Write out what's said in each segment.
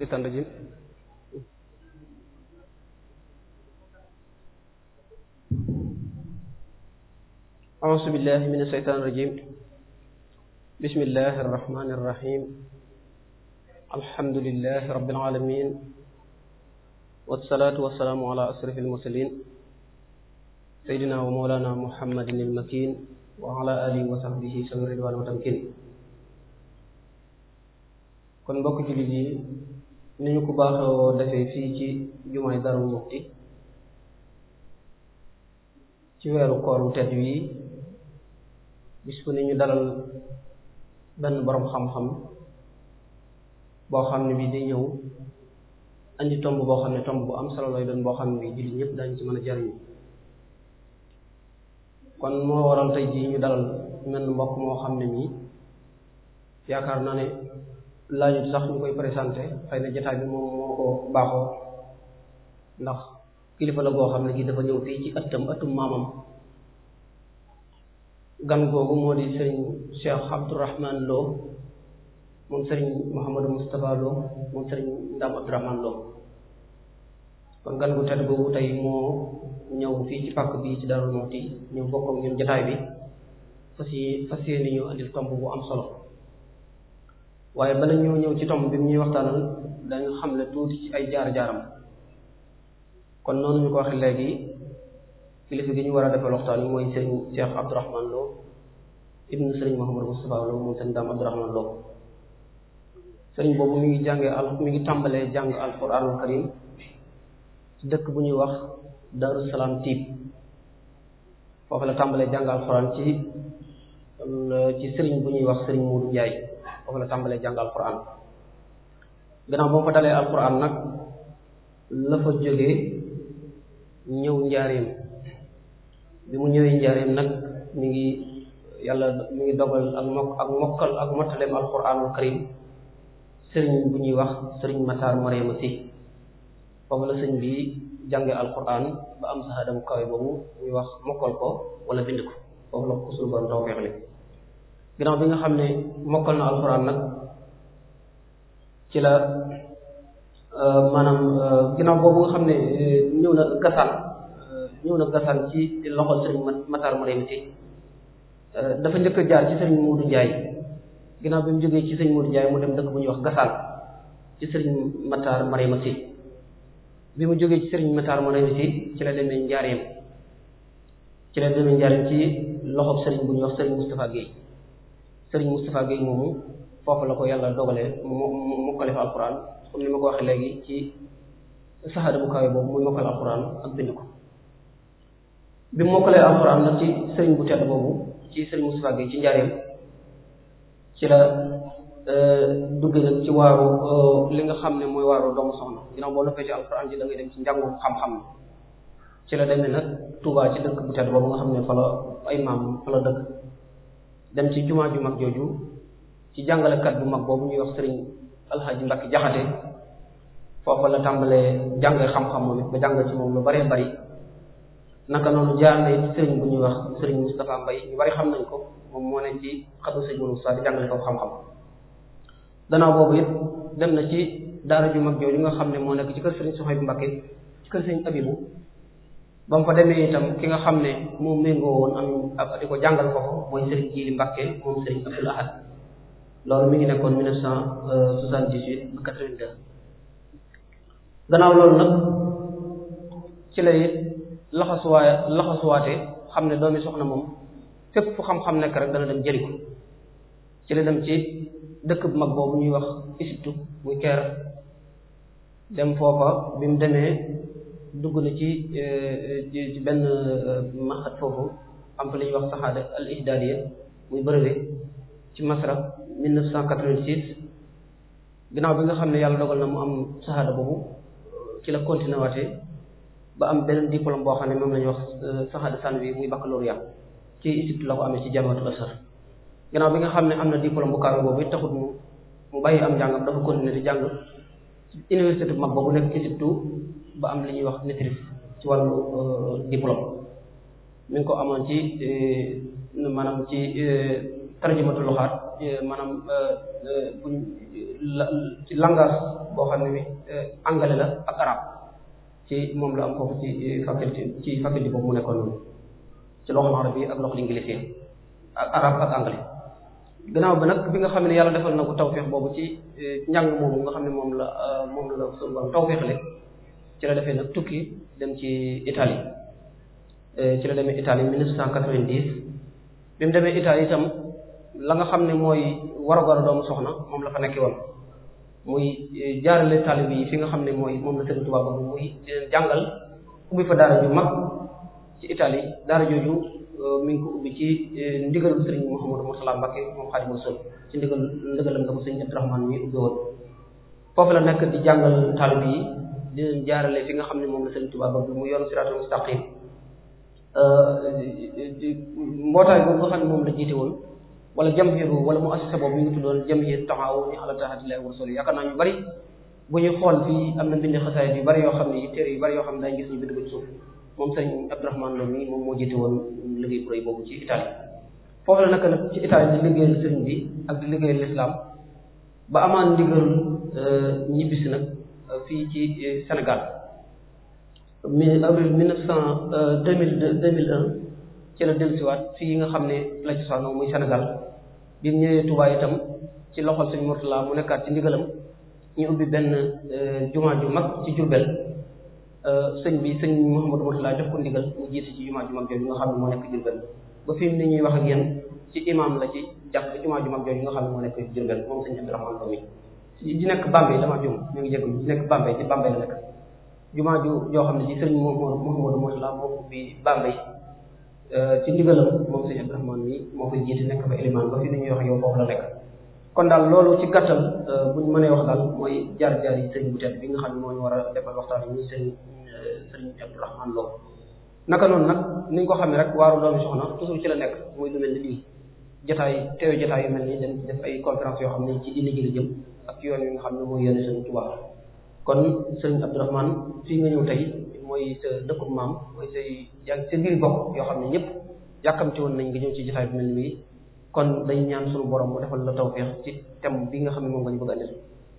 shaytaan rajim أعوذ بالله من الشيطان الرجيم بسم الله الرحمن الرحيم الحمد لله رب العالمين والصلاة والسلام على أشرف المرسلين سيدنا ومولانا محمد المكين وعلى آله وصحبه سلم رضوان وتمكين kon mbokk jullit yi ni ñu ko baaxoo defee fii ci jumaay Daaru Muxti ci weeru koor wu tedd wi bis bu ne ñu dalal benn boroom xam-xam boo xam ne bii di ñëw andi tomb boo xam ne tomb bu am solo lay doon boo xam ne bi jullit ñëpp dañ ci mën a jariñu kon moo waral tey jii ñu dalal mel mbokk moo xam ne mii yaakaar naa ne laajut sax ñu koy présenté xëy na jotaay bi moom moo ko baaxoo ndax kilifa la boo xam ne gi dafa ñëw fii ci ëttam ëttum maamam gan googu moo di sëriñ Cheikh Abdourahman Lo moom kon gan gu tedd boobu tey moo ñëw fii ci pàkk bi ci Darou Moukhty ñëw bokk ak ñun jotaay bi fas yéene fas yéene ñu andil tomb bu am solo waaye bala ñoo ñëw ci tomb bi ñuy waxtaan dañu xam ne tuuti ay jaar-jaaram kon noonu ñu ko waxee léegi kilifa gi ñu war a defal waxtaan wi mooy sëriñ Cheikh Abdourahman Lo ibnu sëriñ Mouhamadou Moustapha Lo moom sëriñ Dame Abdourahman Lo sëriñ boobu mi ngi jàngee al mi ngi tàmbalee jàng alquranul karim ci dëkk bu ñuy wax Darou Salam Tiib foofu la tàmbalee jàng alquran ci euh, ci sëriñ bu ñuy wax sëriñ Modou Ndiaye foofu la tàmbalee jàng alquran gannaaw boo fa dalee alquran nag la fa jógee ñëw njaareem bi mu ñëwee njaareem nag mi ngi yàlla mi ngi dogal ak mokk ak mokkal ak mottaleem alquranul sëriñ bu ñuy wax sëriñ Matar Mariama Si foofu la sëñ bi jànge alquran ba am saxaadamu kawe boobu ñuy wax mokkal ko wala bind ko foofu la ko suñu borom tawfeexle ginnaaw bi nga xam ne mokkal na alxuraan nag ci la euh, maanaam euh, ginnaaw boobu nga xam ne euh, ñëw na gasaan ñëw na gasaan ci loxol sëriñ Matar Marème Tey dafa njëkk a jaar ci sëriñ bi mu jógee ci sëriñ Modou Ndiaye mu bu ñuy wax gasaan ci sëriñ Matar Marème Tey mu jógee ci sëriñ Matar Marème Tey ci la demee njaareem ci la demee njaareem ci loxob sëriñ bu ñuy wax sëriñ Moustapha Guèye sëriñ Moustapha Gueye moomu foofu la ko yàlla dogalee mu mu mokkale fa alquran comme ko waxee léegi ci saxaada bu kawe boobu muy mokkal alquran ak bind ko bi mu mokkalee alquran nag ci sëriñ bu tedd boobu ci sëriñ Moustapha Gueye ci njaareem ci la euh, dugg nag ci waaru euh, li nga xam ne mooy waaru doomu soxna ginnaaw boo noppee ci alquran ji da ngay dem ci njàngu xam-xam ci la demee nag Touba ci dëkk bu tedd boobu nga xam ne fa la ay maam fa la dëkk dem ci jumaa ju mag jooju ci jàngalekat bu mag boobu ñuy wax sëriñ alxaaji Mbàkke jaxate foofa la tàmbalee jàng xam-xam moom it ba jàng ci moom lu bëree bëri naka noonu jaarale ci sëriñ bu ñuy wax sëriñ Moustapha Mbay ñu bari xam nañ ko moom moo ne ci xatu sëriñ Moustapha di jàngale ko xam-xam danaaw boobu it dem na ci daara ju mag jooju nga xam ne moo nekk ci kër sëriñ Soxay bu Mbàkke ci kër sëriñ Abibu ba mu fa demee itam ki nga xam ne moo méngoo woon am di ko jàngal ko ko mooy Serigne Jili Mbacke moom Serigne Abdoul Ahad loolu mi ngi nekkoon mille neuf cent soixante-dix-huit gannaaw loolu nag ci la it laxasuwaate xam ne doomi soxna moom fépp fu xam-xam nekk rek dana dem jëri ko ci la dem ci dëkk bu mag boobu ñuy wax Isiptu muy Keer dem foofa bi mu demee dugg na ci eh, eh, ci benn eh, maxat foofu am fa li ñuy wax saxaada al ihdaliya muy brevet ci Masra 1986 ginnaaw bi nga xam ne yàlla dogal na mu am saxaada boobu ci la continué waatee ba am beneen diplôme boo xam ne moom la ñuy wax saxaada bi muy baccalauréat ci Égypte la ko amee ci jamiatul Azhar ginnaaw bi nga xam ne am na diplôme bu kawe boobu it taxut mu mu bàyyi am njàngam dafa continué di jàng université bu mag boobu nekk ba am li ñuy wax maîtrise ci wàllu euh, diplôme mi ngi ko amoon ci euh, maanaam ci euh, tarjumatu loxaat maanaam buñ ci langage boo xam ne bi anglais la ak arabe ci moom la am foofu ci faculté ci faculté boobu mu nekkoon noonu ci loxol arab bi ak li anglais ak arabe ak anglais gannaaw ba nag bi nga xam ne yàlla defal na ko tawfeex boobu ci njàng moom nga xam ne moom la moom la suñu borom ci la defee nag tukki dem ci Italie eh, ci la demee Italie mille cent quatre-vingt-dix bi mu demee Italie itam la nga xam ne mooy warugar doomu soxna moom la fa nekki woon muy eh, jaarale fi nga xam ne mooy moom la Sëriñ Tuubaa boobu muy di leen jàngal ubbi fa daara ju mag ci Italie daara jooju eh, mi ko ubbi ci ndigalul Sëriñ Mouhamadou Mourtala Mbacké moom Xaadimu Rasuul ci ndigal ndigalam la ko Sëriñ Abdourahmane mi ubbi woon foofu la nekk di jàngal taalib yi di leen jaarale fi nga xam ne moom la Sëriñ Tuubaa bëgg mu yoon siraatul mustaqim euh, mbootaay boobu nga xam ne moom la jiite woon wala jamhiir wala mu assisa boobu ñu ngi tuddoon jamhiir taxawu ni ala taatillahi wa rasuli yaakaar naa ñu bari bu ñu xool fii am na bind xasaayid yu bari yoo xam ne téere yu bari yoo xam ne daañu gis ñu bind ko ci suuf moom Sëriñ Abdourahmane Lo mi moom moo jiite woon liggéey bu boobu ci Italie foofu la naka nag ci Italie di liggéeyal sëriñ bi ak fii ci Sénégal mi avril mille neuf cent euh, deux mille deux deux mille un ci la dellusiwaat fii nga xam ne la ci soxna muy Sénégal bi mu ñëwee Touba itam ci loxol sëñ Mourtala mu nekkaat ci ndigalam ñu ubbi benn euh, jumaa ju mag ci Jurbel euh, sëñ bi sëñ Mouhamadou Mourtala jox ko ndigal mu jiite ci jumaa ju jooju nga xam ne moo nekk Jurbel ba fi mu ñuy wax ak yéen ci imam la ci jàpp jumaa ju mag jooju nga xam ne moo nekk Jurbel moom sëñ Abdourahmane Lo mi ji nekk Bambey dama jum ñu ngi jégalu ji nekk Bambey ci Bambey la nekk jumaa ju joo xam ne ci sëriñ Mouhamadou moom Moussa moo ko ubbi Bambey euh, ci ndigalam moom sëriñ Abdourahmane moo koy jiite nekk fa élément ba fi ñuy wax yow foofu la nekk. kon daal loolu ci gàttal euh, bu mën mënee wax daal mooy jaar-jaar yi sëriñ bu tedd bi nga xam ne moo ñu war a defal waxtaan yi muy sëriñ euh, sëriñ Abdourahmane Lo naka noonu nag ni ñu ko xamee rek waaru doomi soxna toujours ci la nekk muy lu mel ni jotaay teew jotaay yu mel nii dañ def ay conférence yoo xam ne ci diine ji jëm ak yoon wi nga xam ne mooy yoonu Sëriñ Tuubaa kon Sëriñ Abdourahmane fii nga ñëw tey mooy sa dëkkub maam mooy say yaa sa yoo xam ne ñëpp yàkkamti woon nañ nga ñëw ci jotaay bu mel nii kon dañ ñaan suñu borom mu defal la tawfeex ci thème bi nga xam ne moom nga ñu bëgg a andil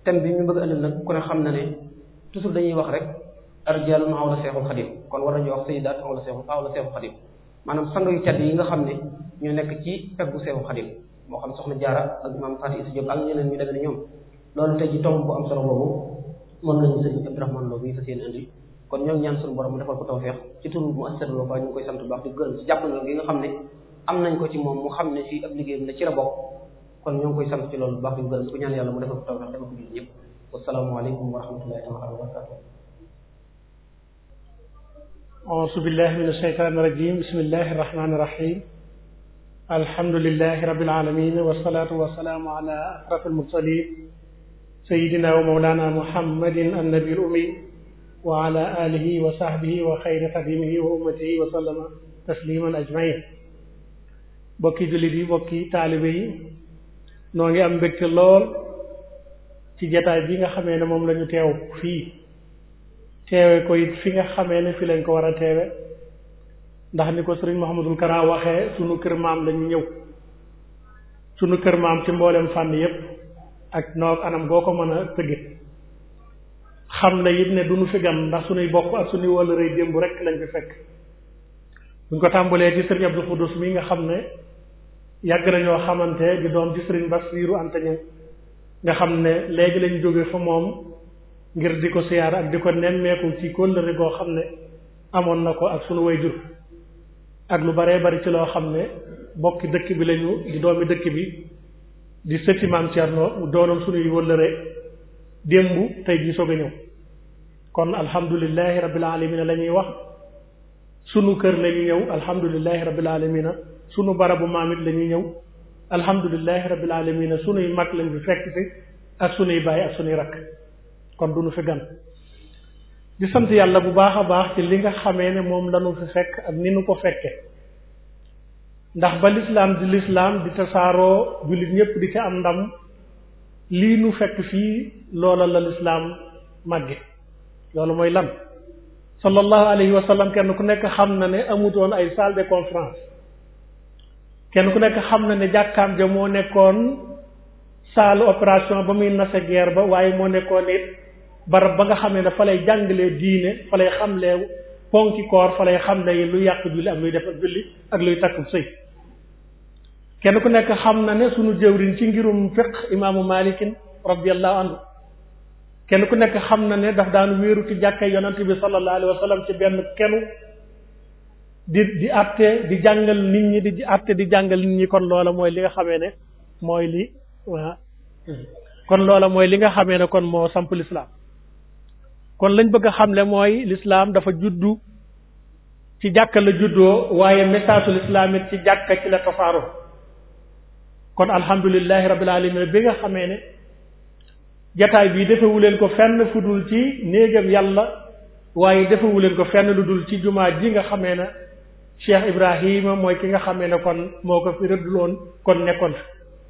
thème bi ñu bëgg a andil nag ku ne xam na ne toujours dañuy wax rek arjaalun hawla Seexul Xadiim kon war nañu wax sayyidaat hawla Seexul hawla Seexul Xadiim maanaam sang yu tedd yi nga xam ne ñoo nekk ci peggu seewu xadim moo xam soxna jaara ak maam Fatou Issa Diop ak ñeneen ñu demee ne ñoom loolu tey ji tomb bu am solo boobu moom lañu sëriñ Abdourahmane Lo bii kon ñoo ngi ñaan suñu borom mu defal ko tawfeex ci turu mu assatul wafa ñu ngi koy sant bu baax di gërëm nga xam ne am nañ ko ci moom mu xam ne fii ab liggéeyam la ci la kon ñoo koy sant ci loolu bu baax di gërëm ku ñaan yàlla mu defal ko tawfeex defal ko jullit ñëpp wasalaamaaleykum wa rahmatullahi taala wa barakatuh أعوذ بالله من الشيطان الرجيم بسم الله الرحمن الرحيم الحمد لله رب العالمين والصلاة والسلام على أشرف المرسلين سيدنا ومولانا محمد النبي الأمي وعلى آله وصحبه وخير خديمه وأمته وسلم تسليما أجمعين bokki jullit yi bokki taalibe yi noo ngi am mbégte lool ci jataay bi nga xamee ne moom la ñu teew fii teewe ko fi nga xamee ne fi lañ ko war a teewe ndax ni ko sëriñ Mouhamadul Kara waxee sunu kër maam lañu ñëw sunu kër maam ci mboolem fànn yépp ak noo anam boo ko mën a tëgge xam ne it ne duñu fi gan ndax sunuy bokk ak sunuy wàllu rëy démb rek lañ fi fekk buñ ko tàmbalee ci sëriñ Abdou Khoudous mi nga xam ne yàgg nañoo xamante di doom ci sëriñ Bassirou Anta Niang nga xam ne léegi lañ jóge fa moom ngir di ko siyaara ak di ko nemmeeku ci kóllëre goo xam ne amoon na ko ak sunu wayjur ak lu baree bari ci loo xam ne bokki dëkk bi lañu di doomi dëkk bi di sëti maam Cerno doonoon sunuy wëllëre démb tey jii soog a ñëw kon alhamdulilahi rabil alamina la ñuy wax sunu kër la ñuy ñëw alhamdulilahi rabil alamina sunu barabu maam la ñuy ñëw alhamdulilahi rabil alamina sunuy mag lañ fi fekk si ak sunuy baay ak sunuy rakk kon du nu fi gan di sant yàlla bu baax a baax te li nga xamee ne moom lanu fi fekk ak ni nu ko fekke ndax ba lislaam di lislaam di tasaaroo jullit ñépp di ca am ndam lii nu fekk fii loola la lislaam màgge loolu mooy lan sallallahu alayhi wa sallam kenn ku nekk xam na ne amutoon ay salle de conférence kenn ku nekk xam na ne jàkkaam ja moo nekkoon salle opération ba muy nase guerre ba waaye moo nekkoon it barab ba nga xamee ne fa lay jàngalee diine fa lay xamlee ponki koor fa lay xamle yi lu yàq julli ak luy defar julli ak luy takku sëy kenn ku nekk xam na ne sunu jëwriñ ci ngirum fiq imaamu malikin radiallahu anhu kenn ku nekk xam na ne daf daan wéeru ci jàkkay yonent bi sallallahu alayhi wa ci benn kenu di di àtte di jàngal nit ñi di àtte di jàngal nit ñi kon loola mooy li nga xamee ne mooy li waa kon loola mooy li nga xamee ne kon moo samp kon lañ bëgg a xamle mooy lislaam dafa juddu ci jàkka la juddoo waaye message ul ci jàkka ci la tasaaroo kon alhamdulilahi la alamin bi nga xamee ne jataay bii defewu leen ko fenn fu dul ci néegam yàlla waaye defewu ko fenn lu dul ci jumaa ji nga xamee na cheikh ibrahima mooy ki nga xamee ne kon moo ko fi rëdduloon kon nekkoon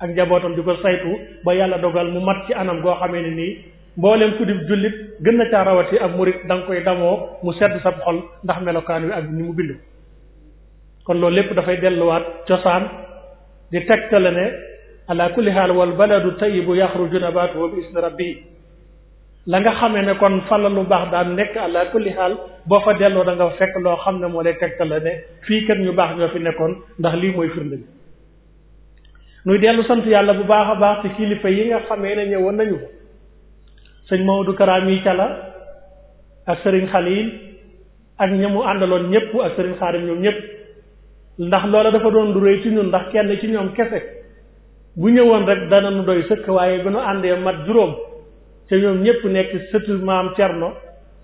ak njabootam di ko saytu ba yàlla dogal mu mat ci anam goo xamee ne nii mbooleem ku dib jullit gën na caa rawati am murit da nga koy damoo mu sedd sab xol ndax melokaan wi ak ni mu bind kon loolu lépp dafay delluwaat cosaan di tegtale ne ala kulli xaal wal baladu tayibu yaxruju nabatuhu bi isni rabbihi la nga xamee ne kon fala lu baax daan nekk ala kulli xaal boo fa delloo da nga fekk loo xam ne moo lay tegtale ne fii kat ñu baax ñoo fi nekkoon ndax lii mooy firnde bi nuy dellu sant yàlla bu baax a baax ci kilifa yi nga xamee ne ñëwoon nañu sëñ Maodo Kara mi cala ak sëriñ xal yi ak ñamu àndaloon ñëpp ak sëriñ Xaarim ñoom ñëpp ndax loola dafa doon lu rëy ñun ndax kenn ci ñoom kese bu ñëwoon rek dana nu doy sëkk waaye ba nu àndee mat juróom te ñoom ñëpp nekk sëtu maam Cerno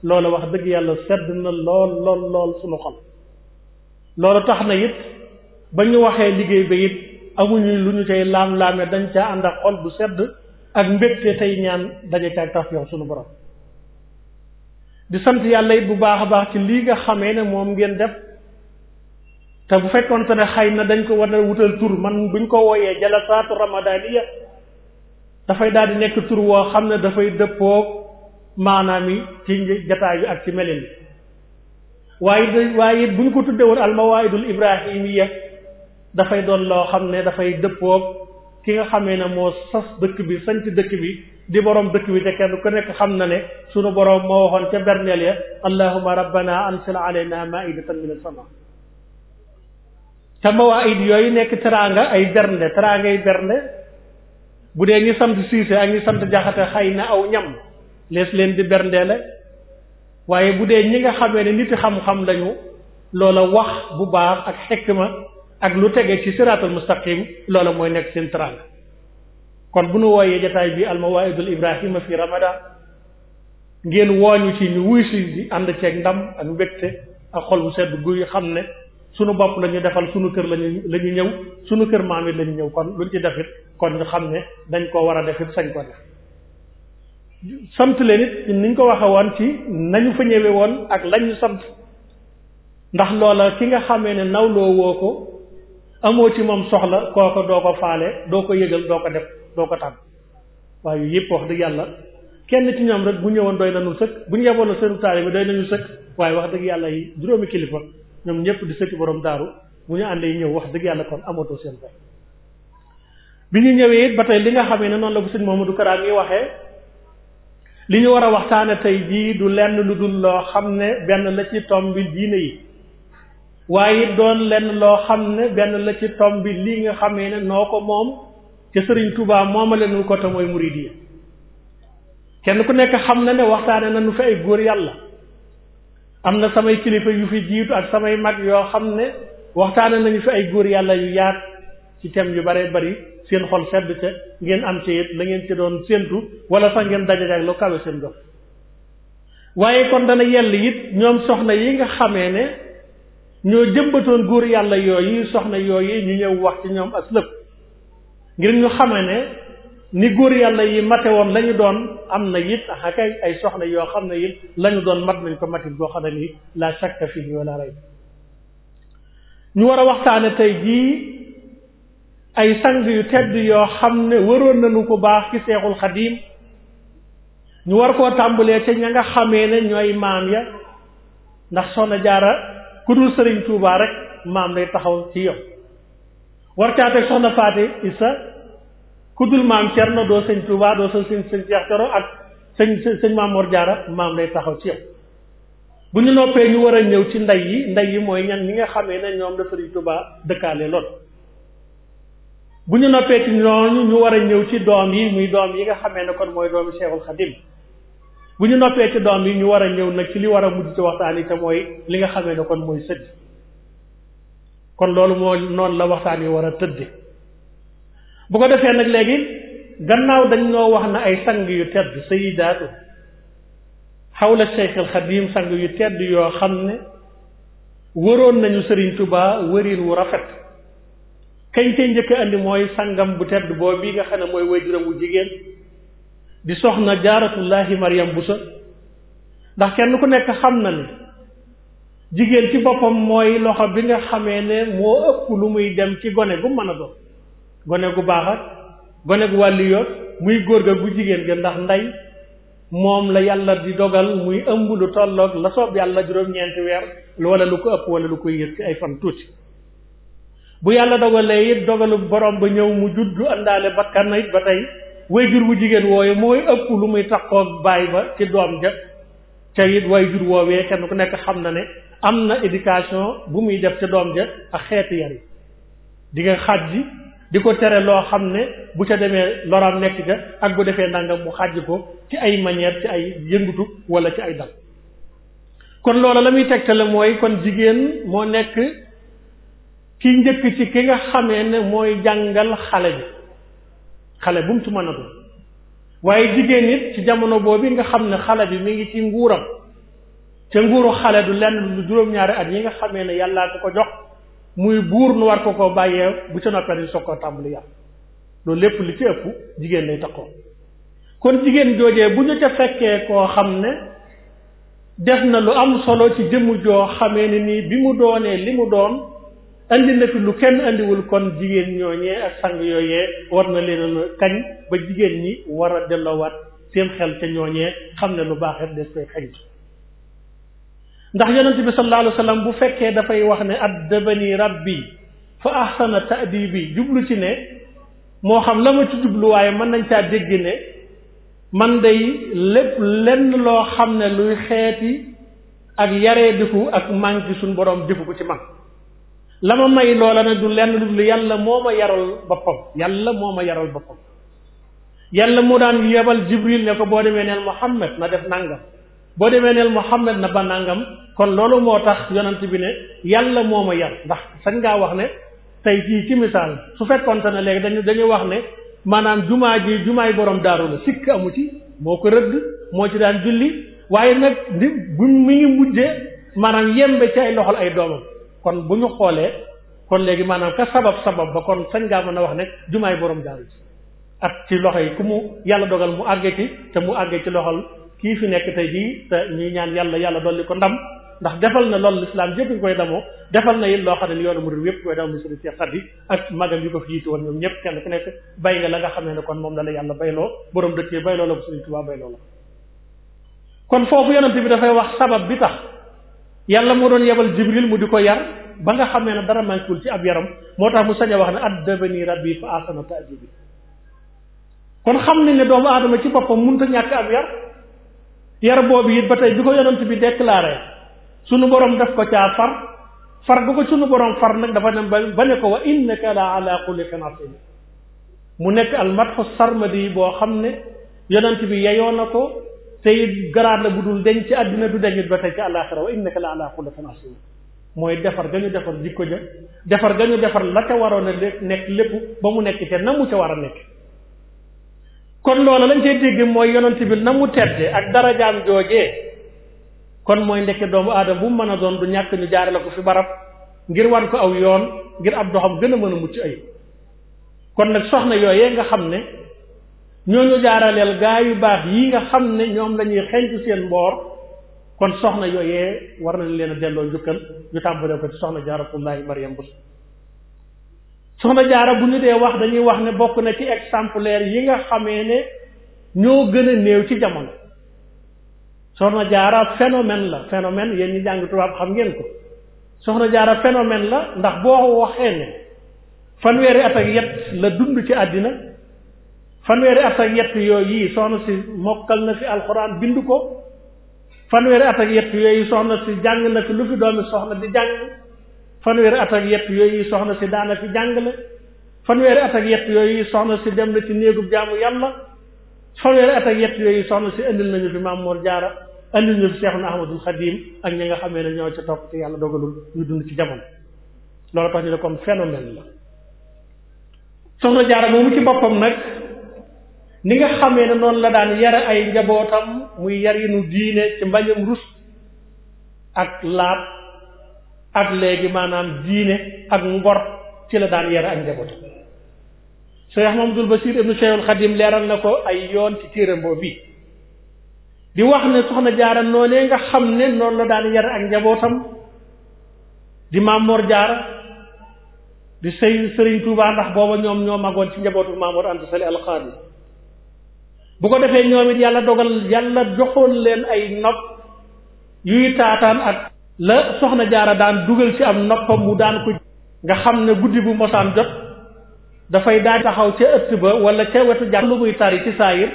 loola wax dëgg yàlla sedd na lool lool suñu xol loolu tax na it ba ñu waxee liggéey ba it amuñu lu ñu cay laam-laame dañ caa ànd ak xol bu sedd ak mbégte tey ñaan daje ca ak tax sunu borom di sant yàlla it bu baax a baax ci lii nga xamee ne moom ngeen def te bu fekkoon te ne xëy na dañ ko war a wutal tur man buñ ko wooyee jalasaatu ramadaniya dafay daal di nekk tur woo xam ne dafay dëppoog maanaam yi ci jataay bi ak ci melin bi waaye waaye it bu ñu ko tuddee woon almawaidul ibrahimiya dafay doon loo xam ne dafay dëppook ki nga xamee ne moo sas dëkk bi sanc dëkk bi di borom dëkk bi te kenn ku nekk xam na ne sunu boroom moo waxoon ca berneel ya allahuma rabbana ansil alayna maidatan min as-sama te mawaid yooyu nekk teraanga ay bernde teraanga ay bernde bu dee ngi sant siise ak ñi sant jaxate xay na aw ñam lees leen di berndeele waaye bu dee ñi nga xamee ne nit xam-xam lañu loola wax bu baax ak xekma ak lu tege ci siraatul mustaqim loola mooy nekk seen teraanga kon bu nu wooyee jataay bi almawaidul ibrahima fi ramadan ngeen wooñu ci ñu wuy si di ànd ceeg ndam ak mbégte ak xol bu sedd guy xam ne sunu bopp lañuy ñu defal sunu kër lañu la ñu ñëw sunu kër maam it la ñu ñëw kon luñ ci defit kon ñu xam ne dañ koo war a defit sañ ko def sant leen it niñ ko waxe woon ci nañu fa ñëwe woon ak lañu sant ndax loola ki nga xamee ne nawloo woo ko amoo ci moom soxla kooko doo ko faale doo ko yëgal doo ko def doo ko tànn waaye yooyu yëpp wax dëgg yàlla kenn ci ñoom rek bu ñëwoon doy nañu sëkk bu ñu yeboon la seenu taalibe doy nañu sëkk waaye wax dëgg yàlla yi juróomi kilifa ñoom ñëpp di sëkki boroom daaru bu ñu àndee ñëw wax dëgg yàlla kon amatoo seen bopp bi ñu ñëwee ba tey li nga xamee ne noonu la bu sëñ Mamadou Kara mi waxee li ñu war a waxtaane tey jii du lenn lu dul loo xam ne benn la ci tombi waaye doon lenn loo xam ne benn la ci tom bi lii nga xamee ne noo ko moom ca sëriñ Touba mooma leenul ko te mooy murid yi kenn ku nekk xam na ne waxtaane nañu fi ay góor yàlla am na samay kilifa yu fi jiitu ak samay mag yoo xam ne waxtaane nañu fi ay góor yàlla yu yaat ci thème yu bare bari seen xol sedd ca ngeen am ca yëpp la ngeen ci doon séentu wala sax ngeen dajajaak lu kawe seen dox waaye kon dana yell it ñoom soxna yi nga xamee ne ñoo jëmbatoon góor yàlla yooyu soxna yooyu ñu ñëw wax ci ñoom ak lëf ngir ñu xame ne ni góor yàlla yi mate woon la doon am na it akay ay soxna yoo xam ne it la ñu doon mat nañ ko matit boo xam ne nii la shakka fii wala rey ñu war a waxtaane tey jii ay sang yu tedd yoo xam ne waroon nañu ko baax ci seexul xadiim ñu war koo tàmbalee ca ña nga xamee ne ñooy maam ya ndax soxna jaara ku dul sëriñ Touba rek maam day taxaw ci yow war caa teg soxna Faati Isa ku dul maam Cerno doo sëñ Touba doo sëñ sëñ sëñ Seex Coro ak sëñ sëñ maam Mor Jaara maam day taxaw ci yow bu ñu noppee ñu war a ñëw ci ndey yi ndey yi mooy ñan ñi nga xamee ne ñoom la sëriñ Touba dëkkaale lool bu ñu noppee ci ñooñu ñu war a ñëw ci doom yi muy doom yi nga xamee ne kon mooy doomi Cheikhul Khadim bu ñu noppee ci doom yi ñu war a ñëw nag ci li war a mujj ci waxtaan yi te mooy li nga xam ne kon mooy sëdd kon loolu moo noon la waxtaan yi war a tëdd bu ko defee nag léegi gannaaw dañ ñoo wax na ay sang yu tedd sayidaatu xaw Cheikh al Xadim sang yu tedd yoo xam ne wëroon nañu Sëriñ Tuba wëriin wu rafet kañ tey njëkk andi mooy sangam bu tedd boo bi nga xam ne mooy waajuram wu jigéen di soxna jaaratullahi bu Bousso ndax kenn ku nekk xam na ni jigéen ci boppam mooy loxo bi nga xamee ne moo ëpp lu muy dem ci gone gu mën a doon gone gu baax ak gone gu wàlli yoon muy góor ga gu jigéen ga ndax ndey moom la yàlla di dogal muy ëmb lu tolloog la soob yàlla juróom-ñeenti weer wala lu ko ëpp wala lu ko yës ci ay fan tuuti bu yàlla dogalee it dogalu borom ba ñëw mu juddu àndaale bakkan na it ba tey wayjur bu jigéen wooyu mooy ëpp lu muy takkoog baay ba ci doom ja ca it wayjur woowee kenn ku nekk xam na ne am na éducation bu muy def ca doom ja ak xeetu yar yi di nga xàjji di ko tere loo xam ne bu ca demee loraam nekk ca ak bu defee ndàngam mu xàjji ko ci ay manière ci ay yëngutu wala ci ay dal kon loola la muy te tegtale mooy kon jigéen moo nekk ki njëkk ci ki nga xamee ne mooy jàngal xale bi xale bu mu ci mën a doon waaye jigéen it ci jamono boobu nga xam ne xale bi mi ngi ci nguuram te nguuru xale du lenn lu juróom-ñaari at yi nga xame ne yàllaa ko ko jox muy buur nu war ko koo bàyyee bu ci noppee soo soog koo tàmbali yàpp loolu lépp li ci ëpp jigéen lay taxoo kon jigéen joojee bu ñu ca fekkee koo xam ne def na lu am solo ci jëmm joo xamee ne nii bi mu doonee li mu doon andi na fi lu kenn andiwul kon jigéen ñooñee ak sang yooyee war na leen kañ ba jigéen ñi war a delloowaat seen xel ca ñooñee xam ne lu baax rek des koy xañtu ndax yonente bi sallallahu alayhi wa sallam bu fekkee dafay wax ne addabani bi fa ahsana ta'dibi jublu ci ne moo xam la ma ci jublu waaye mën nañ caa dégg ne man dey lépp lenn loo xam ne luy xeeti ak yaree diku ak manque suñ boroom difu ko ci man la ma may loola nag du lenn du yàlla moo ma yaral boppam yàlla moo ma yaral boppam yàlla moo daan yebal jibril ne ko boo demee neel muhammad na def nangam boo demee neel muhammad na ba nàngam kon loolu moo tax yonent bi ne yàlla moo ma yar ndax sañ ngaa wax ne tey jii ci misaal su fekkonte ne léegi dañu dañuy wax ne maanaam jumaa ji yi borom daaru la sikk amu ci moo ko rëdd moo ci daan julli waaye nag di bu ngi mujjee maanaam yembe ci ay loxol ay doomam kon bu ñu xoolee kon léegi maanaam ka sabab sabab ba kon sañ ngaa mën a wax ne jumaay borom daaru ji at ci loxo yi ku mu yàlla dogal mu àggee ci te mu àggee ci loxol kii fi nekk tey jii te ñu ñaan yàlla yàlla dolli ko ndam ndax defal na loolu lislaam yëpp ngi koy damoo defal na it loo xam ne ni mu murid yëpp koy damoo mu sëriñ Cheikh Khady ak magam yi ko fi jiitu woon ñoom ñëpp kenn ku nekk bay nga la nga xam ne kon moom la la yàlla bayloo borom dëkkee bayloo la bu sëriñ Tuubaa bayloo la kon foofu bi tax yàlla moo doon yebal jibril mu di ko yar ba nga xamee ne dara manquéwul ci ab yaram moo tax mu sañ a wax ne addabani rabbi fa ahsana ta'dibi kon xam nañ ne doomu aadama ci boppam mun a ñàkk ab yar yar boobu it ba tey bi ko yonent bi déclaré sunu borom def ko caa far far bu ko sunu borom far nag dafa dem ba ne ko wa innaka la ala xuluqin azim mu nekk al madhu sarmadi boo xam ne yonent bi yeyoo na ko te it garaat la bu dul deñ ci àddina du deñit ba tey ci àllaaxira wa innaka la ala xulatin asim mooy defar gañu defar jikko ja defar gañu defar la ca waroon a nekk lépp ba mu nekk te na mu ca war a nekk kon loola lañ cey dégg mooy yonent bi na mu tedde ak darajaam joojee kon mooy ndekke doomu aadama bu mu mën a doon du ñàkk ñu jaare la ko fi barab ngir war ko aw yoon ngir ab doxam gën a mën a mucc ay kon nag soxna yooyee nga xam ne ñooñu jaaraleel gaa yu baax yi nga xam ne ñoom la ñuy xencu seen mboor kon soxna yooyee war nañ leen a delloo njukkal ñu tàmbalee ko ci soxna jaaratullahi Mariam Bousso soxna jaara bu ñu dee wax dañuy wax ne bokk na ci exemplaire yi nga xamee ne ñoo gën a néew ci jamono soxna jaara phénomène la phénomène yéen ñi jàng tubaab xam ngeen ko soxna jaara phénomène la ndax boo waxee ne fanweeri at ak yet la dund ci àddina fanweeri at ak yett yooyu yi soxna si mokkal na fi alxuraan bind ko fanweeri at ak yett yooyu soxna si jàng na fi lu fi doomi soxna di jàng fanweeri at ak yett soxna si daana fi jàngale fanweeri at ak yett yooyu soxna si dem ci néegub jaamu yàlla fanweeri at ak yett yooyu indil nañu fi maam Mor Jaara indil nañu fi Seexuna Ahmadul Xadiim ak ñi nga xamee ne ñoo ci topp ci yàlla dogalul ñu dund ci jamono loolu tax ñu ne kon phénomène la soxna Jaara moomu ci boppam nag ni nga xamee ne noonu la daan yare ay njabootam muy yarinu diine ci mbañam rus ak léegi maanaam diine ak ci la daan yare ay njabootam Cheikh Mamadul Basir ibnu Cheikhul leeral na ko ay yoon ci bi di wax ne jaara noonee nga xam ne noonu la daan yare ak njabootam di Maamoor jaar di sëy Sëriñ Tuubaa ndax booba ñoom ñoo magoon ci njabootu Maamoor Anta Sali alxaadi bu ko defee ñoom it yàlla dogal yàlla joxoon leen ay nopp yuy taataan ak la soxna jaara daan dugal ci am noppam mu daan ko nga xam ne guddi bu mosaan jot dafay daal taxaw ca ëtt ba wala ca wetu jàkk lu muy tari ci saayir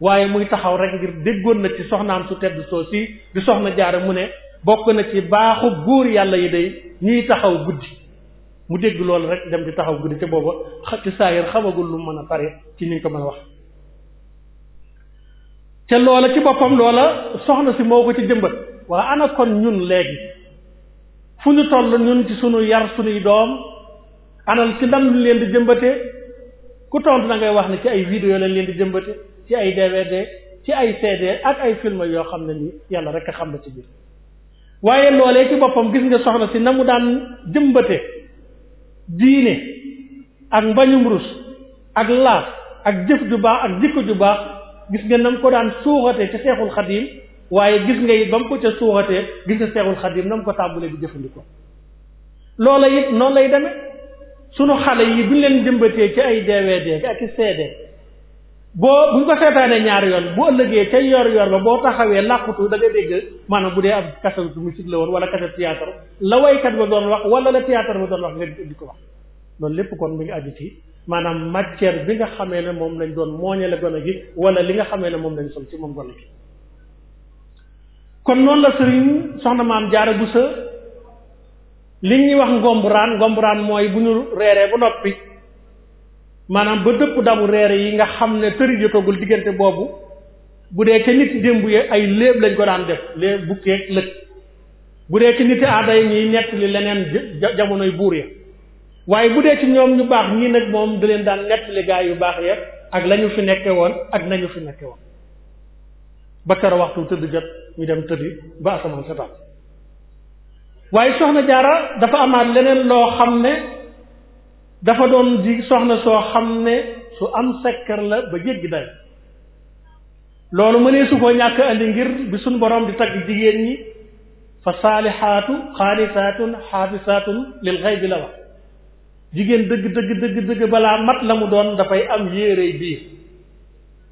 waaye muy taxaw rek ngir déggoon na ci soxnaam su tedd soo si di soxna jaara mu ne bokk na ci baaxu góor yàlla yi day ñuy taxaw guddi mu dégg loolu rek dem di taxaw guddi ca booba ci saayir xamagul lu mën a pare ci ni ñu ko mën a wax te loola ci boppam loola soxna si moo ko ci jëmbat waa anak kon ñun léegi fu ñu toll ñun ci sunu yar sunuy doom anal ci lan lu leen di jëmbate ku tontu da wax ni ci ay vidéo lañ leen di jëmbate ci ay DVD ci ay CD ak ay film yoo xam ne ni yàlla rek a xam na ci biir waaye loolee ci boppam gis nga soxna si na mu daan jëmbate diine ak mbañum rus ak laaf ak jëf ju baax ak jikko ju baax gis nga na mu ko daan suuxatee ca seexul xadim waaye gis nga it ba mu ko ca suuxatee gis nga seexul xadim na mu ko tàmbalee di jëfandikoo loola it noonu lay demee sunu xale yi bu ñu leen jëmbatee ci ay DVD ak i CD boo bu ñu ko seetaanee ñaari yoon bu ëllëgee ca yor-yor ba boo taxawee làqutu da nga dégg maanaam bu dee am kasetu musique la woon wala kaset théâtre la waykat ba doon wax wala la théâtre ba doon wax nga di ko wax loolu lépp kon mu ngi maanaam matière bi nga xamee ne moom lañ doon mooñale gone gi wala li nga xamee ne moom lañ sol ci moom gone gi kon noonu la sëriñ soxna maam jaara busa li ñuy wax ngombraan ngomburaan mooy bu ñu reeree ba noppi maanaam ba dëpp damu reere yi nga xam ne tëri jotagul diggante boobu bu dee ke nit démb yi ay léeb lañ ko daan def léeb bukkeeg lëg bu dee ke nit aada yi ñuy nett li leneen jamonoy buur ya waaye bu dee ci ñoom ñu baax ñii nag moom daleen daan nettali gaa yu baax ya ak lañu fi nekke woon ak nañu fi nekke woon ba kera waxtu tëdd jot ñu dem tëddi ba asamaan sataat waaye soxna jaara dafa amaat leneen loo xam ne dafa doon di soxna soo xam ne su am sekkar la ba jéggi day loolu mënee su ko ñàkk andi ngir bi suñ borom di tagg jigéen ñi fa saalihaatu xaanisaatun xaafisaatun lil xaybi la wax jigéen dëgg dëgg dëgg dëgg balaa mat la mu doon dafay am yéerey biir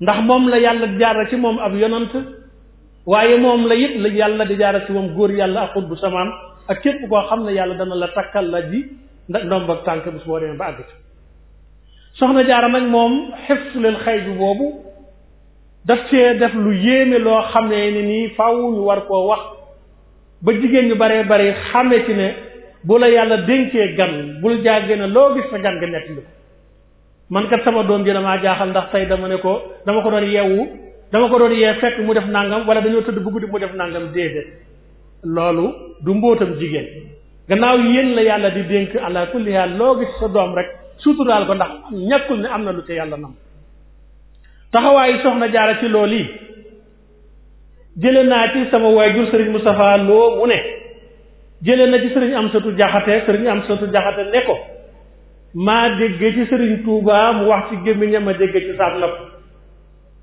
ndax moom la yàlla di jaara ci moom ab yonant waaye moom la it la yàlla di jaaral ci moom góor yàlla ak xutbu samaan ak képp koo xam na yàlla dana la takkal la ji ndax ndomb ak tànk bis boo demee ba àgg soxna jaara nag moom xefsuleel xay bi boobu daf cee def lu yéeme loo xamee ni nii faw ñu war koo wax ba jigéen ñu baree bare xame ci ne boo la yàlla dénkee gan bul jàggee na loo gis sa gan nga nettali ko man kat sama doom ji damaa jaaxal ndax tey dama ne ko dama ko doon yeewu dama ko doon yee fekk mu def nangam wala dañoo tëdd bu guddi mu def nangam déedéet loolu du mbóotam jigéen gannaaw yéen la yàlla di dénk ala kulli haal loo gis sa doom rek suturaal ko ndax ñàkkul ne am na lu ca yàlla nam taxawaayu soxna jaara ci loolu yi jële naa ci sama waajur sëriñ Moustapha Lo mu jëlee na ci sëriñ am satu jaxate sëriñ am satu jaxate ne ko maa déggee ci sëriñ Touba mu wax ci gémmiñam ma déggee ci saab nopp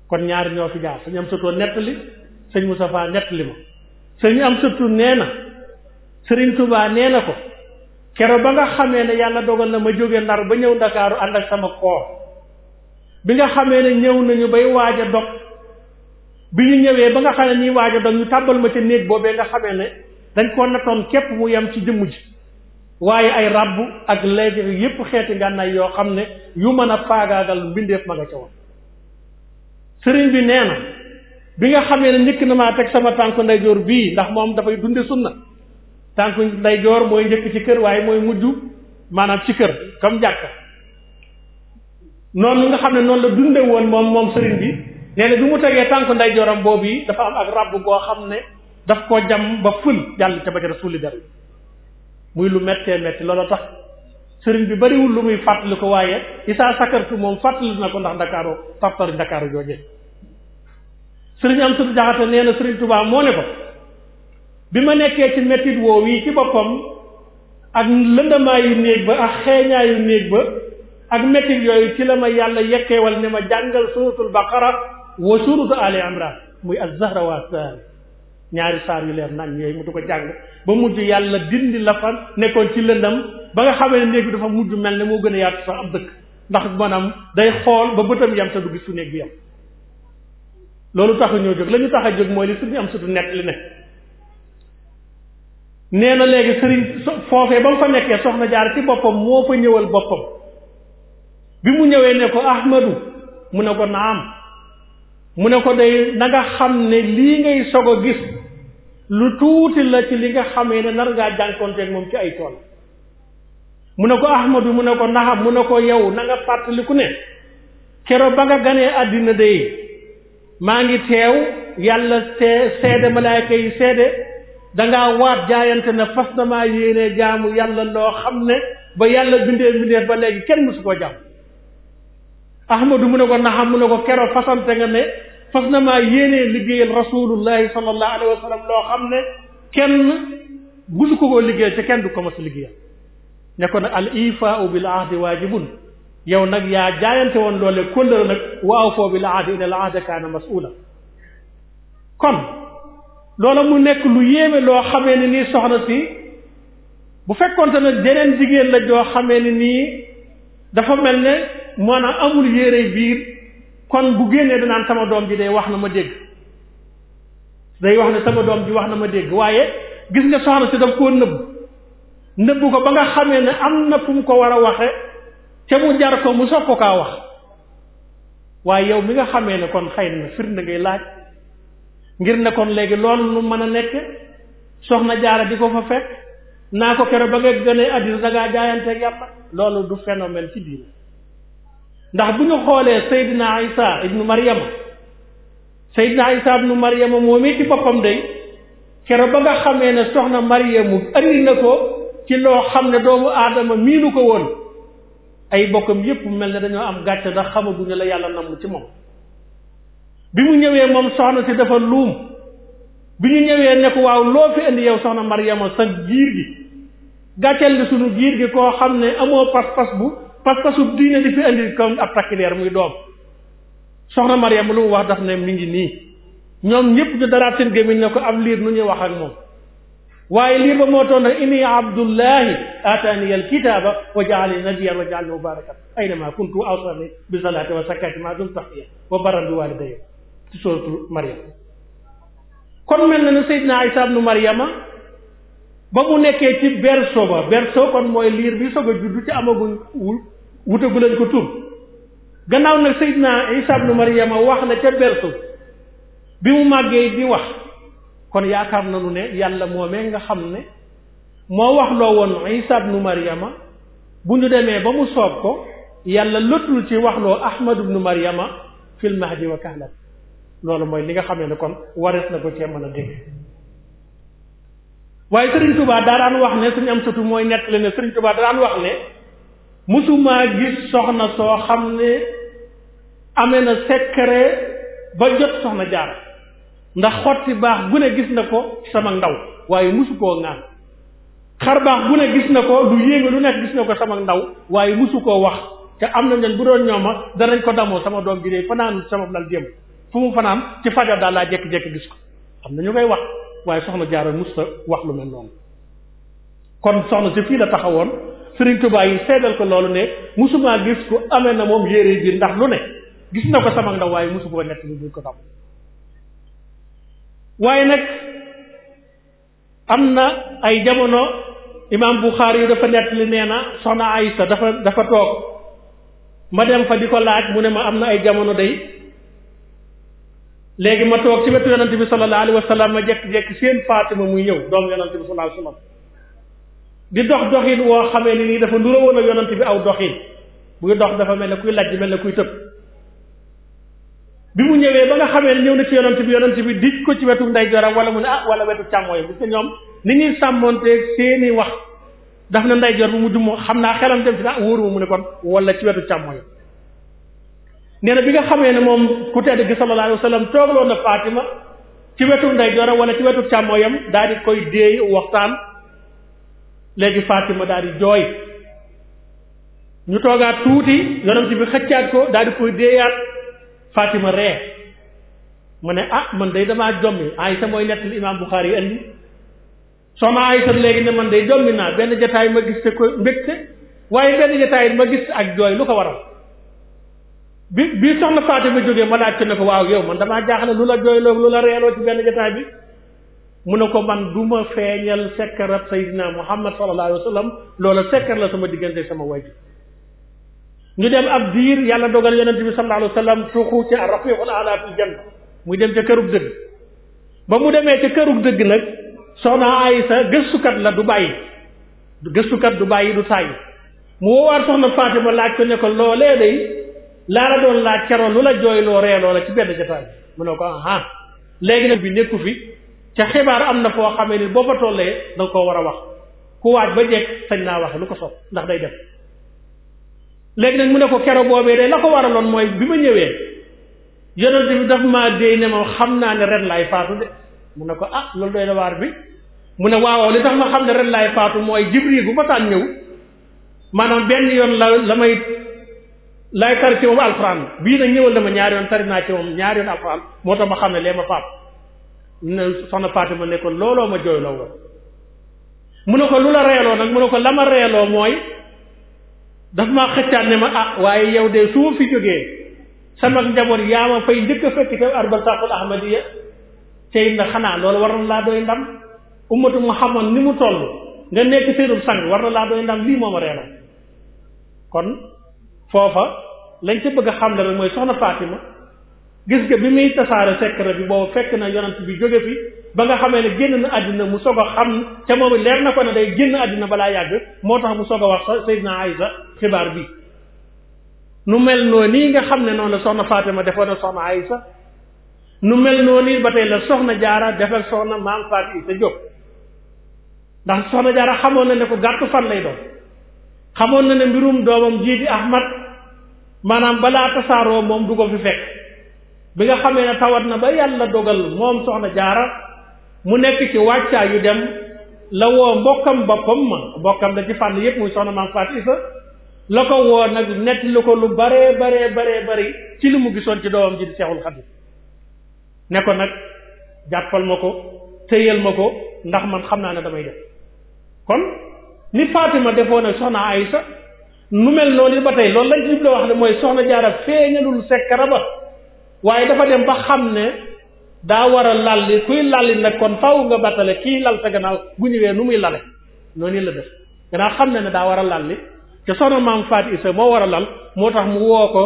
kon ñaar ñoo fi jaar sëñ am satoo nettali sëñ Moustapha nettali ma sëñ am satu nee na sëriñ Touba nee na ko kero ba nga xamee ne yàlla dogal na ma jóge ndar ba ñëw ndakaaru ànd ak sama koor bi nga xamee ne ñëw nañu bay waaj a dog bi ñu ñëwee ba nga xam ne nii waaj a dog ñu tàbbal ma ca néeg boobee nga xamee ne dañ ko nattoon képp mu yam ci jëmm ji waaye ay rabb ak léegi yépp xeeti ngànnaay yoo xam ne yu mën a faagaagal mbindeef ma nga ca sëriñ bi nee na bi nga xamee ne njëkk na maa teg sama tànk ndeyjoor bii ndax moom dafay dunde sunna tànku ndeyjoor mooy njëkk ci kër waaye mooy mujj maanaam ci kër comme jàkka noonu nga xam ne noonu la dunde woon moom moom sëriñ bi nee na bi mu tegee tànku ndeyjooram boobu yi dafa am ak rabb boo xam ne daf koo jam ba fël jàll ca ba ca def suuli muy lu méttee métti looloo tax sëriñ bi bariwul lu muy fàttali ko waaye isaa sakartu moom fàttali na ko ndax ndakaaro tartari ndakaaru joojee sëriñ am satu jaxate na sëriñ tubaa moo ne ko bi ma nekkee ci mettit woow yi ci boppam ak lëndamaayu néeg ba ak xeeñaayu néeg ba ak mettit yooyu ci la ma yàlla yekkeewal ne ma jàngal suratul baqara wa suratu ali imran muy az-zahra wa as-saad ñaari saar yu leer nañ yooyu mu di ko jàng ba mujj yàlla dindi la fa nekkoon ci lëndam ba nga xamee ne néeg bi dafa mujj mel ne moo gën a yaatu sax ab dëkk ndax maanaam day xool ba bëtam yam te du gis fu néeg bi yam loolu tax ñoo jóg la ñu tax a jóg mooy li suñu am sutu nekk li ne nee na léegi sëriñ foofee ba mu fa nekkee soxna jaar ci boppam moo fa ñëwal boppam bi mu ñëwee ne ko ahmadu mu ne ko naam mu ne ko day na nga xam ne lii ngay sogo gis lu tuuti la ci li nga xamee ne nar ngaa jànkonteeg moom ci ay tool mu ne ko ahmadu mu ne ko naxam mu ne ko yow na nga fàttaliku ne keroog ba nga ganee àddina de maa ngi teew yàlla see seede malaayka jaayante na fas na maa yéene jaamu yàlla loo xam ne ba yàlla bindee bindee ba léegi kenn mësu koo jàmm ahmadu mu ne ko naxam mu ne ko keroog fasante nga ne fas na maa yéenee liggéeyal rasulullahi sallallahu loo xam ne kenn busu ko koo liggéeyal te kenn du ko mas a liggéeyal ne ko nag al ifaau bil ahdi waajibun yow nag yaa jaayante woon loole kóllëre nag waaw foo bil ahdi ina al ahda kaana mas'uula kon loola mu nekk lu yéeme loo xamee ni nii soxna si bu fekkonte ne jeneen jigéen la joo xamee ne nii dafa mel ne maanaam amul yére biir kon bu génnee danaan sama doom ji de wax na ma dégg day wax ne sama doom ji wax na ma dégg waaye gis nga soxna si daf koo nëbb nëbb ko ba nga xamee ne am na fu mu ko war a waxee te mu jar ko mu soog ko kaa wax waaye yow mi nga xamee ne kon xay na firnde ngay laaj ngir nekkoon léegi loolu nu mën a nekk soxna jaara di ko fa fekk naa ko kero ba nga gënee addis da ngaa jaayante ak loolu du phénomène ci diine ndax bu ñu xoolee Seydina Isa ibnu Maryama Seydina Isa ibnu Maryama moom it ci boppam day kero ba nga xamee ne soxna Maryamu andi na ko ci loo xam ne doomu aadama miinu ko woon ay bokkam yépp mel ne dañoo am gàcce ndax xamaguñu la yàlla namm ci moom bi mu ñëwee moom soxna si dafa luum bi ñu ñëwee ne waaw loo fi indi yow soxna Maryama sa giir gi gàcceel na sunu giir gi koo xam ne amoo pas-pas bu pas-pasu diine di fi indi comme ab takkileer muy doom soxna Mariam lu mu wax daf ne mi ngi nii ñoom ñëpp ñu daraat seen gémmiñ ne ko ab liir nu ñuy wax ak moom waaye liir ba moo toon nag inni abdullahi atani alkitaba wa jaalani nabiyan wa jaalani ci sootu kon mel na ne Seydina Isa ibnu Mariama ba mu nekkee ci berceau ba berceau kon mooy liir bi soog a juddu ci amaguñ wute wutagu lañ ko tur gannaaw nag Seydina Isa ibnu Maryama wax na ca bertu bi mu màggee di wax kon yaakaar nañu ne yàlla moomee nga xam ne moo wax loo woon Isa ibnu Maryama bu ñu demee ba mu soob ko yàlla lottul ci wax loo Ahmad ibnu Maryama fil mahdi wa kahlan loolu mooy li nga xamee ne kon warees na ko cee mën a dégg waaye Serigne Touba daa daan wax ne suñu am satu mooy nettali ne Serigne Touba daa daan wax ne mësumaa gis soxna soo xam ne amee na secret ba jot soxna jaara ndax xotti baax bu ne gis na ko sama ndaw waaye musu koo ŋaan xar baax bu ne gis na ko lu yéeme lu nekk gis ko sama ndaw waaye koo wax te am na ñooñ bu doon ñooma danañ ko damoo sama doom gi dee fanaan sama lal démb fu mu fanaan ci fajar daal laa jekki-jekki gis ko am na ñu koy wax waaye soxna jaara mës sa wax lu mel noonu kon soxna si fii la taxawoon Sëriñ Tuubaa yi seedal ko loolu ne musuma gis ku amee na moom yére bi ndax lu ne gis na ko sama ndaw waaye musu ko nekk lu duñ ko sam waaye nag am na ay jamono imaam Buxaari yu dafa nett li nee na soxna Aysa dafa dafa toog ma dem fa di ko laaj mu ne ma am na ay jamono day léegi ma toog ci wetu yonante bi sallallahu alayhi wa ma jekk-jekk seen Faatima muy ñëw doom yonante bi sallallahu alayhi di dox doxin woo xamee ni nii dafa nura woon a yonant bi aw doxin buy dox dafa mel ne kuy lajj mel ne kuy tëb bi mu ñëwee ba nga xamee ne ñëw na ci yonant bi yonant bi di ko ci wetu ndeyjooram wala mu ne ah wala wetu càmmooyam ñoom ni ñuy sàmmonteeg seeni wax daf na ndeyjoor bu mu jumoo xam naa xelam dem si ah, mu ne kon wala ci wetu càmmooyam nee na bi nga xamee ne moom ku tedd gi sallallahu alayhi wa sallam toogaloon na Fatima ci wetu ndeyjooram wala ci wetu càmmooyam daal di koy déey waxtaan léegi Fatima daal di jooy ñu toogaat tuuti yonent bi xëccaat ko daal di koy déeyaat Fatima ree ma ne ah man day damaa jommi Aysa mooy nettali imaam Buxaari yi andi soo ma Aysa léegi ne man day jommi naa benn jataay ma gis te ko mbégte waaye benn jataay ma gis ak jooy lu ko waral bi bi soxna Fatima jógee ma laa ko ne ko waaw yow man damaa jaaxale lu la jooyloo lu la reeloo ci benn jataay bi mu ne ko man du ma feeñal sekkarab sayyidina muhammad sallallahu alayhi wa sallam loola sekkar la sama diggante sama wajur ñu dem ab diir yàlla dogal yonent bi sallallahu alayhi wa sallam tuxu ci rafiqul ala fi janna dem ca kërug dëgg ba mu demee ca kërug dëgg nag soxna Aysa gëstukat la du bàyyi gëstukat du bàyyi du tàyyi mu woowaat soxna Fatima laaj ko ne ko loolee day laa la doon laaj keroon lu la jooyloo reeloo la ci benn jotaay mu ne ko ah léegi nag bi nekku fi ca xibaar am na foo xamee ni boo fa tollee da koo war a wax ku waaj ba jekk sañ naa wax lu ko sopp ndax day def léegi nag mu ne ko kero boobee day la ko waraloon mooy bi ma ñëwee yonent bi daf maa déy ma xam naa ne ren laay paatu de mu ne ko ah loolu doy na waar bi mu ne waaw li tax ma xam ne ren laay faatu mooy jibril bu ma taan ñëw maanaam benn yoon la la may lay tar ci moom alxuraan bii nag ñëwal dama ñaari yoon tari naa ci moom ñaari yoon alxuraan moo tax ma xam ne lee ma faatu ne soxna Fatima ne ko looloo ma jooyloo woon mu ne ko lu la reeloo nag mu ne ko la ma reeloo mooy daf maa xëccaat ne ma ah waaye yow de su ma fi jógee sama njaboot yaa ma fay njëkk a fekk ca arbal saqul ahmadiya tey na xanaa loolu war na laa doy ndam ummatu xamoon ni mu toll nga nekk seenub sang war na laa doy ndam lii moo ma reeloo kon foofa lañ ca bëgg a xam la rek mooy soxna ma gis nga bi muy tasaare secret bi boobu fekk na yonent bi jóge fi ba nga xamee ne génn na àddina mu soog a xam te moom it leer na ko ne day génn àddina balaa yàgg moo tax mu soog a wax sa Seydina Aysa xibaar bi nu mel noo nii nga xam ne noonu la soxna Fatima defoon na soxna Aysa nu mel noo nii ba tey la soxna jaara defal soxna maam Faati Isa Jóob ndax soxna jaara xamoon na ne ko gàttu fan lay doon xamoon na ne mbirum doomam jii di Ahmad maanaam balaa tasaaroo moom du ko fi fekk bi nga xamee ne tawat na ba yàlla dogal moom soxna jaara mu nekk ci wàccaa yu dem la woo mbokkam boppam ma mbokkam da ci fànn yépp muy soxna maam Faat Isa la ko woo lu ko lu baree bari ci li mu gisoon ci doomam ji di Seexul Xadim jàppal ma ko téyal ma ko ndax man xam naa ne damay def kon ni Fatima defoon ak soxna nu mel noonu ba tey loolu la jublu wax ne mooy soxna jaara feeñalul sekkara ba waaye dafa dem ba xam ne daa war a lalli kuy lalli nag kon faw nga battale kii lal sa gannaaw bu ñëwee nu muy lale noonu la def gannaaw xam ne ne daa war a lalli te soxna maam Fatou Issa moo war a lal moo tax mu woo ko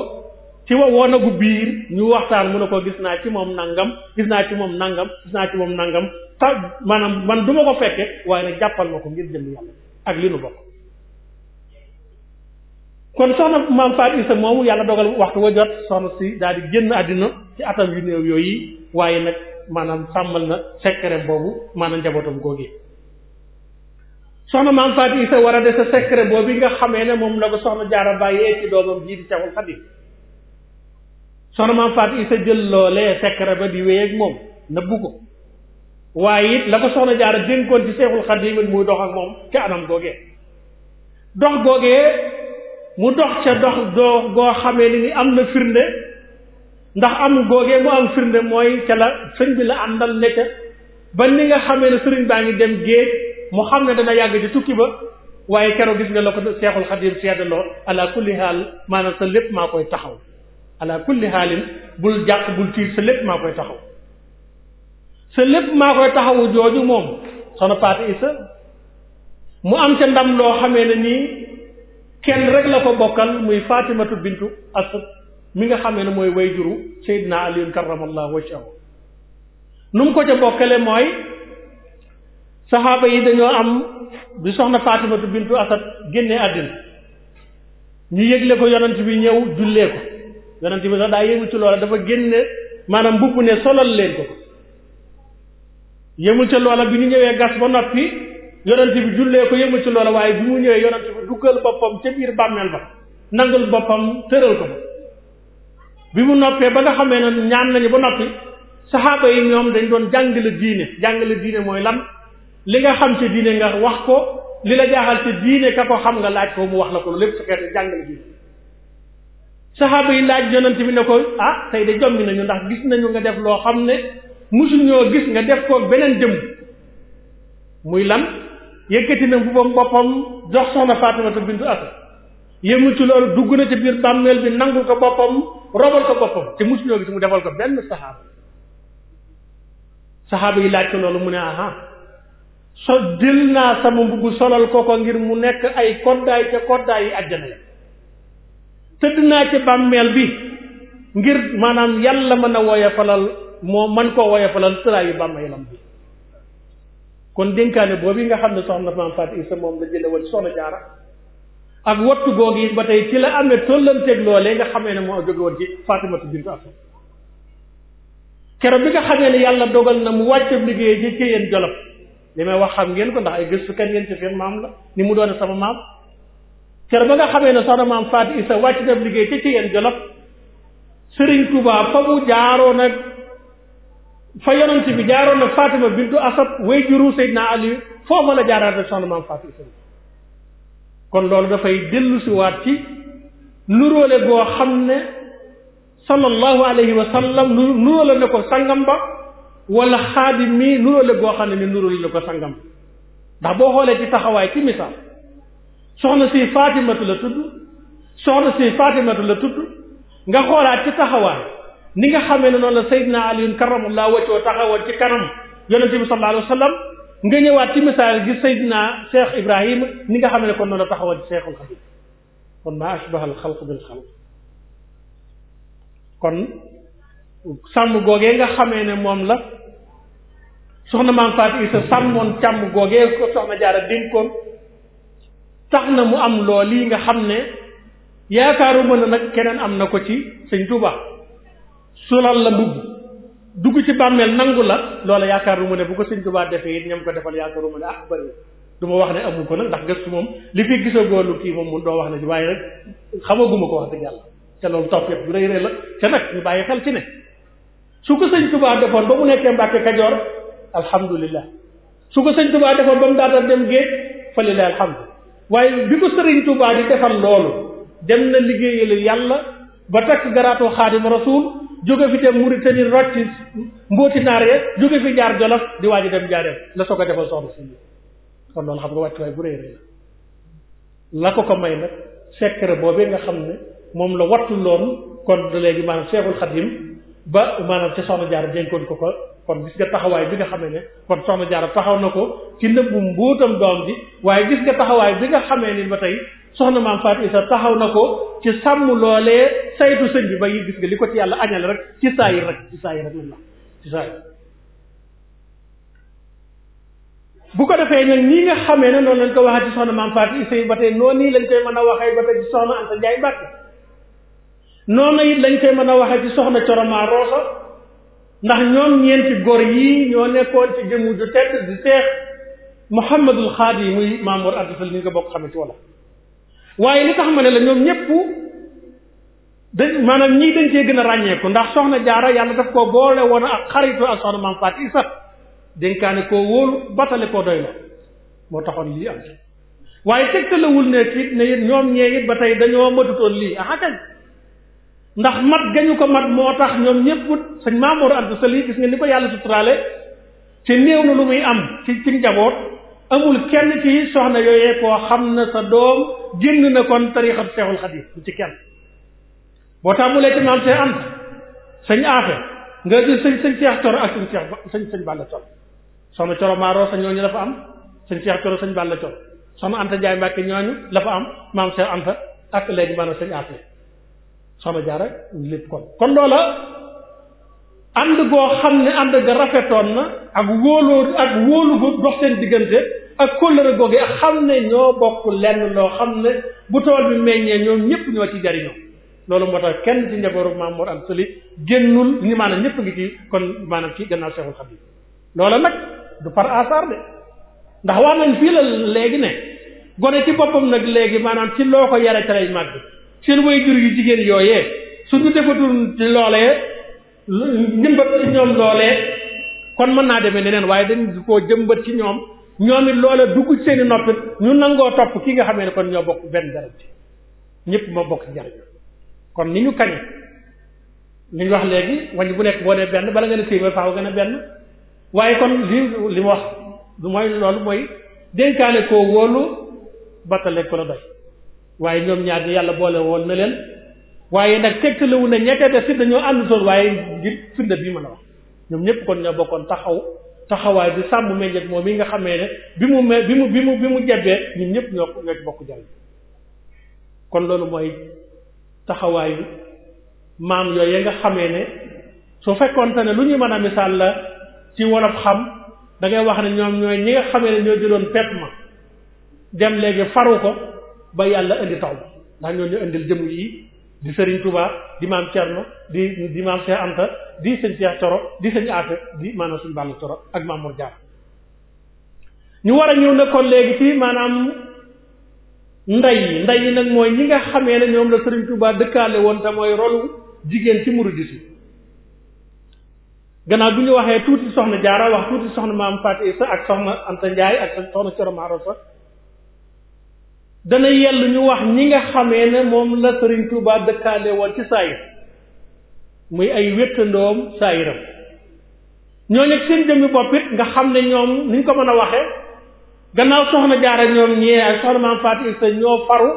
ci wanagu biir ñu waxtaan mu ne ko gis naa ci moom nangam gis naa ci moom nangam gis naa ci moom nangam ta maanaam man du ma ko fekke waaye nag jàppal ma ko ngir jëm yàlla ak li nu bokk kon soxna maam Fatou Issa moomu yàlla dogal waxtu wa jot soxna si daal di génn àddina ci atam yu néew yooyu waaye nag maanaam sàmmal na secret boobu maanaam njabootam googu soxna maam Fatou Issa war a des sa secret boobu nga xamee ne moom la ko soxna jaara bàyyee ci doomam jii di Seexul Xadiim soxna jël loolee secret ba di wéy ak moom nëbbu ko waaye it la ko soxna jaara dénkoon ci Seexul Xadiim muy dox ak moom ca anam googee dox googee mu dox ca dox doo goo xamee ni am na firnde ndax am googee mu am firnde mooy ca la sëñ bi la àndal nekk ba ni nga xamee ne sëriñ baa ngi dem géej mu xam ne dana yàgg ci tukki ba waaye keroog gis nga la ko seexul xadim seddaloo ala kulli haal maanaam sa lépp maa koy taxaw ala kulli haalin bul jàq bul tiit sa lépp maa koy taxaw sa lépp maa koy taxawu jooju moom sono paate isa mu am ca ndam loo xamee na nii kenn rek la ko bokkal muy fatimatu bintu asad mi nga xamee ne mooy way juru seydina aliyun karamallahu wajhahu nu mu ko ca bokkale mooy saxaaba yi dañoo am bi soxna fatimatu bintu asad génnee àddina ñu yëgle ko yonent bi ñëw jullee ko yonent bi sax daa yëngu ci loola dafa génne maanaam mbubb ne solal leen ko yëmul ca loola bi ñu ñëwee gas ba noppi yonent bi jullee ko yëngu ci loola waaye bi mu ñëwee yonent bi duggal boppam ca biir bàmmeel ba nangul boppam tëral ko ba bi mu noppee ba nga xamee ne ñaan nañu ba noppi saxaaba yi ñoom dañ doon jàngale diine jàngale diine mooy lam li nga xam ci diine nga wax ko li la jaaxal ci diine ka ko xam nga laaj ko mu wax la ko loolu lépp ci xeetu jàngale diine saxaaba yi laaj yonent bi ne ko ah tey de jommi nañu ndax gis nañu nga def loo xam ne musuñoo gis nga def ko beneen jëm muy lan yëkkati na mbubam boppam jox soxna Faatimata bintu Asad yëmul ci loolu dugg na ci biir bàmmeel bi nangul ko boppam robal ko boppam te musuloo gi mu defal ko benn saxaaba saxaaba yi laaj ko loolu mu ne aha so jël naa sama mbubb solal ko ko ngir mu nekk ay koddaay ca koddaay yi àjjana la tëdd naa ci bàmmeel bi ngir maanaam yàlla man a woyofalal moo man koo woyofalal tëraayu bàmmeelam bi kon dénkaane boobu nga xam ne soxna maam Fatou Issa moom la jële woon soxna jaara ak wattu googu yi ba tey ci la amee tollanteeg loolee nga xamee ne moo jóge woon ci Fatimatu bintu Asad bi nga xamee ne yàlla dogal na mu wàcce liggéey ci Ceyeen Jolof li may wax xam ngeen ndax ay gëstukat ngeen ci seen maam la ni mu doone sama maam keroog ba nga xamee ne soxna maam Fatou Issa wàcc na liggéey ci Ceyeen Jolof Sëriñ Tuubaa fa mu jaaroon fa yonent bi jaaroon na Fatima bintu Asad way juru Seydina Ali foofa la jaaraat ak soxna maam Fatima kon loolu dafay dellu si waat ci nuróole boo xam ne sallallahu alayhi wa sallam nuróole na ko sangam ba wala xaadim mi nuróole boo xam ne nuróole na ko sangam ndax boo xoolee ci taxawaay ci misaal soxna si Fatimatu la tudd soxna si Fatimatu la tudd nga xoolaat ci taxawaay ni nga xamee ne noonu la Seydina Aliyun karamullah wajhu taxawoon ci kanam yonent bi sallallahu alayhi wa sallam nga ñëwaat ci misaal gi Seydina Cheikh Ibrahima ni nga xam ne kon noonu la taxawoon ci Cheikhul Xadim kon maa ashbaha al xalq bil xalq kon sàmm googee nga xamee ne moom la soxna maam Fatou sa sàmmoon càmm googee ko soxna jaara dénkoon tax na mu am lool yi nga xam ne yaakaaru mën na nag keneen am na ko ci sëñ Tuubaa solal la mbubb dugg ci bàmmeel nangu la loola yaakaaruma ne bu ko sëñ Tuubaa defee it ñam ko defal yaakaaruma ne ah bëri du ma wax ne amul ko nag ndax gëstu moom li fi gisoo góorlu kii moom mun doo wax ne waaye rek xamaguma ko wax dëgg yàlla te loolu topp yëpp du mu rëy la te nag bàyyi xel ci ne su ko sëñ Tuubaa defoon ba mu nekkee Mbàkke Kajoor alhamdulillah su ko sëñ Tuubaa defoon ba mu daatal dem géej fa lillahi alhamdu waaye bi ko sëriñ Tuubaa di defal loolu dem na liggéeyal yàlla ba takk garaatoo xaadim rasul jóge fi dem Mauritanie rocci mbooti naar ya jóge fi jaar Jolof di waaj dem jaareem la soo ko defal soxna si kon loolu xam nga wàccuwaay bu rëy rëy la ko ko may nag secret boobee nga xam ne moom la wattu loon kon léegi maanaam Seexul Xadim ba maanaam ca soxna jaar dénkoon ko ko kon gis nga taxawaay bi nga xamee ne kon soxna jaara taxaw na ko ci nëbbu mbóotam doom bi waaye gis nga taxawaay bi nga xamee ni ba tey soxna maam Fatou Issa taxaw na ko ci sàmm loolee saytu sëñ bi ba yi gis nga yàlla añal rek ci saa yi rek ci saa bu ko defee nag nii nga xamee ne noonu lañ ko waxee ci soxna maam Fatou Issa yi ba tey noonu nii lañ koy mën a waxee ba tey ci soxna Anta Ndiaye it lañ koy mën a waxee ci soxna Coroma Rosa ndax ñoom ñeenti góor yii ñoo nekkoon ci jëmm ju tedd di seex Muhammadul Xaadi yi muy Maamoor Anta Sall ni nga bokk xamante wala waaye li tax ma ne la ñoom ñëpp dañ maanaam ñii dañ cee gën a ràññeeku ndax soxna jaara yàlla daf koo boole woon ak xaritu ak soxna maam Faat Isa dénkaane koo wóolu batale koo doy la moo taxoon lii am ci waaye tegtalawul ne it ne ñoom ñee it ba tey dañoo matutoon lii ah kay ndax mat gañu ko mat moo tax ñoom ñëpp sëñ Maamoor Anta Sali gis nga ni ko yàlla suturaale te néew na lu muy am ci ci njaboot amul kenn ci soxna yooyee koo xam na sa doom génn na kon tarixab Seexul yi lu ci kenn boo tàmbulee ci maam see am sëñ aafe nga gis sëñ sëñ Seex Coro ak sëñ Seex sañ sëñ Bàlla Coro soxna Coro Maaro sa ñooñu la fa am sëñ Seex Coro sëñ Bàlla Coro soxna Anta Njaay Mbàkke ñooñu la fa am maam see Anta ak léegi maanaam sëñ aafe sama jaar ak lépp kon kon loola ànd goo xam ne ànd ga rafetoon na ak wóoloo ak wóolu gu dox seen diggante ak kóllëre googu ak xam ne ñoo bokk lenn loo xam ne bu tool bi meññee ñoom ñëpp ñoo ci jariñoo loolu moo tax kenn ci njabooru Maam Mor Anta Sali génnul ni maanaam ñëpp ngi ci kon maanaam ci gannaaw Seexul Xadiim loola nag du par hasard de ndax wax nañ fii la léegi ne gone ci boppam nag léegi maanaam ci loo ko yare ca lay màgg seen way jur yu jigéen yooyee suñu defatul loolee njëmbat ci ñoom loolee kon mën naa demee neneen waaye dañ ko jëmbat ci ñoom ñoom loole loola dugg seen i noppi ñu nangoo topp ki nga xamee ne kon ñoo bokk benn daraja ñëpp ma bokk njariñ kon ni ñu kañe ñu wax léegi wañ bu nekk boo benn bala nga ne benn waaye kon li li mu wax du mooy loolu mooy dénkaane koo wóolu battale ko la doy waaye ñoom ñaar ñi yàlla boole woon na leen waaye nag tegtalewu na ñettee def si dañoo ànd toon waaye ngir firnde bii ma la wax ñoom ñëpp kon ñoo bokkoon taxaw taxawaay di sàmm meññet moom yi nga xamee ne bi mu me bi mu bi mu bi mu jebbee ñun ñëpp ñoo ñoo bokk jàll kon loolu mooy taxawaay taxawaayu maam yooyu nga xamee ne su fekkoonte ne lu ñuy mën a misaal la ci wolof xam dangay wax ne ñoom ñooy ñi nga xamee ne ñoo jëloon pepp ma dem léegi faru ko ba yàlla indi taw ba ndax ñoo ñu indil jëm yi di Serigne tubaa di maam Thierno di di maam Cheikh Anta di sëñ Cheikh Coro di sëñ Afe di maanaam suñu Balla Coro ak maam Mor Diarra ñu war a ñëw ne léegi ci maanaam nday nday nag mooy ñi nga xamee ne ñoom la Serigne Touba dëkkaale woon te mooy rolu jigéen ci mouridisme gannaaw bi ñu waxee tuuti soxna Diarra wax tuuti soxna maam Fatou Issa ak soxna Anta njaay ak soxna Coro Marosa dana yell ñu wax ñi nga xamee ne moom la Sëriñ Tuubaa dëkkaale woon ci saayir muy ay wéttandoom saayiram ñoo nekk seen jëmmi bopp nga xam ne ñoom ni ñu ko mën a waxee gannaaw soxna jaara ñoom ñee ak soxna maam Fatou Issa ñoo faru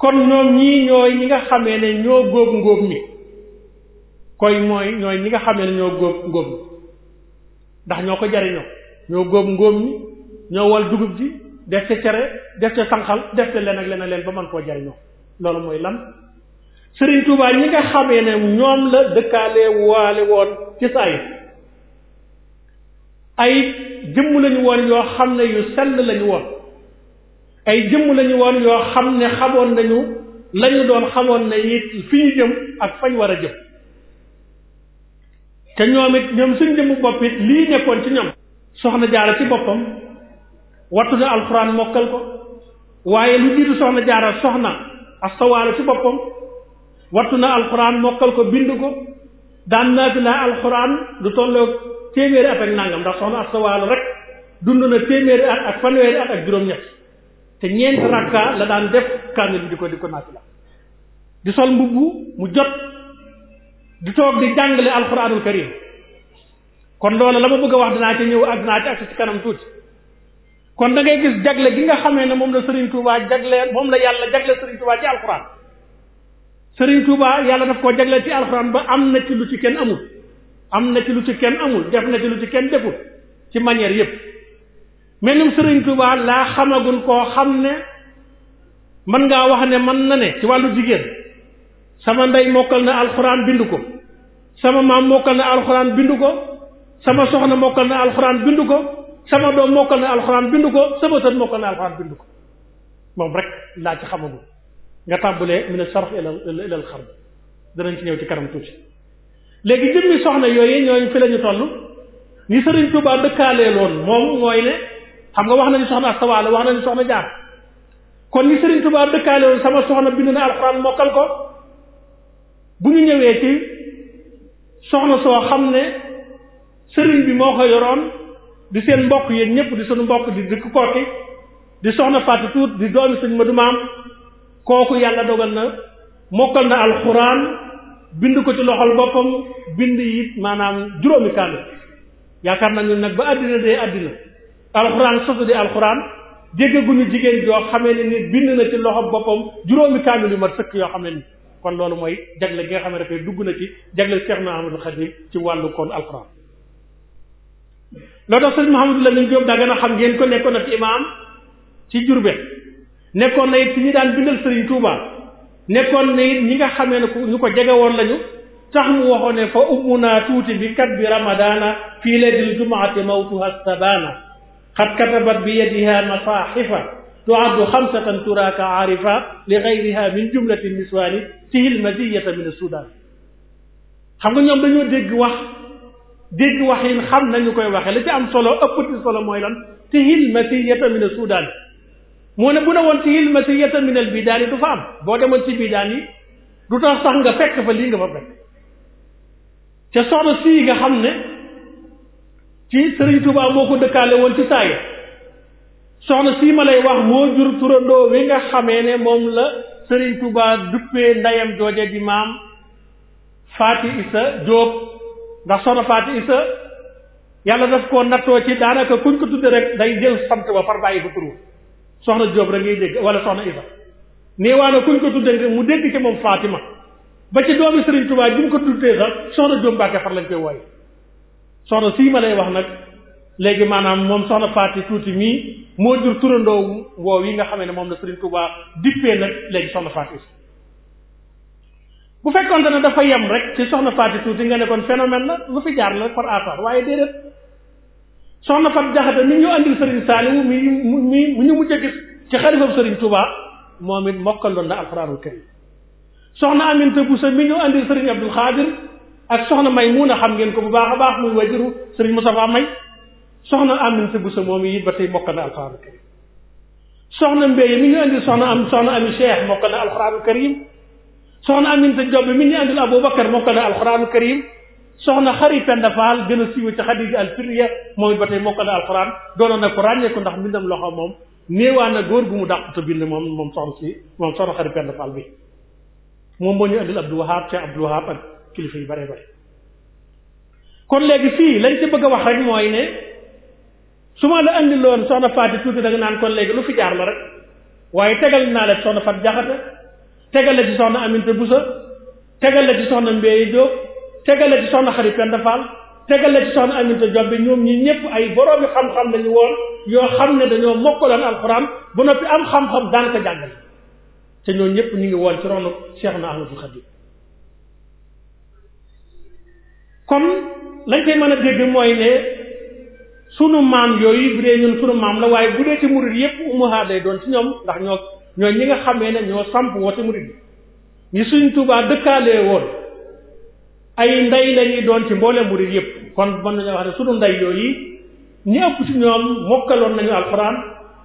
kon ñoom ñi ñooy ñi nga xame ne ñoo góob ngóob mi koy mooy ñooy ñi nga xamee ne ñoo góob ngóob mi ndax ñoo ko jariñoo ñoo góob ngóob mi ñoo wal dugub ji def ca cere def ca sanqal def ca leen ak leen ba man koo jariñoo loolu mooy lan Sëriñ Tuubaa ñi nga xamee ne ñoom la dëkkaale waale woon ci sa ay jëmm lañu woon yoo xam ne yu sell lañu woon ay jëmm lañu woon yoo xam ne xamoon nañu lañu doon xamoon ne it fi ñu jëm ak fañ war a jëm te ñoom it ñoom suñ jëmm bopp it lii nekkoon ci ñoom soxna jaara ci boppam wattu na alxuraan mokkal ko waaye lu jiitu soxna jaara soxna astawaalo ci boppam wattu na alxuraan mokkal ko bind ko daan naati laa alxuraan lu tolloo téeméeri at ak nangam ndax soxna astawaalo rek dund na téeméeri at ak fanweeri at ak juróom-ñett te ñeent rakka la daan def kaamil bi di ko di ko naati la di sol mbubb mu jot di toog di jàngale alxuraanul karim kon loola la ma bëgg a wax dinaa ci ñëw ak dinaa ci agsi ci kanam tuuti kon da ngay gis jagle gi nga xamee ne moom la Serigne Touba jagle moom la yàlla jagle Serigne Touba ci alxuraan Serigne Touba yàlla def koo jagle ci alxuraan ba am na ci lu ci kenn amul am na ci ci kenn amul def na ci lu ci kenn deful ci manière yépp mais num Serigne laa xamagun koo xam ne mën ngaa wax ne mën na ne ci wàllu jigéen sama ndey mokkal na alxuraan bind ko sama maam mokkal na alxuraan bind ko sama soxna mokkal na alxuraan bind ko. sama doom mokkal na alxuraan bind ko sama sët mokkal na alxuraan bind ko moom rek laa ci xamagul nga tàmbulee min sarf ila ila xam xarb danañ ci ñëw ci kanam tuuti léegi jëmmi soxna yooyu ñooñu fi la ñu toll ñi sëriñ Tuubaa dëkkaalee loon moom mooy ne xam nga wax nañu soxna astawaala wax nañu soxna jaar kon ñu sëriñ Tuubaa dëkkaale woon sama soxna bind na alxuraan mokkal ko bu ñu ñëwee ci soxna soo xam ne sëriñ bi moo ko yoroon di seen mbokk yéen ñëpp di sunu mbokk di dëkk kokki di soxna Fatou Tuut di doomi sëñ Madu Maam kooku yàlla dogal na mokkal na alxuraan bind ko ci loxol boppam bind it maanaam juróomi kàll yaakaar nañu nag ba àddina dee àddina alxuraan sosu di alxuraan ñu jigéen joo xamee ne ni bind na ci loxo boppam juróomi kaamil yu ma sëkk yoo xamee ni kon loolu mooy jagle gi nga xam ne dafay dugg na ci jagle Cheikh Ahmadou Khadim ci wàllu kon alxuraan loo tax sëñ Mouhamadou Lamine Diop daa gën a xam ngeen ko nekkoon na fi imaam ci Jurbel nekkoon na it ci ñi daan bindal Sëriñ Tuuba nekkoon na it ñi nga xamee ne ko jege woon lañu tax mu waxoon ne fa ummu tuuti bi kat bi ramadaana fii laylatil jumaati mawtuha sabaana xat katabat bi yadiha masaaxifa tuaddu xamsatan turaaka aarifa li gayriha min jumlati niswaani sihil maziyata min sudan xam nga ñoom dañoo dégg wax dégg waxin xam nañu koy waxee la ci am solo ëppati solo mooy lan tihilmati yetamina suudaani mu ne bu ne woon tihilmati yetamina bidaani du fa am boo demoon ci bidaan yi du tax sax nga fekk fa lii nga fa fekk ca soxna sii nga xam ne ci Sëriñ Tuubaa moo ko dëkkaale woon ci saaye soxna sii ma lay wax moo jur turandoo wi nga xamee ne moom la Sëriñ Tuubaa duppee ndayam jooje di maam Faati Isa Jóob ndax soxna Faati Isa yàlla daf koo nattoo ci daanaka kuñ ko tudde rek day jël sant ba far bàyyi ko turu soxna Jóob rek ngay dégg wala soxna Isa néewaana kuñ ko tudde rek mu dégg ci moom Fatima ba ci doomi Sëriñ Tuubaa bi mu ko tuddee sax soxna Jóob Mbàkke far lañ koy wooye soxna sii ma lay wax nag léegi maanaam moom soxna Faati tuuti mii moo jur turandoo woow yi nga xamee ne moom la Sëriñ Tuubaa dippee nag léegi soxna Faati Isa bu fekkonte ne dafa yem rek ci soxna Faati tuuti nga ne kon phénomène la lu fi jaar la par hasard waaye déedéet soxna Faat Jaxate mi ñu andil Sëriñ Saaliwu mi mi mi ñu mujj a gis ci xarifam Sëriñ Tuubaa moom it mokkaloon na alxuraanul karim soxna Aminta Buso mi ñu andil Sëriñ Abdul Xaadir ak soxna May Muuna xam ngeen ko bu baax a baax muy wajiru Sëriñ Musaa May soxna Aminta Buso moom it ba tey mokkal na alxuraanul karim soxna Mbéye mi ñu andil soxna am soxna Ami Cheikh mokkal na alxuraanul karim soxna Aminata Diop mi ñu andil Aboubacar mokkal na alxuraanu karim soxna Xari Penda Faal gën a siiw ci Xadija al Firya moom ba tey mokkal na alxuraan doonoon na ko ràññee ko ndax mbindam loxo moom néewaa na góor gu mu dàqut a bind moom moom soxna si moom soxna Xari Penda bi moom moo ñu andil Abdou Wahab Cheikh ak kilifa yu bare bare kon léegi fii lañ ci bëgg a wax rek mooy ne su ma la andiloon soxna Faati tuuti da naan kon léegi lu fi jaar la rek waaye tegal naa leen soxna tegal la ci soxna Aminata Bousso tegal la ci soxna Mbaye Diop tegal la ci soxna Xari Penda tegal la ci soxna Aminata Diop ñoom ñi ñëpp ay boroomi xam-xam lañu woon yoo xam ne dañoo mokkaloon alxuraan ba noppi am xam-xam daan ko jàngal te ñooñu ñëpp ñu ngi woon ci ronu Cheikh na Ahmadou Khadim kon lañ koy mën a dégg mooy ne sunu maam yooyu bu dee ñun sunu maam la waaye bu dee ci murid yëpp ummaha day doon ci ñoom ndax ñoo ñoo ñi nga xame ne ñoo samp woote murid bi ñi suñ Tuubaa dëkkaalee woon ay ndey lañuy doon ci mboolem murid yëpp kon mën nañu wax ne sunu ndey yi ñi ëpp ci ñoom mokkaloon nañu alxuraan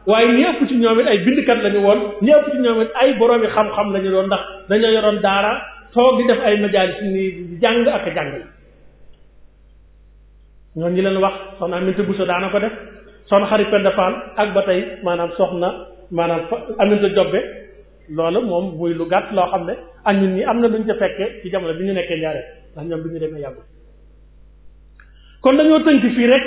waaye ñi ëpp ci ñoom it ay bindkat lañu woon ñi ëpp ci ñoom it ay boroomi xam-xam lañu doon ndax dañoo yoroon daara toog di def ay majaalis ni jàng ak a jàng ñoom ñi leen wax soxna Aminata Bousso daana ko def soxna xarit Penda Fall ak ba tey maanaam soxna maanaam aminta jobbe loolu moom muy lu gàtt loo xam ne ak ñun ñi am na luñ ca fekkee ci jamono bi ñu nekkee njaareel ndax ñoom bi ñu demee yàggul kon dañoo tënk fii rek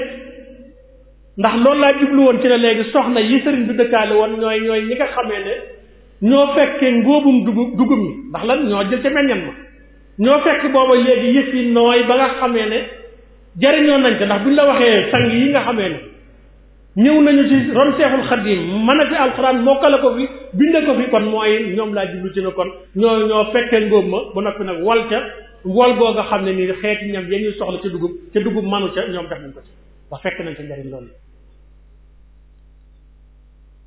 ndax loolu laa jublu woon ci la léegi soxna yi sëriñ bi dëkkaale woon ñooy ñooy ñi nga xamee ne ñoo fekkee ngóobum dugub dugub mi ndax lan ñoo jël ca meññan ma ñoo fekk booba léegi yëf yi nooy ba nga xamee ne jariñoo nañ ko ndax buñ la waxee sang yi nga xamee ne ñëw nañu ci ron seexul xadim man a fi alxuraan mokkale ko bi binde ko fi kon mooy ñoom laa jublu ci ne kon ñoo ñoo fekkee ngóob ma ba noppi nag wal ca nga xam ne nii xeeti ñam ya ñuy soxla dugub ca dugub manu ca ñoom def nañ fekk nañ ca njariñ loolu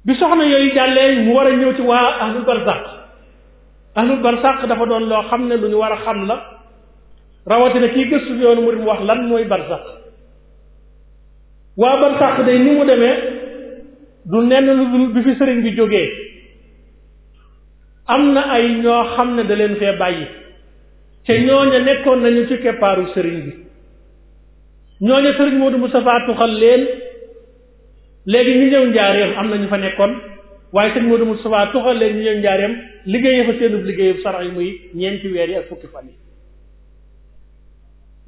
bi soxna yooyu jàllee mu war a ñëw ci waa ahlul barzaq ahlul barzaq dafa doon loo xam ne lu ñu war a xam la rawatina kii gëstu yoonu murid mu wax lan mooy barzaq waa ban tàq day ni mu demee du nenn lu bi fi sëriñ bi jógee am na ay ñoo xam ne da leen fee bàyyi te ñooña nekkoon nañu ci keppaaru sëriñ bi ñooña sëriñ Modou Moustapha tuxal leen léegi ñu ñëw njaareem am na ñu fa nekkoon waaye sëriñ Modou Moustapha tuxal leen ñu ñëw njaareem liggéeyee fa seenub liggéeyub sarax yi muy ñeenti weer yi ak fukki fan yi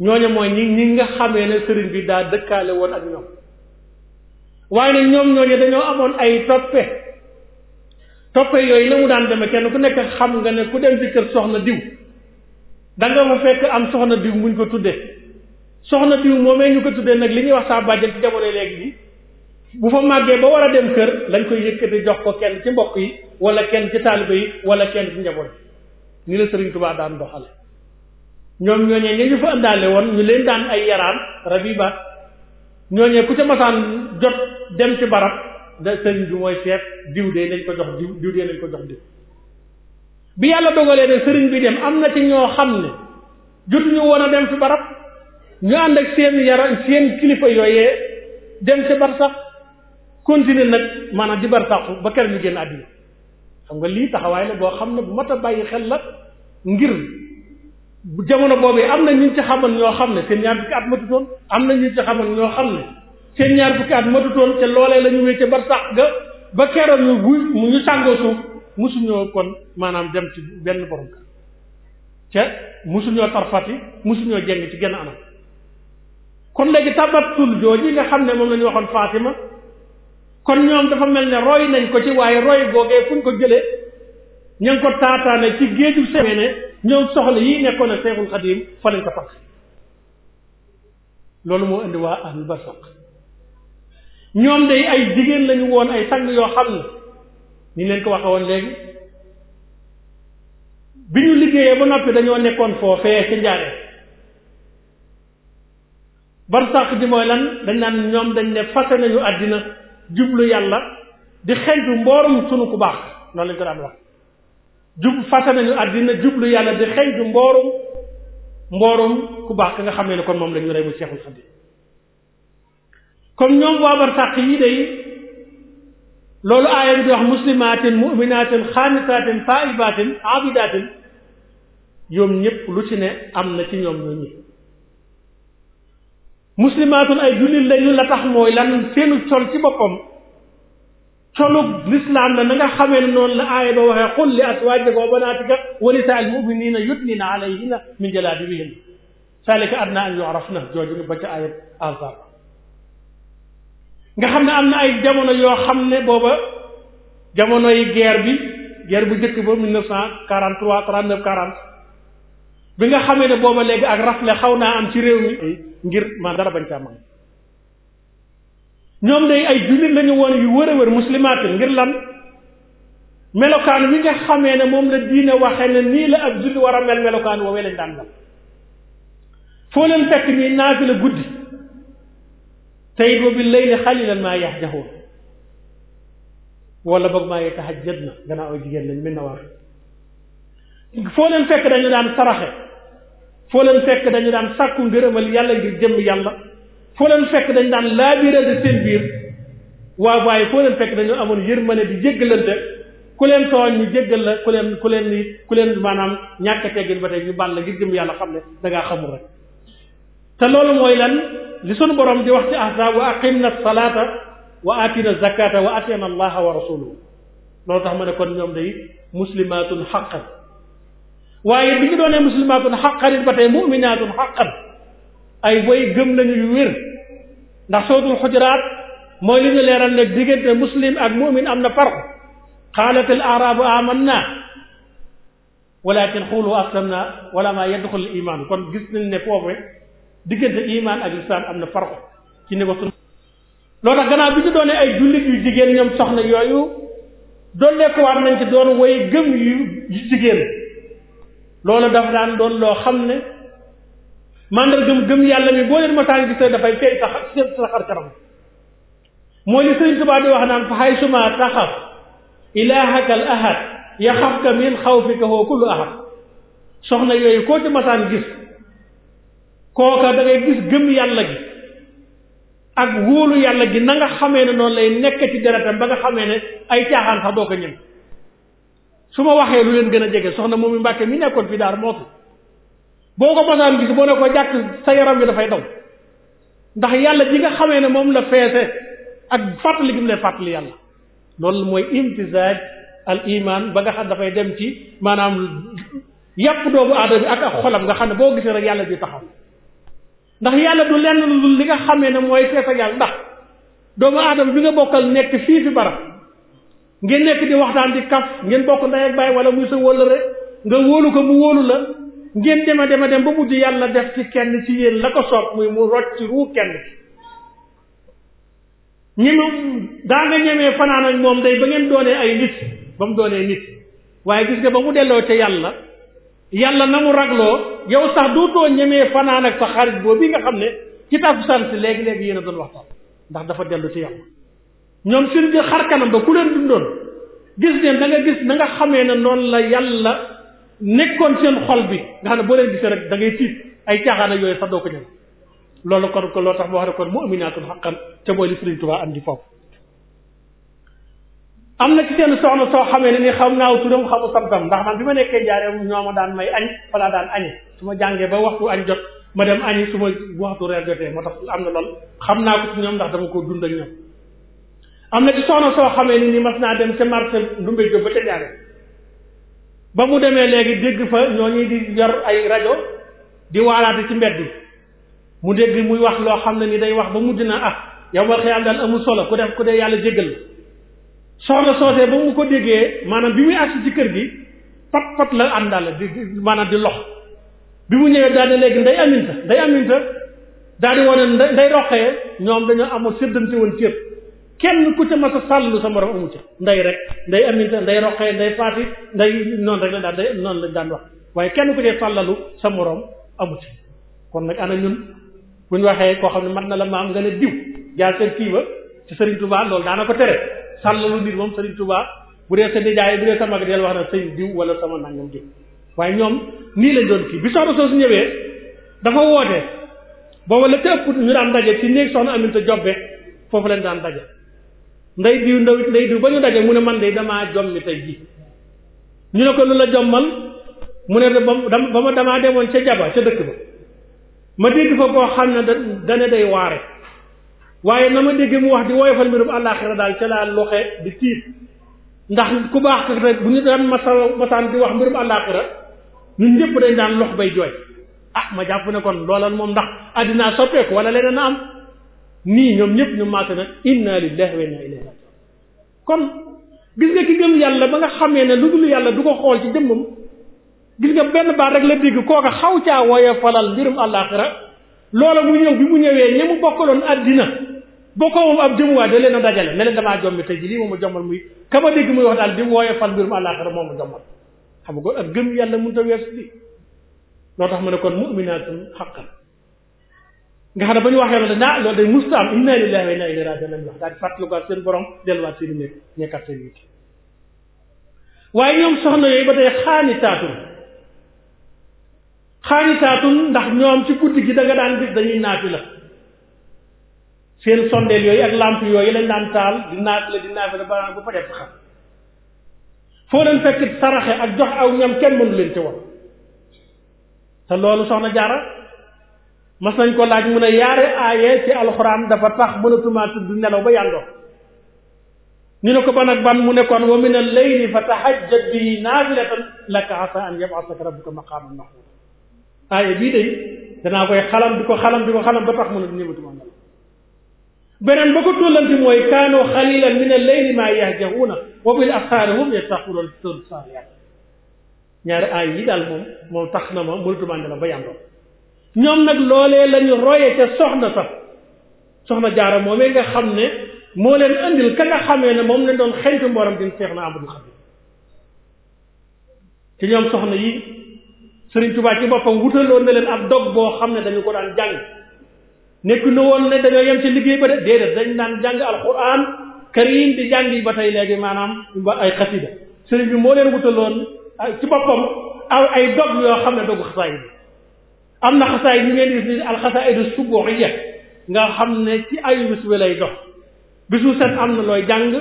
ñooña mooy ñi ñi nga xamee ne sëriñ bi daa dëkkaale woon ak ñoom waaye nag ñoom ñooñu dañoo amoon ay toppe toppe yooyu la mu daan demee kenn ku nekk xam nga ne ku dem ci kër soxna diw da nga fa fekk am soxna diw muñ ko tuddee soxna diw moomee ñu ko tuddee nag li ñuy wax saa bàjjen ci jamono léegi bi bu fa màggee ba war a dem kër lañ koy yëkkati jox ko kenn ci mbokk yi wala kenn ci taalibe yi wala kenn ci njaboot yi ni la Sëriñ Tubaa daan doxale ñoom ñooñee ñu ñu fa ëndaale woon ñu leen daan ay yaraan rabibaat ñooñee ku ca masaan jot dem ci barab da sëriñ bi mooy seet diw de nañ ko jox diw diw de nañ ko jox diw bi yàlla dogalee ne sëriñ bi dem am na ci ñoo xam ne jotuñu woon a dem ci barab ñu ànd ak seen yara seen kilifa yooyee dem ci barsax continuer nag maanaam di barsaxu ba kër ñu génn àddina xam nga lii taxawaay la boo xam ne bu mat a bàyyi xel la ngir jamono boobu am na ñu ci xamoon ñoo xam ne seen ñaar fukki at matutoon am na ñu ci xamoon ñoo xam ne seen ñaar fukki at matutoon te loolee la ñu wécce ba sax ga ba keroog ñu buy mu ñu sàngoo suuf mosuñoo kon maanaam dem ci benn borom kër ca mosuñoo tarfati mosuñoo jeng ci genn anam kon léegi tabattul yi nga xam ne moom la ñu waxoon Fatima kon ñoom dafa mel ne roy nañ ko ci waaye roy googee fu ñu ko jële ña ko taataane ci géeju semene ñoom soxla yi nekkoon ak Seexul Xadiim fa lañ ko takk loolu moo indi waa ahlul barsaq ñoom day ay jigéen lañu woon ay sang yoo xam ne ni leen ko waxe woon léegi bi ñu liggéeyee ba noppi dañoo nekkoon foofee ci njaaree barsàq ji mooy lan dañ naan ñoom dañ ne fase nañu àddina jublu yàlla di xentu mboorum sunu ku baax noonu lañ ko daan wax jub fase nañu àddina jublu yàlla di xëy du mboorum mboorum ku baax ki nga xam ne kon moom la ñu rey mu Seexul Xadiim comme ñoom waa barsàq yi day loolu aaya bi di wax muslimatin muminatin xaanitatin taibatin abidatin ñoom ñëpp lu ci ne am na ci ñoom ñooñu muslimaatun ay jullit lañu la tax mooy lan seenu sol ci boppam colub lislaam na na nga xamee ne noonu la aaya ba waxee qul li azwaajika wa banaatika wa nisaa'il mu'miniina yudniina alayhinna min jalaabiibihinna zaalika adnaa an na jooju ba ca aaya Ahzaab nga xam ne am na ay jamono yoo xam ne booba jamono yi guerre bi guerre bu njëkk ba mille neuf cent quarante trois trente neuf quarante bi nga xamee ne booba léegi ak rafle xaw naa am ci réew mi ngir maa dara bañ caa man ñoom day ay jullit lañu woon yu wër a wër muslimaatin ngir lan melokaan wi nga xamee ne moom la diine waxee ne nii la ak julli war a mel melokaan woowee lañ daan mel foo leen fekk ñuy naafila guddi tey boobu layli xalilan maa yahjahuun wala boog maa yatahajjad na gannaaw ay jigéen lañ mën na war foo leen fekk dañu daan saraxe foo leen fekk dañu daan sàkku ngërëmal yàlla ngir jëmm yàlla foo leen fekk dañ daan laabirante seen biir waaw waaye foo leen fekk dañoo amoon ma yërmande di jéggalante ku leen tooñ ñu jéggal la ku leen ku leen ku leen maanaam ñàkk a teggin ba tey ñu bàll ngir jëm yàlla xam ne da ngaa xamul rek te loolu mooy lan li sunu borom di wax ci ahzab wa aqimna salata wa atina zakata wa atina allaha wa rasuluhu loolu tax ma ne kon ñoom day muslimatun xaqan waaye bi ñu doonee muslimatun xaqan ba tey muminatun xaqan ay way gëm lañu yu wér ndax sootul xujuraat mooy li ñu leeral ne diggante muslim ak mumin am na farq qaalat al arabu amanna walakin xuulu aslamna wala ma yadxul al iman kon gis nañ ne foofu diggante iman ak lislam am na farq ci ne waxtu loo tax gannaaw bi ñu doonee ay jullit yu jigéen ñoom soxna yooyu doon lekkuwaat nañ ci doon way gëm yu jigéen loolu daf daan doon loo xam ne mandargam gëm yàlla mi boo leen ma taan gisee dafay feeñ sa sa xar kanam mooy li sëriñ Tuubaa di wax naan fa xay suma taxaf ilaahaka al ahad yaxafka min xawfika hoo kullu ahad soxna yooyu koo ci mataan gis kooka da ngay gis gëm yàlla gi ak wóolu yàlla gi na xamee ne noonu lay nekk ci deretam ba nga xamee ne ay caaxaan sax doo ko ñem su ma waxee lu leen gën a jege soxna moom mi Mbàkke mi nekkoon fi daar moo fi boo ko mosaan gis boo ne ko jàkk sa yaram bi dafay daw ndax yàlla ji nga xamee ne moom la feese ak fàttali gi mu lay fàttali yàlla loolu mooy imtisaaj al iman ba nga xam dafay dem ci maanaam yàpp doomu aadama bi ak ak xolam nga xam ne boo gisee rek yàlla di taxaw ndax yàlla du lenn lu li nga xamee ne mooy fees ak yàlla ndax doomu aadama bi nga bokkal nekk fii fi barab ngeen nekk di waxtaan di kaf ngeen bokk ndey ak baay wala muy sa wóllëre nga wóolu ko mu wóolu la ngeen dem a dem a dem ba mujj yàlla def ci kenn ci yéen la ko soob muy mu rocc ruu kenn ñi mu daa nga ñemee fanaan ak moom day ba ngeen doone ay nit ba mu doonee nit waaye gis nga ba mu delloo ca yàlla yàlla na mu ragloo yow sax dootoo ñemee fanaan ak sa xarit boobu bi nga xam ne ci tàkkusaan si léegi-léegi yéen a doon waxtaan ndax dafa dellu ci yàlla ñoom seen xar kanam ba ku leen dundoon gis ne da gis na nga xamee ne noonu la yàlla nekkoon seen xol bi nga xam ne boo leen gisee rek da tiit ay caaxaan yooyu sax doo ko jël loolu kon ko loolu tax ma wax ne kon mu'minaatun te mooy li Sëriñ am di foofu na ci soxna soo xamee ne ni xam naaw turam xamu samsam ndax man bi ma nekkee jaaree ñoo ma daan may añ falaa daan añe su ma jàngee ba waxtu añ jot ma dem añi su ma waxtu reer jotee moo am na lool xam naa ko ci ñoom ndax dama koo dund ak ñoom am na ci soxna soo xamee ni ni mas naa dem ca marché ndumbe jóob ba ca jaaree ba mu demee léegi dégg fa ñooñu di yor ay rajo di waalaate ci mbedd yi mu dégg muy wax loo xam ne ni day wax ba mu dina ah yow ma xëyal daal amul solo ku def ku dee yàlla jéggal soxna soosee ba mu ko déggee maanaam bi muy agsi ci kër gi pat pat la àndaale di maanaam di lox bi mu ñëwee daal léegi nday aminta nday aminta daal di wane nday roqee ñoom dañoo amoon séddante woon cër kenn ku ca mas a sàll sa morom amu ca nday rek nday aminta nday roqee nday faati nday noonu rek la daan day noonu lañ daan wax waaye kenn ku dee sàllalu sa morom amu ca kon nag ana ñun buñ waxee koo xam ne mat na la maam nga ne diw jaar seen kii ba ci Serigne Touba loolu daana ko tere sàllalu nit moom Serigne Touba bu dee sa nijaay bu dee sa mag del wax na sëñ diw wala sama nangam diw waaye ñoom nii lañ doon kii bi soxna soosu ñëwee dafa woote booba la ca ëpp ñu daan daje ci néeg soxna Aminta Jobbe foofu lañ daan daje nday diw ndaw nday diw ba ñu daje mu ne man de damaa jommi tey ji ñu ne ko lu la jommal mu ne ba ma damaa demoon ca jaba ca dëkk ba ma dégg fa koo xam ne da dane day waare waaye na ma déggee mu wax di woyofal mbirum àllaaxira daal ca laa loxe di tiit ndax ku baax kat rek bu ñu daan masal masaan di wax mbirum àllaaxira ñu ñëpp dañ daan lox bay jooy ah ma jàpp ne kon loolan moom ndax addinaa soppeeku wala leneen a am nii ñoom ñëpp ñu maase nag inna lillahi wa inna ilayhi rajiun kon gis nga ki gëm yàlla ba nga xamee ne lu dul yàlla du ko xool ci jëmmam gis nga benn baat rek la dégg kooka xaw caa wooye falal mbirum àllaaxira loola mu ñëw bi mu ñëwee ña mu bokkaloon addina bokkoo moom ab jëmuwaay da leen a dajale ne leen damaa jombi tey ji lii moom a jommal muy ka ma dégg muy wax daal di wooye fal mbirum àllaaxira moom a jommal xam nga ak gëm yàlla mënut a weesu lii loo tax ma ne kon mu'minaatun haqqan nga xam ne ba ñu wax loolu dañ loolu day musta am inna lillahi wa inna ilayhi i nekk nekkaat seen yitte waaye ñoom soxna yooyu ba tey xaanitaatun xaanitaatun ndax ñoom ci guddi gi da nga daan gis dañuy naafi la seen sondeel yooyu ak lamp yooyu lañ naan taal di naafi la di naafi la ba bu fajet xam foo leen fekk saraxe ak jox aw ñam kenn mënu leen ci wax te loolu soxna jaara mas nañ ko laaj mu ne yaare aaye ci alxuraan dafa tax mënatumaa tudd nelaw ba yàndoo ñu ne ko ban ak ban mu nekkoon kon wa min al layli fa tahajjad bihi naafilatan laka asa an yabasaka rabbuka maqaaman mahmuuda aaye bii day danaa koy xalam di ko xalam di ko xalam ba tax mënatu ñëmatuma nelaw beneen ba ko tóllanti mooy kaanu xalilan min al layli maa yahjahuuna wa bil asxaari hum yastaxuloon ñaari aay yi daal moom moom tax na ma mënatumaa nelaw ba yàndoo ñoom nag loolee lañu roye ca soxna sax soxna jaara moom nga xam ne moo leen andil ka nga ne moom lañ doon xentu mbooram din seex na amadul xadim ñoom soxna yi sëriñ tubaa ci boppam wutaloon na leen ab dog boo xam ne dañu ko daan jàng nekk na woon ne dañoo yem ci liggéey ba de dañ daan jàng alquran karim di jàng yi ba tey léegi maanaam ba ay xasida sëriñ bi moo leen wutaloon ci boppam aw ay dog yoo xam ne dogu xasaay am na xasaay ñu ngeen gis ni alxasaidu subuhiya nga xam ne ci ayu bis bi lay dox bisu set am na looy jàng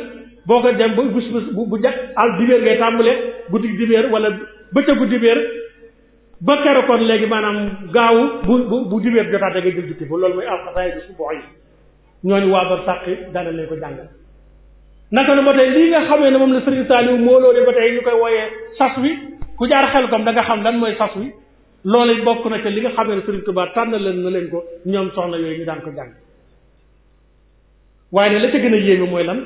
boo ko dem ba bis bu bu jàpp al dibéer ngay tàmbale guddi dibéer wala bëccëgu dibéer ba keroog kon léegi maanaam gaawu bu bu bu dibéer jotaate nga jël jukki ba loolu mooy alxasaidu subuhiya ñooñu waa ba sàqi daana lañ ko jàngal naka la ba tey lii nga xamee ne moom la Serigne Saliou moo loolee ba tey ñu koy wooyee sas wi ku jaar xel kom da nga xam lan mooy sas loolu bokk na ca li nga xamee ne Sëriñ Tuubaa tànn leen na leen ko ñoom soxna yooyu ñu daan ko jàng waaye ne la ca gën a yéeme mooy lan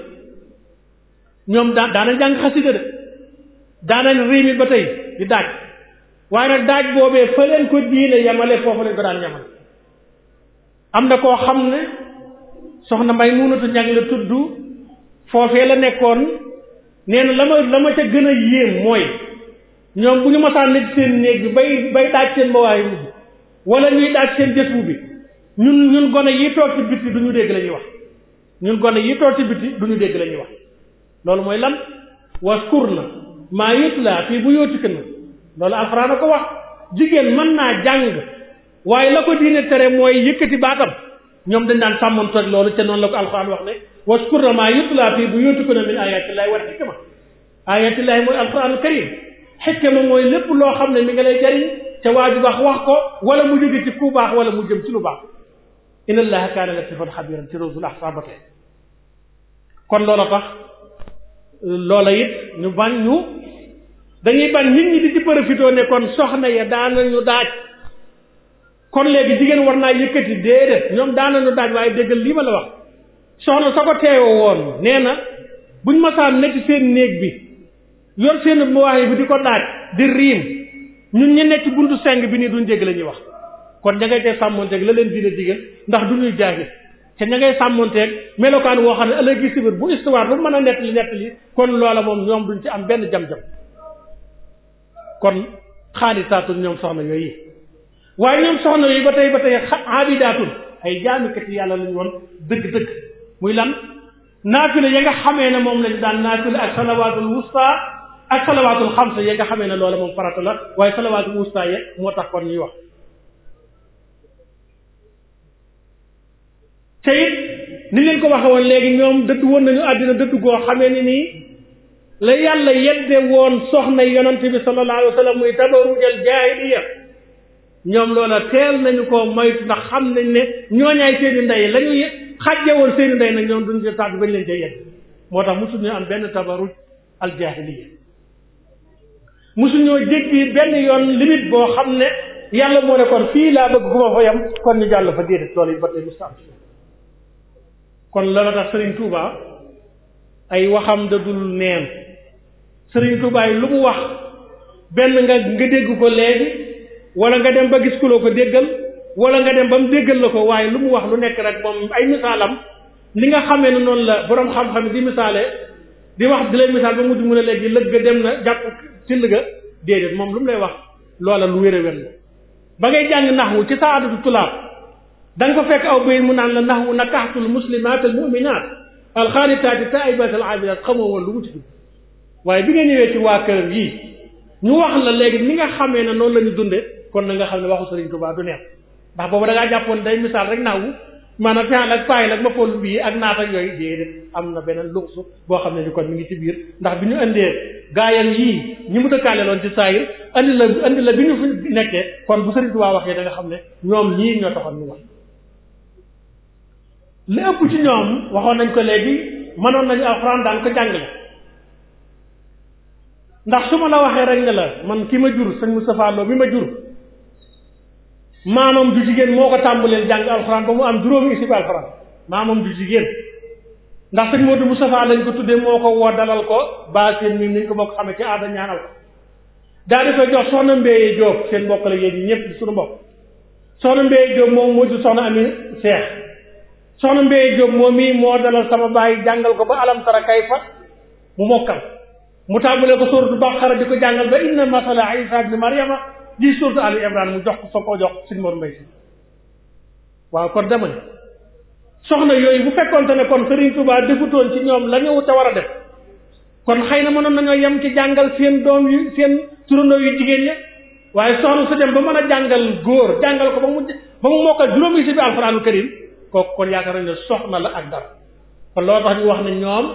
ñoom daan daanañ jàng xasida de daanañ riimi ba tey di daaj waaye nag daaj boobee fa leen ko diine yemale foofu leen ko daan yemale am na koo xam ne soxna may munatu ñag la tudd foofee la nekkoon nee na la ma la ma ca gën a yéem mooy ñoom bu ñu mosaan nekk seen néeg bi bay bay daaj seen mawaayi bi wala ñuy daaj seen jëtu bi ñun ñun gone yi toog ci biti du ñu dégg la ñuy wax ñun gone yi toog ci biti du ñu dégg la wax loolu mooy lan waskur na maa yutla fii bu yóoti kën loolu alxuraan a ko wax jigéen mën naa jàng waaye la ko diine tere mooy yëkkati baatam ñoom dañ daan sàmmoon toog loolu te noonu la ko alxuraan wax ne waskur na maa yutla fii bu yóoti kën min ayatillahi wal hikma ayatillahi mooy xekke ma mooy lépp loo xam ne mi nga lay jariñ ca waa baax wax ko wala mu jóge ci ku baax wala mu jëm ci lu baax inna allaha kaana latifan xabiran ci rosul ahzab ba tey kon loola tax loola it ñu bañ ñu dañuy bañ nit ñi di ci profité ne kon soxna ya daanañu daaj kon léegi jigéen war naa yëkkati déedéet ñoom daanañu daaj waaye déggal lii ma la wax soxna soo ko teewoo woon nee na buñ masaan ne seen néeg bi yor seen mu wax bi di ko daaj di riim ñun ñu nekk ci buntu seng bi nii duñ dégg la ñuy wax kon ña ngay tey la leen diine digal ndax du ñuy jaage te ña ngay sàmmonteeg melokaan woo xam ne ëllëgi sibir bu histoire bu mën a nettali nettali kon loola moom ñoom duñ ci am benn jam-jam kon xaanisaatun ñoom soxna yooyu waaye ñoom soxna yooyu ba tey ba tey aabidaatun ay jaamikati yàlla lañu woon dëgg-dëgg muy lan naafila ya nga xamee ne moom lañ daan naafila ak salawaatul wusta ak salawaatul xamsa ya nga xamee ne loola moom farata la waaye salawaatul wusta ya moo tax kon ñuy wax te ni leen ko waxe woon léegi ñoom dëdd woon nañu àddina dëdd goo xamee ne nii la yàlla yedde woon soxna yonante bi sallallahu alayhi wa sallam muy tabarujal jaahiliya ñoom loola teel nañu ko moytu ndax xam nañ ne ñaay seeni ndey la ñu woon seeni ndey nag ñoom duñ ci tàgg bañ leen cay yedd moo tax mosuñu am benn tabaruj al jaahiliya mosuñoo jéggi benn yoon limite boo xam ne yàlla moo ne kon fii laa bëgg bu ma fa yam kon ñu jàll fa déedéet loolu it ba tey musta am kon lala tax Serigne Touba ay waxam da lu mu wax benn nga nga dégg ko léegi wala nga dem ba gis ku ko déggal wala nga dem ba mu déggal la ko waaye lu mu wax lu nekk rek moom ay misaalam li nga xamee ne noonu la borom xam-xam di misaale di wax di lay misaal ba mujj mu ne léegi lëgg dem na jàpp till ga déedéet moom lu mu lay wax loola lu wér a wér la ba ngay jàng naxwu ci saadatu tulaab da nga fa fekk aw bayit mu naan la naxwu nakaxtul muslimat al muminat alxaanitaati taibat al abidat xamoo woon lu mu ci waaye bi nga ñëwee ci waa këram yii ñu wax la léegi ni nga xamee ne noonu la ñu dunde kon na nga xam ne waxu Sëriñ Tuubaa du neex ndax boobu da ngaa jàppoon day misaal rek naxwu maanaam fi'al ak faayil ak mafool bii ak naat ak yooyu déedéet am na beneen luxsu boo xam ne ni kon mi ngi ci biir ndax bi ñu indee gaayam yii ñi mu dëkkaale loon ci saayir andi indila bi ñu fi nekkee kon bu Sëriñ Tuubaa waxee da xam ne ñoom ñii ñoo taxoon ñu wax li ëpp ci ñoom waxoon nañ ko léegi manoon nañu alxuraan daan ko jàngale ndax su ma la waxee rek ne la man ki ma jur sëñ Moustapha Lo bi ma jur maamam du jigéen moo ko tàmbaleel jàng alxuraan ba mu am juróomi isib alxuraan maamam du jigéen ndax sëñ Modou Moustapha lañ ko tuddee moo ko woo dalal ko baa mi niñ ko bokk xamee ci aada ko daa di jox soxna Mbéye Diop seen mbokk la yéen ñi ñëpp suñu mbokk soxna Mbéye Diop moom moo jur soxna Ami Seex soxna Mbéye Diop moom mii moo dalal sama baay jàngal ko ba alam tara kayfa mu mokkal mu tàmbalee ko ba Baqara di ko jàngal ba inna masala Isa ibni Maryama di suurtu Ali Imran mu jox ko soo ko jox suñ Mor Mbay si waaw kon dama ne soxna yooyu bu fekkonte ne kon Serigne Touba defutoon ci ñoom la ñu war a def kon xëy na mënoon nañoo yem ci jàngal seen doom yu seen turandoo yu jigéen ña waaye soxna su dem ba mën a jàngal góor jàngal ko ba mu ba mu mokkal juróomi si bi alxuraanul karim kooku kon yaakaar nañ ne soxna la ak dara kon loolu tax ñu wax ne ñoom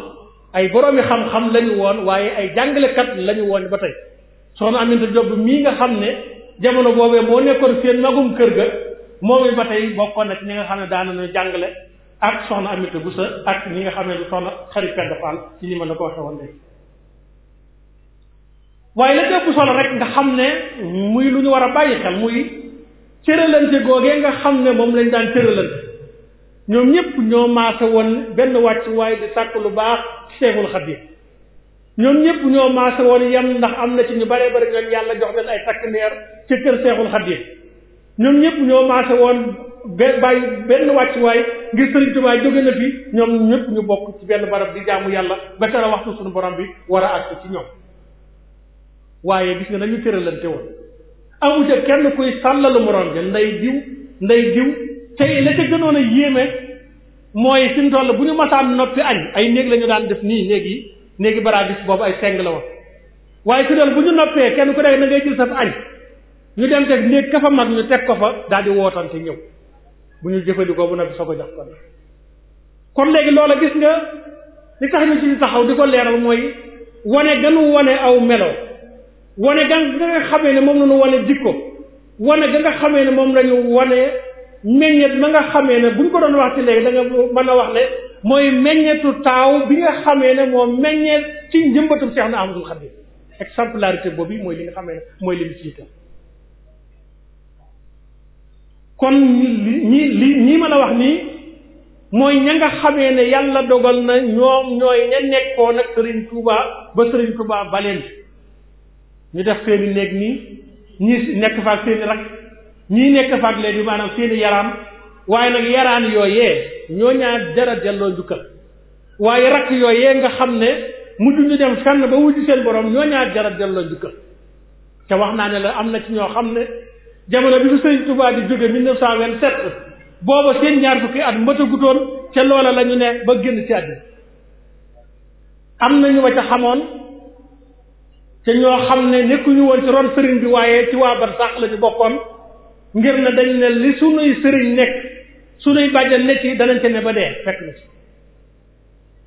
ay boroomi xam-xam la woon waaye ay jàngalekat la ñu ba tey soxna Aminta Diop mii nga xam ne jamono boobee moo nekkoon seen magum kër ga moom it ba tey bokkoon na ci ñi nga xam ne daan nañu jàngale ak soxna Amita Busa ak ñi nga xam ne soxna xarit Penda Fall ci ni ma la ko waxee woon léegi waaye nga xam ne muy lu ñu war a bàyyi xel muy cëralante googee nga xam ne moom lañ daan cëralante ñoom ñëpp ñoo maase woon benn wàcc waaye di sàkk lu baax Seexul Xadiim ñoom ñëpp ñoo maase woon yem ndax am na ci ñu baree bari ñoom yàlla jox leen ay takk ndeer ci kër seexul xadim ñoom ñëpp ñoo maase woon benn bàyyi benn wàccuwaay ngir sëriñ Tuubaa jóge na fi ñoom ñëpp ñu bokk ci benn barab di jàmm yàlla ba tara waxtu suñu borom bi war a àgg ci ñoom waaye gis nga nañu tëralante woon amu ca kenn kuy sàllalu morom ja nday diw nday diw tey la ca gënoon a yéeme mooy fi mu bu ñu masaan noppi añ ay néeg lañu daan def nii néeg yi néegi baraabis boobu ay seng la woon waaye su doon bu ñu noppee kenn ku nekk na ngay jël sa añ ñu dem teg néeg ka fa mag ñu teg ko fa daal di wootante ñëw bu ñu jëfandikoo bu nag soo ko jox kon kon léegi loola gis nga li tax ñu ci taxaw di ko leeral mooy wane ganu wane aw melo wane ga nga xamee ne moom la ñu wane jikko wane ga nga xamee ne moom la ñu wane meññet ma nga xamee ne buñ ko doon wax ci léegi da mën a wax ne mooy meññetu taaw bi nga xamee na moo meññeet ci njëmbatum Seex na Ahmadul Xadim exemplarité boobu mooy li nga xamee ne mooy li mu ci itam mën a wax nii mooy ña nga xamee ne yàlla dogal na ñoom ñooy ña nekkoon ak Sëriñ Tuubaa ba Sëriñ Tuubaa baleen ñu def seeni néeg nii ñi nekk faak seeni rak ñii nekk faak léegi maanaam seeni yaram waaye nag yaraan yooyee ñoo ñaar jara delloo njukkal waaye rakk yooyee nga xam ne mu ñu dem fenn ba wujj seen boroom ñoo ñaar jara delloo njukkal te wax naa ne la am na ci ñoo xam ne jamono bi fi Sëriñ Tuubaa di jóge 1927 booba seen ñaar fukki at matagutoon ca loola la ñu ne ba génn ci àddina am na ñu ma ca xamoon te ñoo xam ne nekkuñu woon ci ron sëriñ bi waaye ci waa Barsax lañu ñu bokkoon ngir ne dañ ne li sunuy sëriñ nekk sunuy bàjjan ne ci danañ ca ne ba dee fekk na ci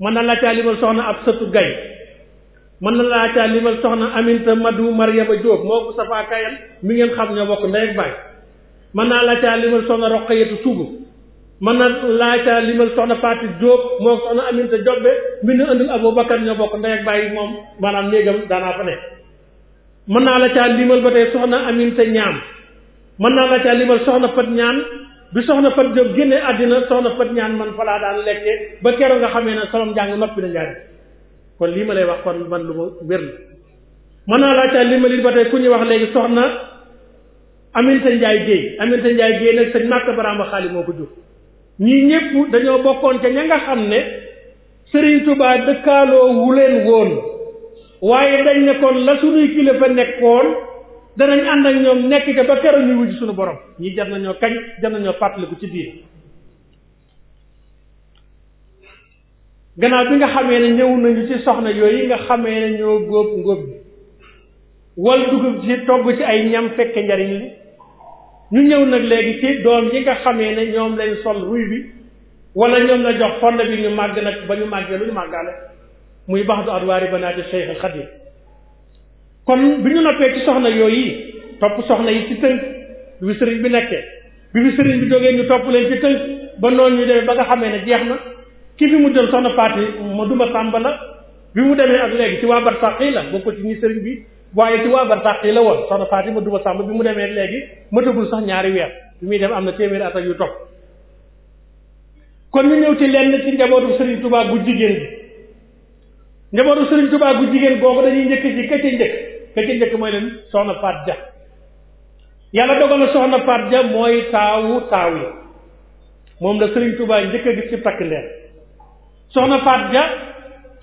mën na laa caa limal soxna ab sëtu gay mën na laa caa limal soxna aminta madu mariama mi ngeen xam ñoo bokk ndey mën naa laa caa limal soxna roqayatu sugu mën na laa caa limal soxna faati jóob moo bokk ndey ak baay moom naa la caa limal ba tey ñaam mën naa la caa limal soxna fat ñaan bi soxna Fat Diop génnee àddina soxna Fat ñaan man falaa daan lekke ba keroog nga xamee ne sama njàng noppi na njaari kon lii ma lay wax kon man lu ma wér la mën naa laajtaay li ma lii ba tey ku ñuy wax léegi soxna Aminta Njaay Géey Aminta Njaay Géey nag sëñ Màkka Baraama Xaali moo ko jur ñii ñëpp dañoo bokkoon ca ña nga xam ne Sëriñ Tubaa dëkkaaloo leen woon waaye dañ ne la la suñuy kilifa nekkoon danañ ànd ak ñoom nekk ca ba keroog ñuy wuj suñu borom ñii jar nañoo kañ jar nañoo fàttaliku ci biir gannaaw bi nga xamee ne ñëw nañu ci soxna yooyu nga xamee ne ñoo góob ngóob dugub ci togg ci ay ñam njariñ li ñu ñëw nag léegi ci doom yi nga xamee ne ñoom lañ sol ruy bi wala ñoom la jox fond bi ñu màgg nag ba ñu màggee lu ñu màggaale muy baxdu adwaari banaati Cheikh al yi kon bi ñu noppee ci soxna yooyu topp soxna yi ci tënk bi sëriñ bi nekkee bi fi sëriñ bi jógee ñu topp leen ci tënk ba noonu ñu demee ba nga xamee ne jeex na ki bi mu jël soxna Faati ma duma Sàmba la bi mu demee ak léegi ci waa Barsàq yi la bokk ci ñi sëriñ bi waaye ci waa la woon soxna Faati ma duma Sàmba bi mu demee léegi matagul sax ñaari weer bi muy dem am na téeméeri at yu topp kon ñu ñëw ci lenn ci njabootu sëriñ Tuubaa bu jigéen bi njabootu sëriñ Tuubaa bu jigéen googu dañuy njëkk ci këcce njëkk ka ci njëkk mooy leen soxna Faat Ja yàlla dogal na soxna Faat Ja mooy taawu taaw yi moom la Serigne Touba njëkk a gis ci takk ndeer soxna Faat Ja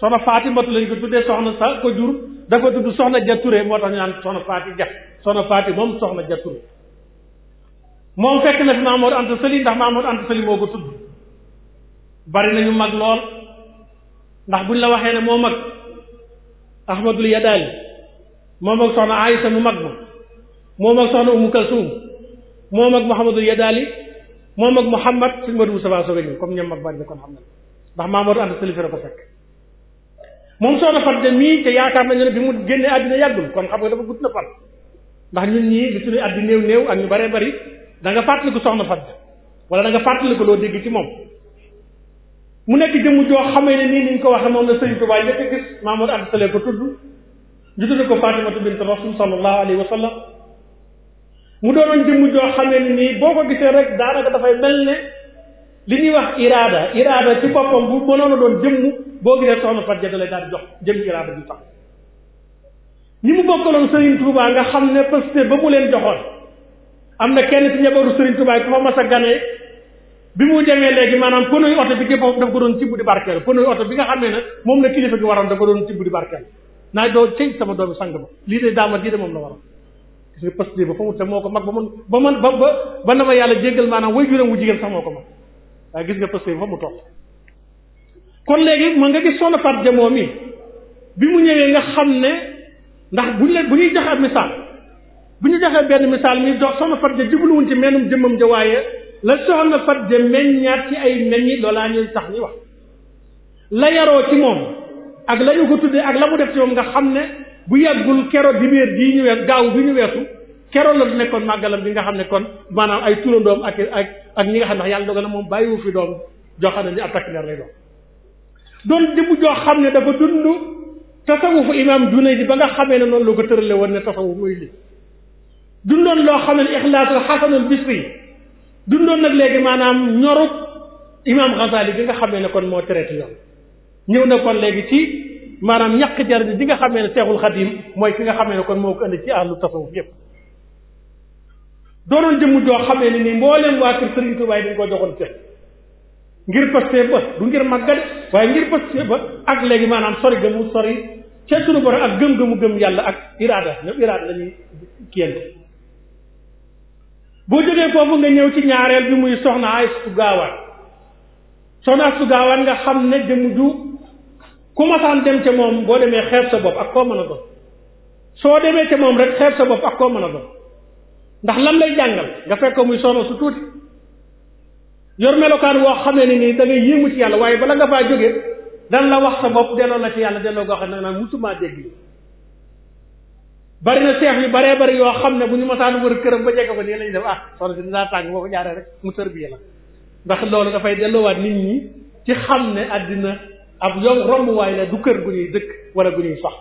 soxna Faatimatu lañ ko tuddee soxna sa ko jur dafa tudd soxna Ja Touré moo tax ñu naan soxna Faati Ja soxna Faati moom soxna Ja Touré moom fekk na fi Maamoor Anta Sali ndax Maamoor Anta Sali moo ko tudd bari nañu mag lool ndax buñ la waxee ne moo mag Ahmadul Yadaali moom ak soxna Aysa mu mag ma moom ak soxna Umu Kalsum moom ak Mouhamadou Yadali moom ak Mouhamad suñu madu Mustafa Sobe ñu comme ñoom mag bari na kon xam na ndax Mamadou Anta Sali ko fekk moom soxna Fatou mii te yaakaar nañu ne bi mu génnee àddina yàggul kon xam nga dafa gudd na fan ndax ñun ñii di suñu àddi néew néew ak ñu baree bari da nga fàttaliku soxna Fatou wala da nga ko loo dégg ci moom mu nekk jëmm joo xamee ne nii ni ñu ko waxee moom la Sëriñ Tuubaa yëpp gis Mamadou Anta Sali ko tudd ñu tudde ko Fatimatu bint rasul sallallahu alayhi wa sallam mu doonoon jëmm joo xam ne nii boo ko gisee rek daanaka dafay mel ne li ñuy wax iraada iraada ci boppam bu mënoon a doon jëmm boo gisee soxna Fatou Dia lay daal di jox jëmm iraada bi tax ñi mu bokkaloon Serigne Touba nga xam ne parce que ba mu leen joxoon am na kenn ci ñabaru Serigne Touba ku fa mas a ganee bi mu demee léegi maanaam pënuy oto bi képp dafa ko doon tibb di barkeel pënuy oto bi nga xam ne nag moom la kilifa gi waroon dafa doon tibb di naa doo cëy sama doomi sang ba lii de daama lii de moom la waral gis nga pës ba fa mu te moo ko mag ba mun ba man ba ba na ma yàlla jéggal maanaam way juram wu jigéen sax moo ko mag waaye gis nga pës ba fa mu toll kon léegi mën nga gis soxna Fatou Jamoo mi bi mu ñëwee nga xam ne ndax buñ leen bu ñuy joxe misaal bu ñu joxee benn misaal mi dox soxna Fatou Ja jubluwuñ ci menn jëmmam ja waaye la soxna Fatou Ja meññaat ci ay meññi loolaa ñuy tax ñi la yaroo moom ak la ñu ko tuddee ak la mu def ci moom nga xam ne bu yàggul kero dibéer jii ñu wees gaaw bi ñu weesu kero la nekkoon màggalam bi nga xam ne kon maanaam ay turandoom ak ak ak ñi nga xam ne yàlla dogal na moom bàyyiwu fi doom joo xam ne ni ab takkiner lay doon doon jëmm joo xam ne dafa dund tasawufu imaam Junayd ba nga xamee ne noonu la tërale woon ne tasawuf muy li dundoon loo xam ne ixlaasul xasanul bisri dundoon nag léegi maanaam ñorut imaam Ghazali bi nga xamee ne kon moo traité yoon ñëw na kon léegi ci maanaam ñàkk jariñ di nga xamee ne seexul xadim mooy ki nga xamee ne kon moo ko indi ci ahlu tasawuf yépp doonoon jëmm joo xamee ni nii mbooleem waa kër Sëriñ Tuubaa dañ ko joxoon cër ngir paste ba du ngir màggal waaye ngir paste ba ak léegi maanaam sori ga mu sori ca sunu borom ak gëm gëmu gëm yàlla ak iraada ñoom iraada lañuy kiyante boo jógee foofu nga ñëw ci ñaareel bi muy soxna ay su gaawaan soxna su gaawaan nga xam ne jëmm ju ku masaan dem ca moom boo demee xeeb sa bopp ak koo mën a doon soo demee ca moom rek xeeb sa bopp ak koo mën a doon ndax lan lay jàngal nga fekk muy sono su tuuti yor melokaan woo xam ne nii da ngay yéemu ci yàlla waaye bala nga faa jóge dan la wax sa bopp delloo yàlla delloo goo xam ne naan musumaa dégg bari na seex yu baree bari yoo xam ne bu ñu masaan wër këram ba jege ko nii lañu def ah soxna si dinaa tàng boo ko jaaree rek mu tër bi la ndax loolu dafay delloowaat nit ñi ci xam ne àddina ab yow rombuwaay la du kër gu ñuy dëkk wala gu ñuy sax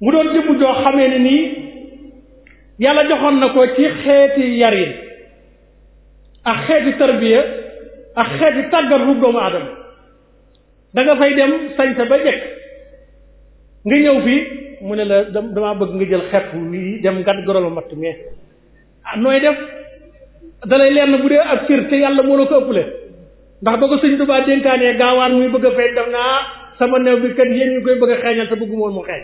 mu doon jëmm joo xamee ne nii yàlla joxoon na ko ci xeeti yarin ak xeeti tarbiya ak xeeti tàggat ruub doomu aadama da fay dem sañ sa ba jekk nga ñëw fii mu ne la damaa bëgg nga jël xepp wii dem ngat gorol matt mais ah nooy def dalay leer bu dee ak cër te yàlla moo la ko ëppale ndax ba ko sëñ Tuubaa dénkaanee gaawaan muy bëgg a feeñ daf naa sama new bi kat yéen ñu koy bëgg a xeeñal te bëgguma woon mu xeeñ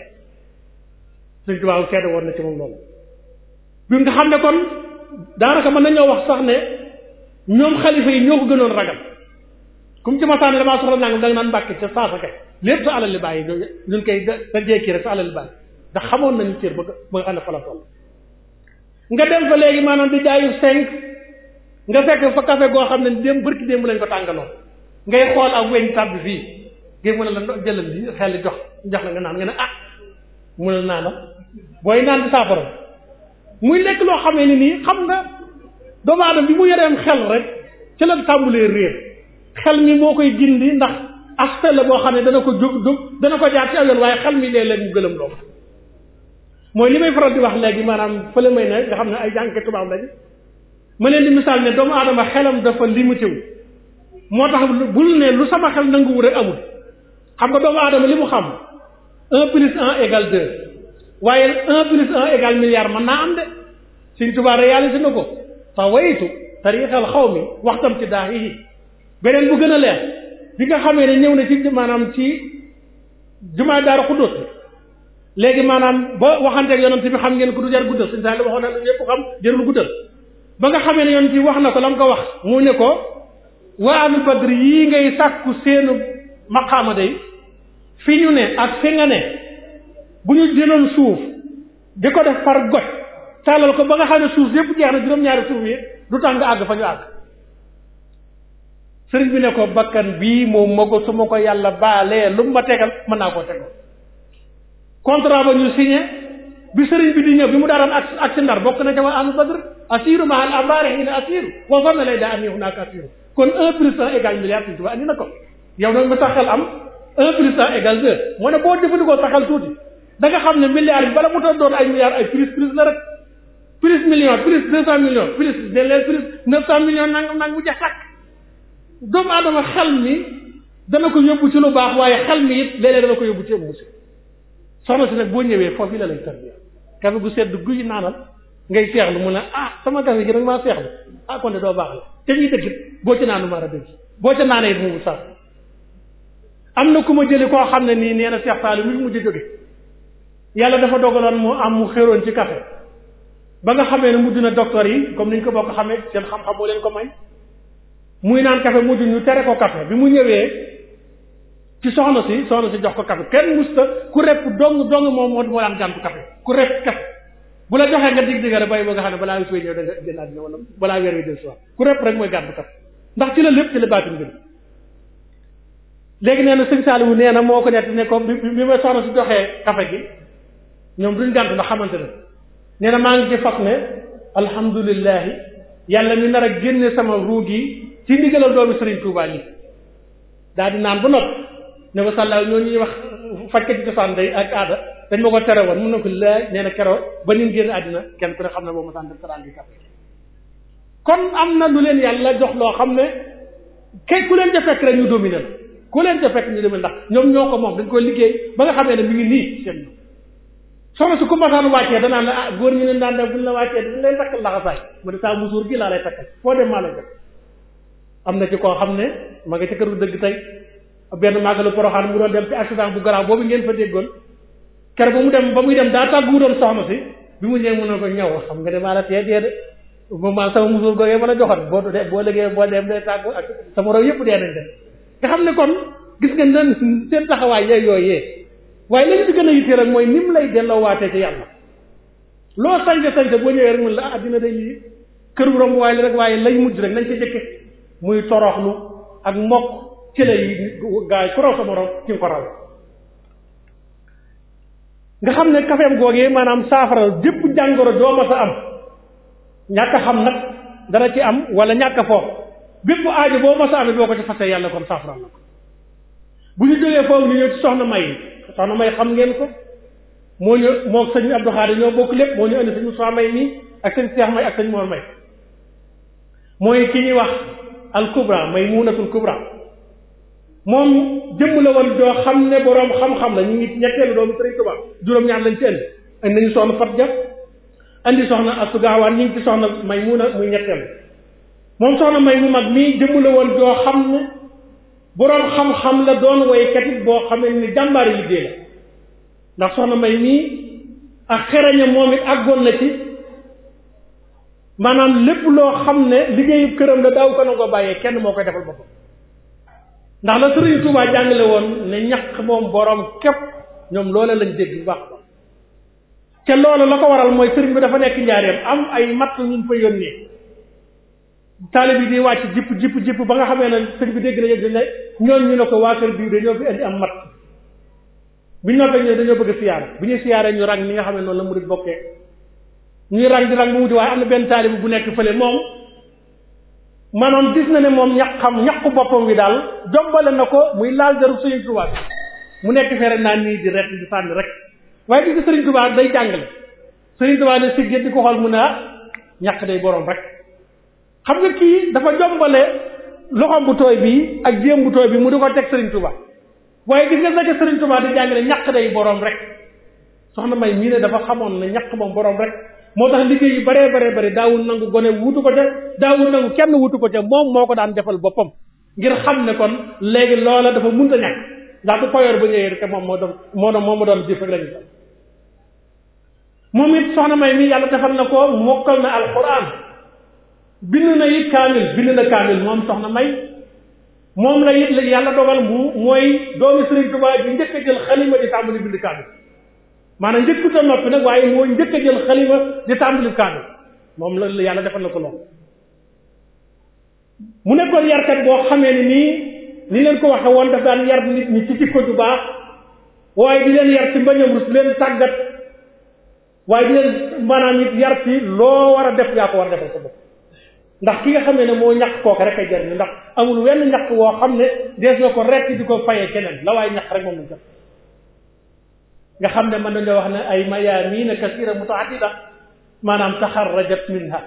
sëñ Tuubaa seede woon na ci moom loolu bi nga xam ne kon daanaka mën ñoo wax sax ne ñoom xalifa yi ñoo ko gënoon ragal comme ci masaane damaa soxla nangam da nga naan mbàkki ca saasa kay lépp sa alal li bàyyi ñun koy da jeekii rek sa alal li bàyyi xamoon nañu cër ba ba nga xam ne fa nga dem fa léegi maanaam di jaayu cinq nga fekk fa café goo xam ne démb bërki démb lañ ko tàngaloo ngay xool ak weñ tàbbi fii ngay mën na la jëlal li xel li jox jox la nga naan nga ne ah mu ne naa la booy naan di saafara muy lekk loo xam ni nii xam nga doomu aadama bi mu yoreem xel rek ci la tàmbulee réer xel mi moo koy gindi ndax aspect la boo xam ne dana ko jóg jóg dana ko jaar ci aw waaye xel mi léeg-léeg mu gëlëm loo mooy li may faral di wax léegi maanaam fële may ne nga xam ne ay jànke ma leen di misaal ne doomu aadama xelam dafa limité wu moo tax bul ne lu sama xel nanguwu rek amul xam nga doomu aadama li mu xam un plus un égal deux waaye un plus un égal milliard mën naa am de Sëriñ Tuubaa réalisé na ko fa waytu tariqal xaw mi waxtam ci daa yi beneen bu gën a leer bi nga xamee ne ñëw na ci maanaam ci jumaa Daaru Xuddoos léegi maanaam ba waxanteeg yonent bi xam ngeen ko du jar guddal suñu saa yi waxoon na ñëpp xam jarul ba nga xamee ne yoon bi wax na ko la mu ko wax mu ne ko waalu badri yii ngay sàkku seenu maqaama day fi ñu ne ak fi nga ne bu ñu jëloon suuf di ko def par goj tàllal ko ba nga xam ne suuf yépp jeex na juróom-ñaari suuf yi du tax nga àgg fa ñu àgg sëriñ bi ne ko bakkan bii moom ma ko su ma ko yàlla baalee lu ma tegal mën naa koo tegal contrat ba ñu signé bi sëriñ bi di ñëw bi mu daaraan ak ak si ndar bokk na ca waa ahlu badr ma al abaare ina asiru wa fame daa am yow naako asiru kon un plus un égale milliard suñ tuba andi na ko yow nag mu saxal am un plus un égale deux moo ne boo jëfandikoo saxal tuuti xam ne milliard bi bala mu ta doon ay milliards ay plus plus la rek plus million plus yóbbu ci lu baax waaye xel mi it léeg-léeg ko yóbbu ci musiba soxna si nag boo ñëwee foofu la lay tarbiya kafe gu sedd guy naanal ngay seexlu mu na ah sama kafe gi nag maa seexlu ah kon de doo baax la te ñuy dëgg boo ci naanu maa rabbi boo ca naanee it mu na ku ma jëli koo xam ne nii nee na Seex Saalu mi mujj jóge yàlla dafa dogaloon mu am mu xéroon ci kafe ba nga xamee ne mujj na docteur yi comme niñ ko bokk xamee seen xam-xam moo leen ko may muy naan kafe mujj ñu tere ko kafe bi mu ñëwee ci soxna si soxna si jox ko café kenn musta ku repp dong dong moom moo moo daan gàntu café ku repp café bu la joxee nga dig digga rek bàyyi ba nga xam ne balaa suy ñëw da nga génn àddina wala balaa weer wi del soir ku repp rek mooy gàntu café ndax ci la lépp ci la baatin bi léegi nee na sëñ Saliou nee na moo ko nett ne ko bi bi ma soxna si joxee café gi ñoom duñ gàntu ndax xamante ne nee na maa ngi ci fab ne alhamdulilahi yàlla mi nar a génne sama ruug yi ci ndigalal doomi Serigne Touba yi di naan ba noppi ne ko sàllaaw ñooñu ñuy wax fajkati cosaan day ak aada dañ ma ko tere woon mun na ko laaj nee na keroog ba ñu génn àddina kenn ku ne xam ne boobu mosaan def kon am na lu leen yàlla jox loo xam ne ku leen ca fekk rek ñu dominer la ku leen ca fekk ñoo ko moom dañ ko liggéey ba xamee ne mi ngi nii seen ko masaan wàccee danaan la ah ne daan def buñ la wàccee dañ lay takkal laxasaay mu ne saa musuur gi laa lay takkal foo dem maa lay def am na ci koo xam ne ma nga ca këru dëgg tey benn màggalu poroxaan mu doon dem ci accident bu garaaw boobu ngeen fa déggoon ker ba mu dem ba muy dem daa tàggu doon soxna si bi mu ñëwee mu ne ko ñëw xam nga ne maa la tee dee de ma sama musuur googee ma la joxoon boo boo lëgee boo dem day tàggu ak sama raw yëpp dee nañ de nga xam ne kon gis nga nan seen taxawaay yee yooyee waaye lañu di gën a yittee rek mooy nim lay delloowaatee ci yàlla loo sañte sañte boo ñëwee rek mun la àddina ah, day kër bu romb waaye rek waaye lay mujj rek nañ ca jëkke muy toroxlu ak mokk ci la yi gaay ku raw sa ci nga xam ne kafeem googee maanaam saafara bépp jàngoro doo mës a am ñàkk xam nag dana ci am wala ñàkk a foog bépp aajo boo mës a amee boo ko ci fasee yàlla kon saafara la bu ñu jógee foofu ñu ñëw soxna may soxna may xam ngeen ko moo ñu moo sëñ Abdou Xaadir ñoo bokk lépp moo ñu indi sëñ Moussa may nii ak sëñ Seex may ak sëñ Mor may mooy ki ñuy wax al kubra may muunatul kubra moom jëmm la woon joo xam ne boroom xam-xam la ñu ngi ñetteelu doomu Sëriñ Tuubaa juróom-ñaar lañ ci indi indi nañu soxna Fat Dia indi soxna Astu Gaawaan ñu ngi ci soxna Maymuna muy ñetteel moom soxna may mu mag mii jëmm la woon joo xam ne boroom xam-xam la doon woykat it boo xamee ni jàmbaari liggéey la ndax soxna may mii ak xereñam moom it àggoon na ci maanaam lépp loo xam ne liggéeyu këram la daaw ko nangoo bàyyee kenn moo koy defal boppam ndax la Sëriñ Tuubaa jàngale woon ne ñaq moom boroom képp ñoom loola lañ dégg bu baax ba te loolu la ko waral mooy sëriñ bi dafa nekk njaareem am ay matt ñu fa yónnee taalib yi di wàcc jipp jipp jipp ba nga xamee ne sëriñ bi dégg na yëg ne ñoon ñu ne ko waa kër bii dañoo fi indi am matt bi ñu noppee ñoo dañoo bëgg siyaar bi ñuy siyaaree ñu rang ni nga xam ne noonu la murid bokkee ñuy rang di rang bu mu di waaye am na benn taalib bu nekk fële moom maanaam gis na ne moom ñaqam ñaqu boppam wi daal jombale na ko muy laal jaru Sëriñ mu nekk fee rek naan nii di rek di sànni rek waaye gis nga Sëriñ Tuubaa day jàngale Sëriñ Tuubaa ne di ko xool mu ne ah ñaq day boroom rek xam nga kii dafa jombale loxoom bu tooy bi ak jéem bu tooy bi mu di ko teg Sëriñ waaye gis nga sake Sëriñ Tuubaa di jàngale boroom rek soxna May ñii ne dafa xamoon ne ñaq moom boroom rek moo tax liggéey yu baree baree bari daawul nangu gone wutu ko ca daawul nangu kenn wutu ko ca moom moo ko daan defal boppam ngir xam ne kon léegi loola dafa munta ñàkk ndax bu payoor ba ñëwee rek moom moo doon moo doon moom ma doon jëf rek moom it soxna may yàlla defal na ko mokkal na alquran na it kaamil bind na kaamil moom soxna may moom la it yàlla dogal mu mooy doomi Sëriñ Tuubaa bi njëkk a jël xalima di tàmbali bind kaamil maanaam njëkkut a noppi nag waaye moo njëkk a jël xalima di tàmbali kàddu moom la yàlla defal na ko lool mu nekkoon yarkat boo xamee ni nii li leen ko waxe woon daf daan yar nit ñi ci jikko ju baax waaye di leen yar ci mbañam rus leen tàggat waaye di leen maanaam it yar ci loo war a def yaa ko war a defal ko bopp ndax ki nga xamee ne moo ñàkk kooka rek ay jariñu ndax amul wenn ñàkk woo xam ne dees na ko rekk di ko fayee keneen la waaye ñàkk rek moom lañ nga xam ne mën nañoo wax ne ay mayaamiina kasira mutaadida maanaam taxaar taxarrajat minha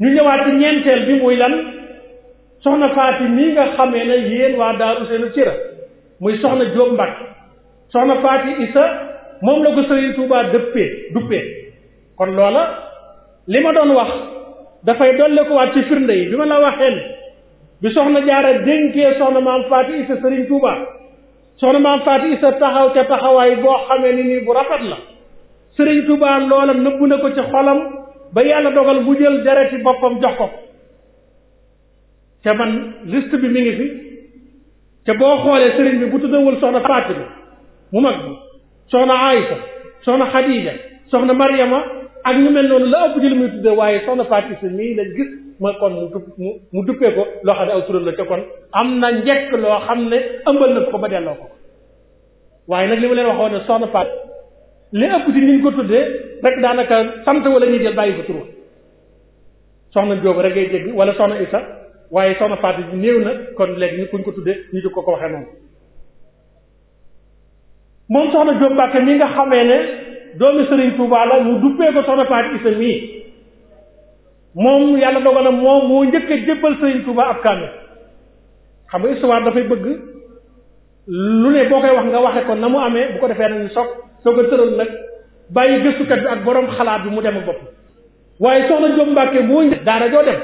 ñu ñëwaat ci ñeenteel bi muy lan soxna faati mii nga xamee ne yéen waa daaru seenu cira muy soxna Jóob Mbàkke soxna faati isa moom la ko Sëriñ Tuubaa dëppee duppee kon loola li ma doon wax dafay dolle ko waat ci firnde yi bi ma la waxee bi soxna jaara dénkee soxna maam faati isa Sëriñ Tuubaa soxna maam Faati Isa taxaw ca taxawaay boo xamee ni nii bu rafet la sëriñ Tuubaa loola nëbb na ko ci xolam ba yàlla dogal bu jël yi boppam jox ko te man liste bi mi ngi fi te boo xoolee sëriñ bi bu tuddawul soxna Fatima mu mag bi soxna Aïsa soxna Xadija soxna Mariama ak ñu mel noonu la ëpp jël muy tudde waaye soxna Fatima mii lañ gis mooy kon mu mu duppee ko loo xam ne aw turam la te kon am na njekk loo xam ne ëmbal na ko ba delloo ko waaye nag li ma leen waxoon ne soxna Faat li ëpp ci niñ ko tuddee rek daanaka sant wala ñuy jël bàyyi ko tur soxna Jóob rek ngay dégg wala soxna Isa waaye soxna Faat bi néew na kon léegi kuñ ko tuddee ñu di ko ko waxee noonu moom soxna Jóob Mbàkke mi nga xamee ne doomi Sëriñ Tuubaa la mu duppee ko soxna Faat Isa mii moom yàlla dogal na moom moo njëkk a jébbal Sëriñ Tuuba ab kaamil xam nga histoire dafay bëgg lu ne boo koy wax nga waxe ko na mu amee bu ko defee nag ñu soog soog a tëral nag bàyyi gëstukat bi ak borom xalaat bi mu dem ak bopp waaye soxna Jóob Mbàkke moo njëkk daara joo dem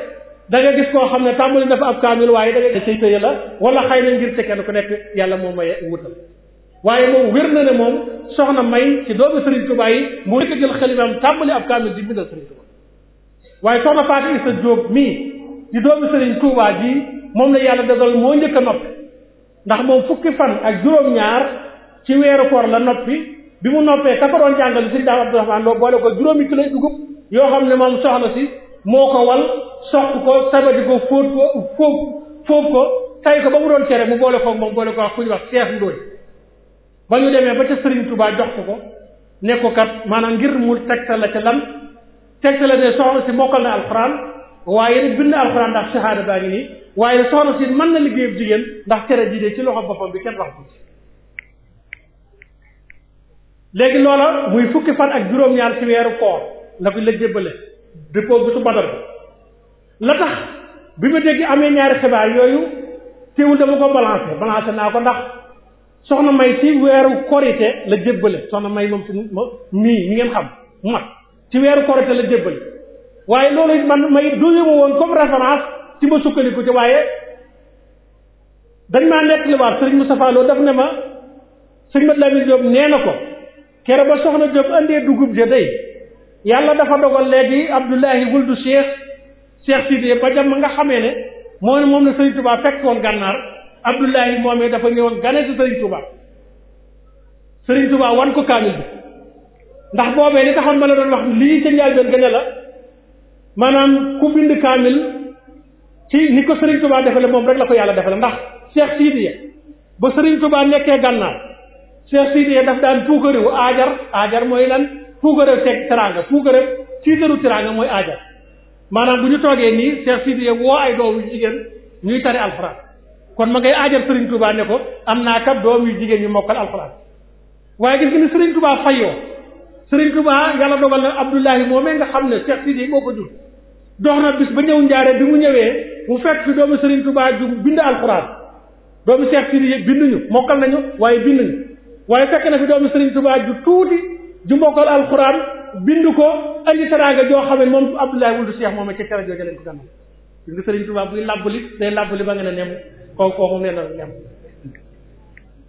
da nga gis koo xam ne tàmbali dafa ab kaamil waaye da nga say tëye la wala xëy na ngir ci kenn ku nekk yàlla moo maye wutal waaye moom wér na ne moom soxna may ci doomu Sëriñ Tuuba yi mu njëkk a jël xalimaam tàmbali ab kaamil di bindal Sëriñ Tuuba waaye soxna Fatou Issa Diop mii di doomi Serigne Touba ji moom la yàlla dogal moo njëkk a ndax moom fukki fan ak juróom-ñaar ci weeru koor la noppi bi mu noppee ka ko doon jàngal Serigne Daam Abdourahmane loo boole ko juróomi kilo dugub yoo xam ne moom soxna si moo ko wal soq ko sabati ko fóot ko fóof fóof ko tay ko ba mu doon cere mu boole ko moom boole ko wax ku ñuy wax seef ndóoy ba ñu demee ba ca Serigne Touba jox ko ko ne ko kat maanaam ngir mu tegtal la lan tegtale ne soxna si mokkal na alxuraan waaye nag bind na alxuraan ndax shahada baa ngi nii waaye soxna si mën na liggéeyam jigéen ndax cere ji de ci loxo boppam bi kenn wax ko léegi loola muy fukki fan ak juróom-ñaar ci weeru koor la ko la jébbale dëppoo bisu badar bi la tax bi ma dégg amee ñaari xibaar yooyu teewul dama ko balancé balancé naa ko ndax soxna may ci weeru korite la jébbale soxna may moom si mii mi ngeen xam mat ci weeru korite la jébbal waaye loolu man may duyuma woon comme référence ci ma sukkandiku ci waaye dañ maa nekk li waat sëriñ Moustapha Lo ne ma sëriñ Mat Lamin Jóob nee na ko kere ba soxna Jóob andee dugub ja day yàlla dafa dogal léegi Abdullahi wuldu Cheikh Cheikh Sidi ba jam nga xamee ne moo ne moom la sëriñ Touba fekk woon gànnaar Abdullahi moomee dafa ñëwoon gane si sëriñ Touba sëriñ Touba wan ko kaamil bi ndax boobee li taxoon ma la doon wax lii ca njëlbéen gën a la maanaam ku bind kaamil ci ni ko Serigne Touba defale moom rek la ko yàlla defale ndax Cheikh Sidiya ba Serigne Touba nekkee gànnaar Cheikh Sidiya daf daan puukarewu aajar aajar mooy lan puukarew teg teraanga puukarew tiitaru teraanga mooy aajar maanaam bu ñu toogee nii woo ay doom yu jigéen ñuy tari alxuraan kon ma ngay aajar Serigne Touba ne ko am naa kat doom yu jigéen ñu mokkal alxuraan waaye gis nga ni Serigne Touba fayoo. Sëriñ Tuubaa yàlla dogal na Abdullahi moomee nga xam ne Cheikh Sidi moo ko jur dox na bis ba ñëw njaare bi mu ñëwee mu fekk fi doomu Sëriñ Tuubaa ju bind alxuraan doomu Cheikh Sidi binduñu mokkal nañu waaye binduñu waaye fekk na fi doomu Sëriñ Tuubaa ju tuuti ju mokkal alxuraan bind ko andi teraanga joo xam ne moom Abdullahi wuldu Cheikh moomee ca teraanga jooju ko gànnaaw gis nga Sëriñ Tuubaa buy làbbali day làbbali ba nga ne nem kooku kooku nee na nem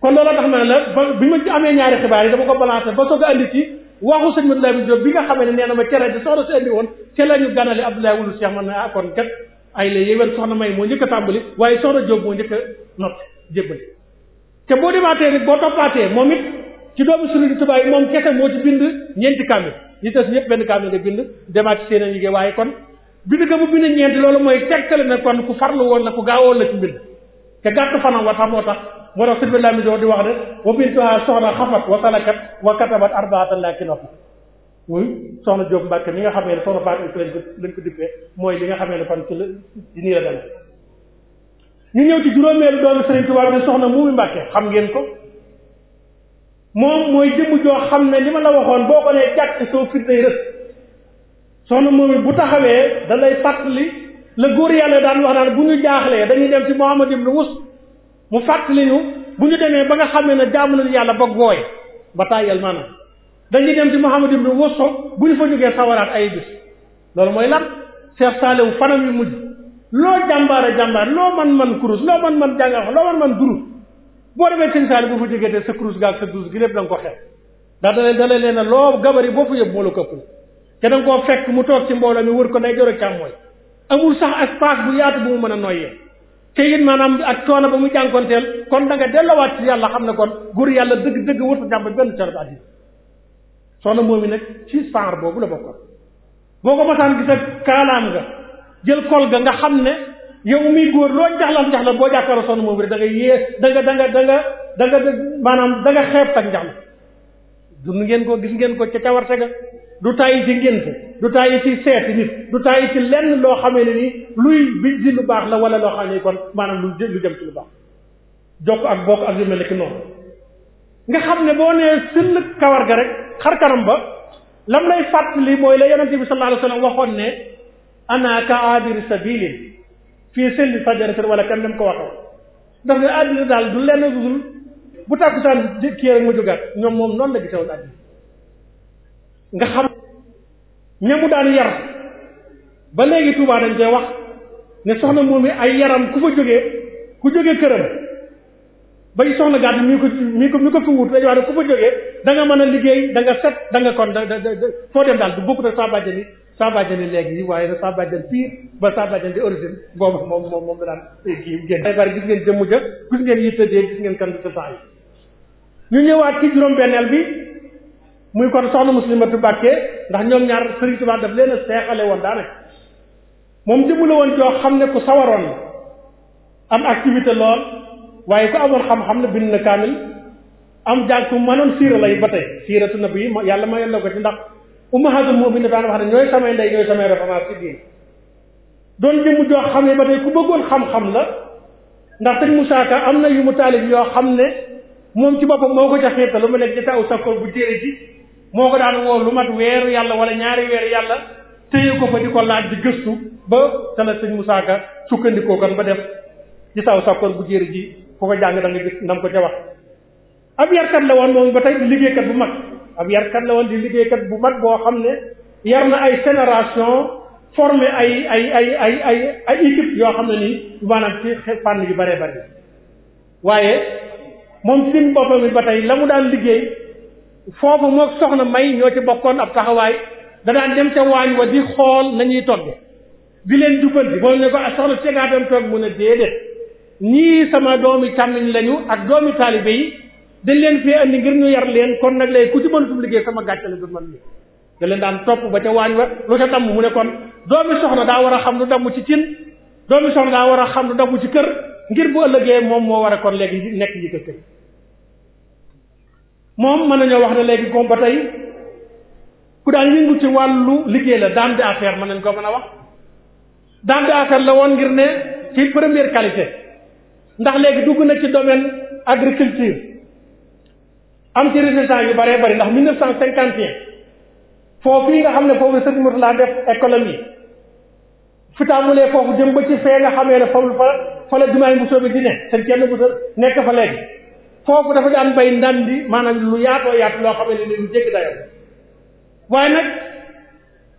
na la bi amee ñaari xibaar yi dama ko balancé ba waxu sëñ Abdoulaye bi Diop bi nga xamee ne nee na ma cere di soxna si woon ca la ñu ganale Abdoulaye wulu Cheikh man na ah kon kat ay la yéwén soxna may moo njëkk a tàmbali waaye soxna Diop moo njëkk a noppi boo demaatee nit boo toppaatee moom it ci doomu Sëriñ Tuubaa yi moom kese moo ci bind ñeenti kaamil ñu tas ñëpp benn kaamil nga bind demaat ci seen a liggéey waaye kon bind ko bu bind ñeenti loolu mooy tegtale na kon ku farlu woon la ku gaawoon la ci mbind te gàtt fanam wa moo tax moo tax sëñ bi di wax ne wa bintuha soxna xafat wa salakat wa katabat arbaatan laa ki nopp muy soxna Diop Mbacke nga xamee ne soxna Fatou Ndiaye lañ ko mooy li nga xamee ne ñu ñëw ci juróomeelu doomu Serigne soxna Moumi Mbacke xam ngeen ko moom mooy jëmm joo xam ne li ma la waxoon boo ko nee jàkk soo fit day rës soxna Moumi bu taxawee da lay fàttali la góor yàlla daan wax naan bu ñu jaaxlee dañuy dem ci Mouhamad ibn Wus mu fàttali ñu bu ñu demee ba nga xam ne ne jàmm nañu yàlla ba gooy ba tàyyal maanaam dañuy dem ci Muhammad ibn Wusso bu ñu fa jógee sawaraat ay bis loolu mooy lan Cheikh Saliou fanam yu mujj loo jàmbaare jàmbaar loo man man kurus loo man man jàngal loo man man durus boo demee Sëñ Saliou bu fa jógee te sa kurus gaag sa durus gi lépp da ko xeex ndax dalee dalee nee na loo gabari boo fa yëpp moo la këppul te da nga koo fekk mu toog ci mbooloo mi wër ko nday joro càmmooy amul sax espace bu yaatu bu mën a noyyee te it maanaam ak coono ba mu jànkonteel kon da nga dellowaat ci yàlla xam ne kon góor yàlla dëgg-dëgg wër sa ba benn coono addis soxna moom mi nag ci faar boobu la bokkoon boo ko masaan gis ak kaalaam nga jël kol ga nga xam ne yow miy góor loo njaxlan njaxlan boo jàkkaaroo soxna moom rek da nga yée da nga da nga da nga da nga maanaam da nga xeeb tak njaxla dund ngeen ko gis ngeen ko ca cawarte ga du tàyyi ci ngénte du tàyyi ci seeti nit du tàyyi ci lenn loo xamee ne ni luy bi di lu baax la wala loo xam ne kon maanaam lu jëm ci lu baax jokk ak bokk ak yu mel noonu nga xam ne boo nee sëll kawar ga rek xar kanam ba lam lay fàttali mooy la yonente bi sallallahu alayhi wa sallam waxoon ne ana ka aabiri sabilin fii selli sajaratin wala kenn dem ko waxee daf ne àddina daal du lenn dudul bu tàkkusaan kii rek ma jógaat ñoom moom noon la gisewoon àddina nga xam ñamu daan yar ba léegi Touba dañ koy wax ne soxna moom ay yaram ku fa jógee ku jógee këram bay soxna gàtt mi ko mi ko mi ko fi wut dañu wax ne ku fa jógee danga nga mën a liggéey danga nga set da nga kon da da foo dem daal du bokkut ak saa bàjjen ni saa bàjjen waaye na saa bàjjen ba saa bàjjen di origine boobu moom moom moom daan kii génn bari gis ngeen jëmmu ja gis ngeen yittadee gis ngeen kan bi sa saa ñu ñëwaat ci juróom-benneel bi muy kon soxna muslimatu Mbàkke ndax ñoom ñaar Sëriñ Tuubaa daf leen a seexale woon daanaka moom jëmmu la woon joo xam ne ku sawaroon am activité lool waaye ku amoon xam-xam la bind na kaamil am jàng ku mënoon siira lay ba tey siiratu nabi yàlla ma yàlla ko ci ndax ummahatul mu'minin daan wax ne ñooy samay ndey ñooy samay référence ci diin doon jëmm joo xam ne ba tey ku bëggoon xam-xam la ndax sëñ Musaa Ka am na yu mu taalif yoo xam ne moom ci boppam moo ko jaxeeta lu mu nekk ci taw sakkoor bu téere ji moo ko daan woo lu mat weeru yàlla wala ñaari weeru yàlla téye ko fa di ko laaj di gëstu ba tala sëñ Moussa Ka sukkandikoo kan ba def ci saw sàkkoor bu jéeri ji ku ko jàng da gis nam ko ca wax ab yarkat la woon moom ba tey di liggéeykat bu mag ab yarkat la di liggéeykat bu mag boo xam ne yar na ay génération formé ay ay ay ay équipe yoo xam ne nii maanaam ci fànn yu bëree bëri waaye moom si boppam it ba tey la mu daan liggéey foofu moo soxna may ñoo ci bokkoon ab taxawaay danaan dem ca waañ wa di xool nañuy togge di leen dugal bi moom ne ko ah, soxna si ngaa dem toog mu ne déedéet ñii sama doomi càmmiñ lañu ak doomi taalibe yi dañ leen fee andi ngir ñu yar leen kon nag lay ku ci mënutum liggéey sama gàcce la du man li da leen daan topp ba ca waañ wa lu ca damm mu ne kon doomi soxna daa war a xam lu damm ci cin doomi soxna daa war a xam lu damm ci kër ngir bu ëllëgee moom moo war a kon léegi nekk ji moom mën nañoo wax na léegi comme ba tey ku daan yëngu ci wàllu liggéey la dame d'affaires mën nañ ko mën a wax dame d'affaires la woon ngir ne ci première qualité ndax léegi dugg na ci domaine agriculture am ci résultat yu bare bëri ndax mille neuf cent cinquante et un foofu yi nga xam ne foofu laa Mourtala def économie fi tàmbalee foofu jëm ba ci fee nga xamee ne foofu fa fa la jumaay Mbusoobe di ne seen kenn Mbusoobe nekk fa léegi foofu dafa daan bay ndandi maanaam lu yaatoo yaat loo xam ne ni lu jéggi dayoo waaye nag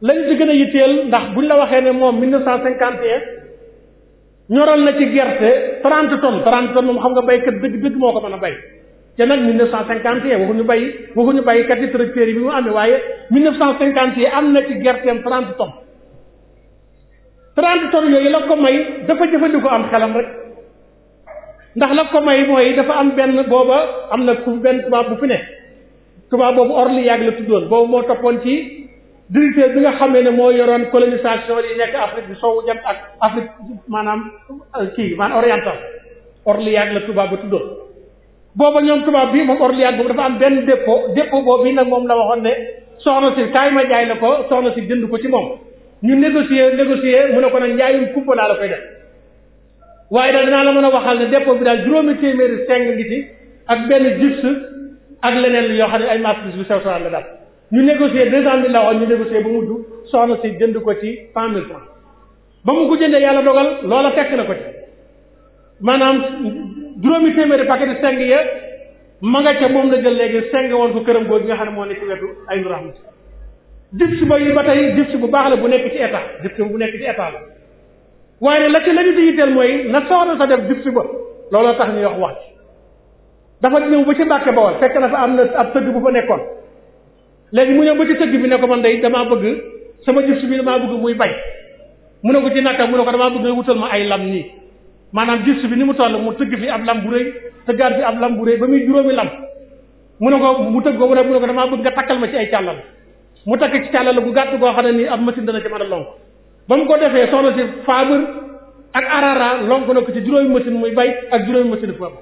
lañu ci gën a yitteel ndax buñ la waxee ne moom 1951 ñoral na ci gerte 30 tonnes 30 tonnes moom xam nga baykat dëgg-dëgg moo ko mën a bay te nag 1951 waxuñu bay waxuñu baykat yi tracteurs yi bi mu amee waaye 1950 yi am na ci gerteem 30 tonnes 30 tonnes yooyu la ko may dafa jëfandikoo am xelam rek. ndax la ko may mooy dafa am benn booba am na ku benn tubaab bu fi ne tubaab boobu orli yàgg la tuddoon boobu moo toppoon ci directeur bi nga xamee ne moo yoroon colonisation yi nekk Afrique bi soowu jant ak Afrique maanaam kii maanaam oriental orli yàgg la tubaab ba tuddoon booba ñoom tubaab bi moom orli yàgg boobu dafa am benn dépôt dépôt boobu bi nag moom la waxoon ne soxna si kaay ma jaay la ko soxna si jënd ko ci moom ñu négocier négocier mu ne ko nag njaayum kumpa waaye daal dinaa la mën a waxal ne dépôt bi daal juróomi téeméeri seng ngi ci ak benn juste ak leneen yoo xam ne ay marchandises bu sew sewaan la daal ñu négocier deux cent mille la waxoon ñu négocier ba mujj soxna si jënd ko ci cent mille francs ba mu ko jëndee yàlla dogal loola fekk na ko ci maanaam juróomi téeméeri paquet seng ya ma nga ca moom la jël léegi seng woon ko këram googu nga xam ne moo nekk ci wetu ay nu raxmati gifs ba yi ba tey gifs bu baax la bu nekk ci état gifs bu nekk ci état waaye la ci la ñu di yitteel mooy na soxna sa def jub si ba looloo tax ñuy wax wax dafa ñëw ba ci Mbàkke Bawol fekk na fa am na ab tëgg bu fa nekkoon léegi mu ñëw ba ci tëgg bi ne ko man day damaa bëgg sama jub si bi damaa bëgg muy bay mu ne ko ci naka mu ne ko damaa bëgg wutal ma ay lam nii maanaam jub si bi ni mu toll mu tëgg fi ab lam bu rëy tëggaat fi ab lam bu rëy ba muy juróomi lam mu ne ko mu tëgg ko mu ne mu ne ko damaa bëgg nga takkal ma ci ay càllal mu takk ci càllal gu gàtt goo xam ne nii ab machine dana ci a lonk ba mu ko defee soxna si faabër ak arara lonk na ko ci juróomi machine muy bay ak juróomi machine fab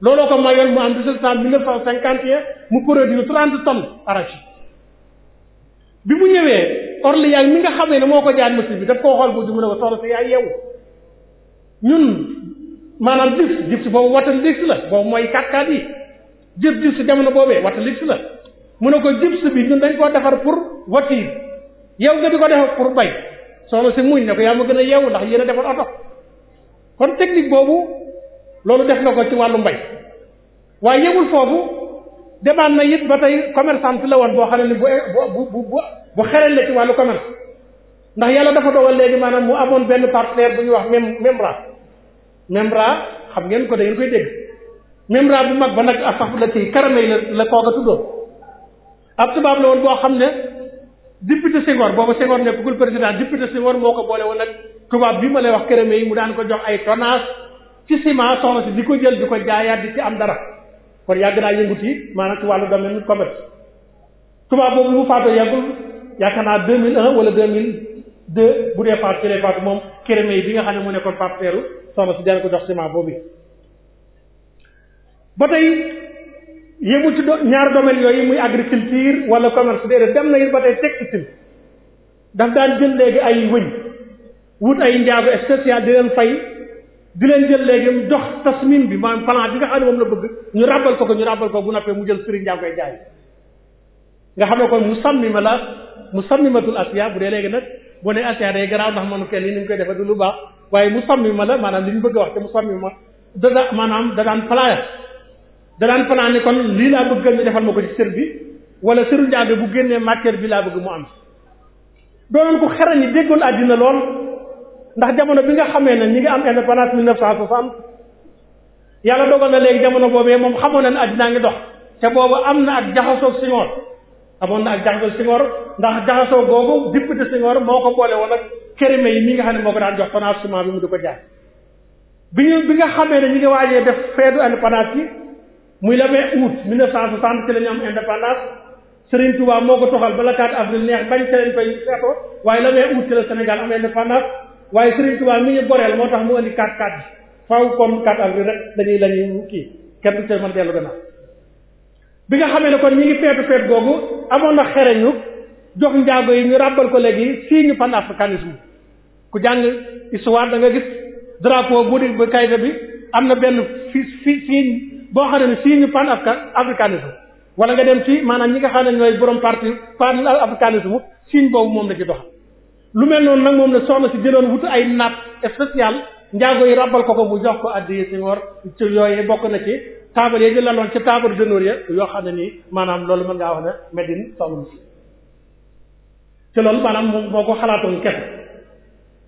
looloo ko mayoon mu am résultat mille neuf cent cinquante et un mu produire trente tonnes bi mu ñëwee ak mi nga xam ne moo ko jaan machine bi daf koo xool bu mu ne ko soxna si yaay yeewu ñun maanaam dis gis boobu watta ligs la boobu mooy katkat yi jëf gis si jamono boobee watta ligs la mu ne ko gis bi ñun dañ koo defar pour voiture yow nga di ko defar pour bay soxna si muñ ne ko yaa ma gën a yeewu ndax yéen a defal oto kon technique boobu loolu def na ko ci wàllu mbay waaye yëgul foofu demaan na it ba tey commerçante la woon boo xam ne bu bu bu bu xerel la ci wàllu commerce ndax yàlla dafa dogal léegi maanaam mu amoon benn partenaire bu ñuy wax même Memra Memra xam ngeen ko da ngeen koy dégg Memra bu mag ba nag a sax la ci karamay la la kooka tuddoon ab tubaab la woon boo xam ne député Senghor booba Senghor nekkul président député Senghor moo ko boole woon nag tubaab bi ma lay wax kërame yi mu daan ko jox ay tonnage ci ciment soxna si di ko jël di ko jaayaat di ci am dara kon yàgg naa yëngu ci maanaam ci wàllu domaine commerce tubaab boobu mu faatoo yàggul yaakaar naa deux mille un wala deux mille deux bu dee faatu ci lay faatu moom kërame yi bi nga xam ne mu nekkoon partenaire soxna si daan ko jox ciment boobu ba tey yëmul ci ñaar domaine yooyu muy agriculture wala commerce déedéet dem na it ba tey textile daf daan jël léegi ay wëñ wut ay njaago spécial di leen fay di leen jël léegi jox tasmin bi maam plan bi nga xam ne moom la bëgg ñu ràbbal ko ko ñu ràbbal ko bu noppee mu jël sëriñ njaa koy jaay nga xam ne ko mu sàmmima la mu sàmmimatul asiya bu dee léegi nag boo ne asiya day garaaw ndax manu kenn yi ni ñu koy defee du lu baax waaye mu sàmmima la maanaam li ñu bëgg wax te mu da maanaam da daan danaan plan kon lii laa bëgg ñu defal ma ko ci sër bi wala sëru njaabe bu génnee matière bi laa bëgg mu am doonoon ko xarañ yi déggoon àddina lool ndax jamono bi nga xamee ne ñi ngi am indépendance mille neuf cent soixante yàlla dogal na léegi jamono boobee moom xamoon na ne àddinaa ngi dox te boobu am na ak jaxasoo Senghor amoon na ak jaxasoo Senghor ndax jaxasoo googu député Senghor moo ko boole woon ak kërime yi mi nga xam ne moo ko daan jox financement bi mu di ko jaay bi ñu bi nga xamee ne ñi ngi waajee def feedu indépendance yi muy le 20 août 1960 ci la am am indépendance Serigne Touba moo ko toxal ba le 4 avril neex bañ ca leen fay feeto waaye le 20 août ci la Sénégal am indépendance waaye Serigne Touba mi ñu boreel moo tax mu andi 4 4 bi faaw comme 4 avril rek dañuy la ñuy kii kenn du ca mën dellu gannaaw bi nga xamee ne kon ñi ngi feetu feet googu amoon na xereñu jox njaago yi ñu ràbbal ko léegi signe panafricanisme ku jàng histoire da nga gis drapeau bu di ba kayta bi am na benn boo xam ne fii ñu pan africanisme wala nga dem ci maanaam ñi nga xam ne ñooy borom parti pan africanisme signe boobu moom la ci doxal lu mel noonu nag moom la soxna si jëloon wut ay naat spécial njaago yi ràbbal ko ko mu jox ko addi si ngor ci yooyu bokk na ci taabal yi ñu laloon ci taabal dënoor ya yoo xam ne nii maanaam loolu mën ngaa wax ne Medine soxna si ci loolu maanaam moom moo ko xalaatoon kese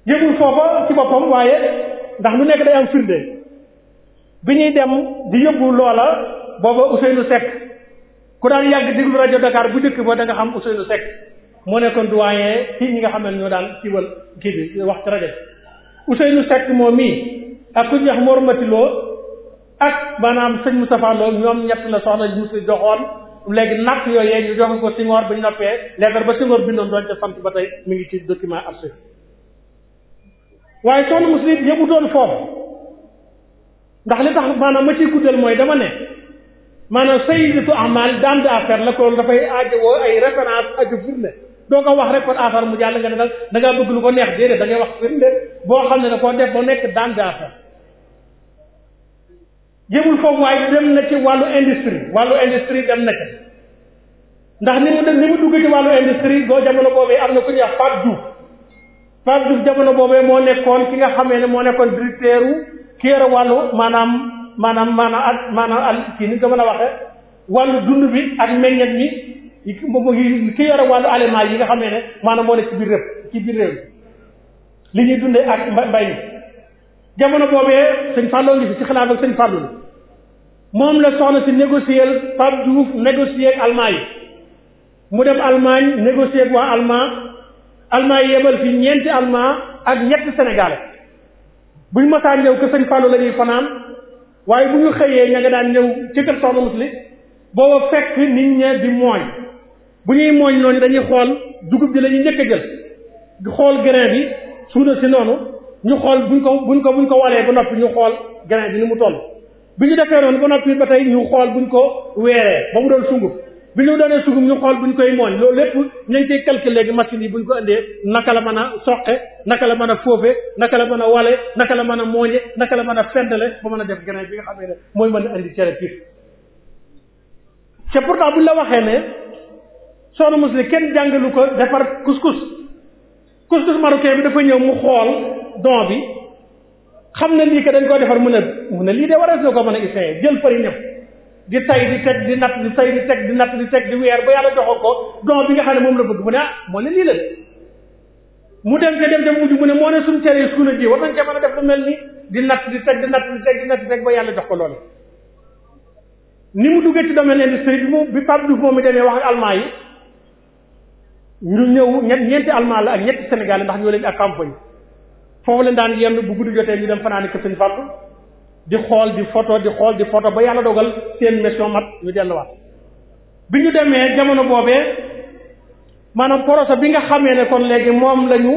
yëgul foofa ci boppam waaye ndax lu nekk day am bi ñuy dem di yóbbu loola booba Ousseynou Seck ku daan yàgg déglu rajo Dakar bu njëkk ba da nga xam Ousseynou Seck moo nekkoon doyen ci ñi nga xam ne ñoo daan siiwal kii bi wax rajo Ousseynou Seck moom mii ak ku ñuy wax Mor Mati Lo ak maanaam sëñ Moustapha Lo ñoom ñett la soxna mu si joxoon léegi natt yooyee ñu jox ko Senghor bi ñu noppee lettre ba Senghor bindoon doon ca sant ba tey mu ngi ci document absent waaye soxna Moussa yëpp doon foofu. ndax li tax maanaam ma ciy guddal mooy dama ne maanaam sayyidatu amal daan de affaire la kon dafay aajowoo ay référence aju firnde doo ko wax rek par affaire mu jàll nga ne daal da ngaa bëgg lu ko neex déedéet da ngay wax firnde boo xam ne koo def ba nekk daan de affaire jëmul foofu waaye dem na ci wàllu industrie wàllu industrie dem na ndax ni mu ni mu dugg ci wàllu industrie boo jamono boobee am na ku ñuy wax Pape Diouf Pape Diouf jamono boobee moo nekkoon ki nga xamee ne moo nekkoon directeur téere wàllu maanaam maanaam maanaam ak maanaam al kii ni ko mën a waxe wàllu dund bi ak meññet mi ki yore wàllu aliment yi nga xam ne ne maanaam moo ne ci biir réew ci biir réew li ñuy dundee ak mbay mi jamono boobee sëñ Fallou ngi fi ci xalaat ak sëñ Fallou moom la soxna si négocier Pape Diouf négocier ak yi mu dem Allemagne négocier ak waa allemand allemand yi fi ñeenti allemand ak ñetti sénégalais bu ñu mosaan ñëw kër sëñ Fallou la ñuy fanaan waaye bu ñu xëyee ña nga daan ñëw ci kër soxna musli booba fekk nit ñe di mooñ bu ñuy mooñ noonu dañuy xool dugub ji la ñuy njëkk a jël xool grain bi suuna si noonu ñu xool buñ ko buñ ko buñ ko walee ba noppi ñu xool grain bi ni mu toll bi ñu defee noonu ba noppi ba tey ñu xool buñ ko weeree ba mu doon sungub bi ñu doonee sugum ñu xool bu ñu koy mooñ loolu lépp ñañ koy calculer léegi machine yi bu ñu ko indee naka la man a soqe naka la mën a foofe naka la mën a wale naka la mën a mooñe naka la mën a fendale ba mën a def grain bi nga xam ne mooy mën a indi cere piir te pourtant bu ñu la waxee ne kenn jàngalu ko defar couscous couscous marocain bi dafa ñëw mu xool don bi xam na lii que dañ koo defar mun a mun a lii de warees na ko mën a essayer jël farine di tay di di natt di tay di teg di natt di teg di weer ba yàlla joxoo ko don bi nga xam ne moom la bëgg mu ne ah moo ne lii la mu dem te dem dem mujj mu ne moo ne suñu tere yi suuna ji war nañ def lu mel ni di natt di teg di natt di teg di ba yàlla jox ko loolu ni mu duggee ci domaine industrie bi mu bi Pape Diouf moom mi demee wax ak yi ñu ñëw ñett ñeenti allemand la ak ñetti Sénégal ndax ñoo ak accompagné foofu leen daan yenn bu guddi jotee ñu dem fanaani ko sëñ Fallou di xool di photo di xool di photo ba yàlla dogal seen mission mat ñu delluwaat bi ñu demee jamono boobee maanaam projet bi nga xamee ne kon léegi moom la ñu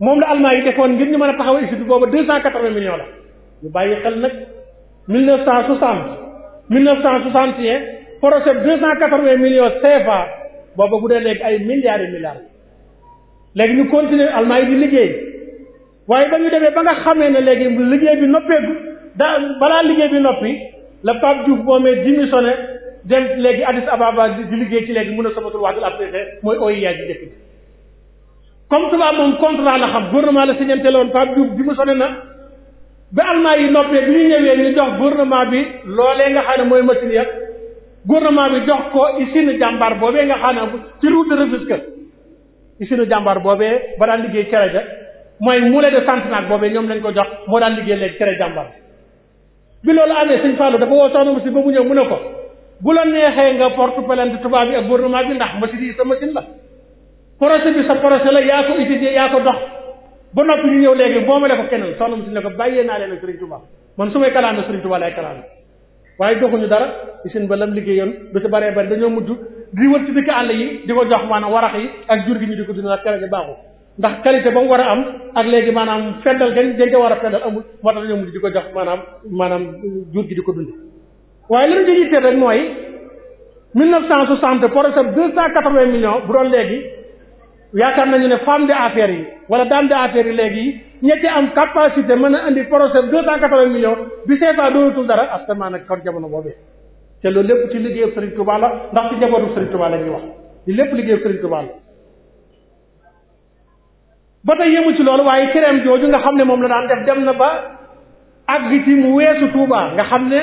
moom la allemand yi defoon ngir ñu mën a taxaw étude boobu deux cent quatre-vingts millions la ñu bàyyi xel nag mille neuf cent soixante mille neuf cent soixante et un projet deux cent quatre-vingts millions CFA booba bu dee léegi ay milliards et milliards léegi ñu continuer allemand yi di liggéey waaye ba ñu demee ba nga xamee ne léegi liggéey bi noppeegu daa balaa liggéey bi noppi la Pape Diouf moomee démissionné dem léegi Addis Ababa di liggéey ci léegi mun a sabatul wax dul afrique mooy OIA ji njëkk bi comme Touba moom contrat la xam gouvernement la signanté la woon Pape Diouf démissionné na ba Allemagne yi noppee bi ñu ñëwee ñu jox gouvernement bi loolee nga xam ne mooy machine ya gouvernement bi jox ko usine jàmbaar boobee nga xam ci route de jàmbaar boobee ba liggéey cere mooy moulin de Centenaire boobee ñoom lañ ko jox moo daan liggéey léegi cere jàmbar bi loolu amee sëñ Fallou dafa woo soxna Moussa ba mu ñëw mu ne ko bu la neexee nga porte plainte tubaab bi ak gouvernement bi ndax machine yi sa machine la projet bi sa projet la yaa ko utilisé yaa ko dox ba noppi ñu ñëw léegi boomale ko keneen soxna Moussa ne ko bàyyee naa leen ak Serigne Touba man su may kalaame Serigne Touba lay kalaame waaye joxuñu dara usine ba lam liggéey yoon du ci baree bari dañoo mujj di wër ci dëkk àll yi ak jur gi ñu di ko dund baaxu ndax qualité ba mu war a am ak léegi maanaam feddal gañ dañ ko war a feddal amul moo tax di ko jox maanaam maanaam jur gi di ko dund waaye li mu di yitteel rek mooy mille neuf cent soixante projet deux cent quatre-vingts millions bu doon léegi yaakaar nañu ne femme de affaires yi wala dame de affaires yi léegi ñetti am capacité mën a indi projet deux cent quatre-vingts millions bi CFA doonatul dara actuellement nag kon jamono boobee te loolu lépp ci liggéeyu Serigne Touba la ndax ci la ñuy wax lépp liggéeyu Serigne Touba ba tey yëmu ci loolu waaye cereem jooju nga xam ne moom la daan def dem na ba àgg ci mu weesu tuubaa nga xam ne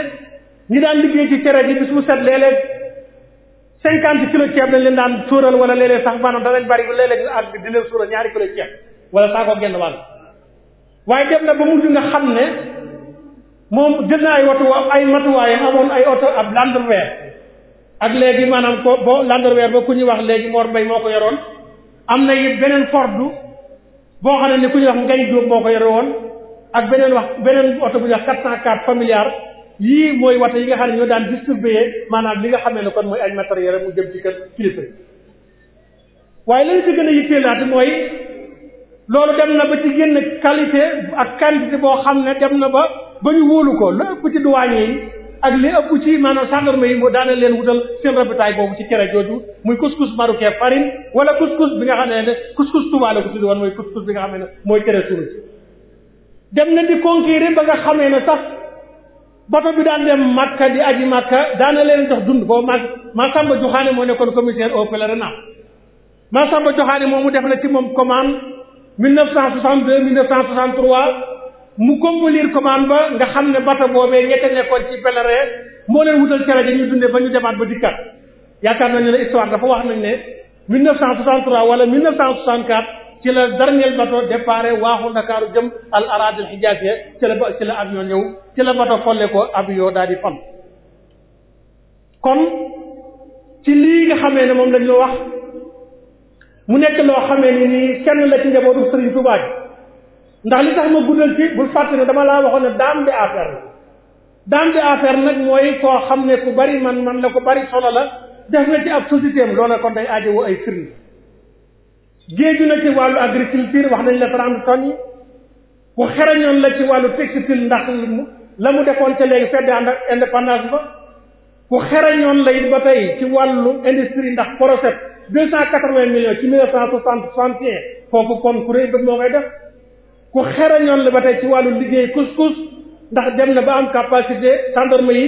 ñi daan liggéey ci cere ji bis mu set léeg cinquante kilo ceeb dañ leen daan suural wala léeg-léeg sax maanaam danañ bari ba léeg-léeg àgg di leen suural ñaari kilo ceeb wala saa ko genn wàll waaye dem na ba mujj nga xam ne moom jël na ay watu ay matuwaayam amoon ay oto ab landweer ak léegi maanaam ko bo landweer ba ku ñuy wax léegi Mor Mbaye moo ko yoroon am na it beneen Ford boo xam ne ku ñuy wax ngay jóob moo ko yore woon ak beneen wax beneen oto bu ñuy wax quatre cent quatre familiar yii mooy wata yi nga xam ne ñoo daan distribuer maanaam li nga xam ne kon mooy ay matériel mu jëm ci kër waaye lañu ci gën a yitteelaati mooy loolu dem na ba ci génn qualité ak quantité boo xam ne dem na ba ba ñu wóolu ko lu ëpp ci duwaañ yi ak li ëpp ci maanaam gendarme yi moo daana leen wutal seen rabitaay boobu ci cere jooju muy couscous marocain farine wala couscous bi nga ko tuddi woon bi nga xam ne mooy dem na di conquérir ba nga xamee ne sax bato bi daan dem Makka di aji Makka daana leen jox dund boobu ma Massamba Joxaane moo nekkoon commissaire au pèlerinage Massamba Joxaane moomu def na ci moom commande 1962 1963 mu complir commande ba nga xam ne bato boobee ñette nekkoon ci pèlerin moo leen wutal cere ja ñu dundee ba ñu demaat ba dikkat yaakaar nañu ne histoire dafa wax nañ ne 1963 wala 1964 ci la dernier bato départ waaxu ndakaaru jëm al aradil xijaasiya ci la ci la avion ñëw ci la bato folle ko avion daal di fan kon ci lii nga xamee ne moom lañ la wax mu nekk loo xamee ni nii kenn la ci njabootu Serigne Touba bi ndax li tax ma guddal ci bul fàtte ne dama laa waxoon ne daam bi affaire la daam bi affaire nag mooy koo xam ne ku bari man man la ku bari solo la def na ci ab société am loola kon day aajowoo ay firnde géeju na ci wàllu agriculture wax nañ la trente tonnes yi ku xerañoon la ci wàllu textile ndax la mu defoon ca léegi fedde ànd ak ba ku xerañoon la it ba tey ci wàllu industrie ndax projet deux cent quatre-vingts millions ci mille neuf cent soixante soixante et un kooku ba moo koy def ku xerañoon la ba tey ci wàllu liggéey kus-kus ndax dem na ba am capacité gendarme yi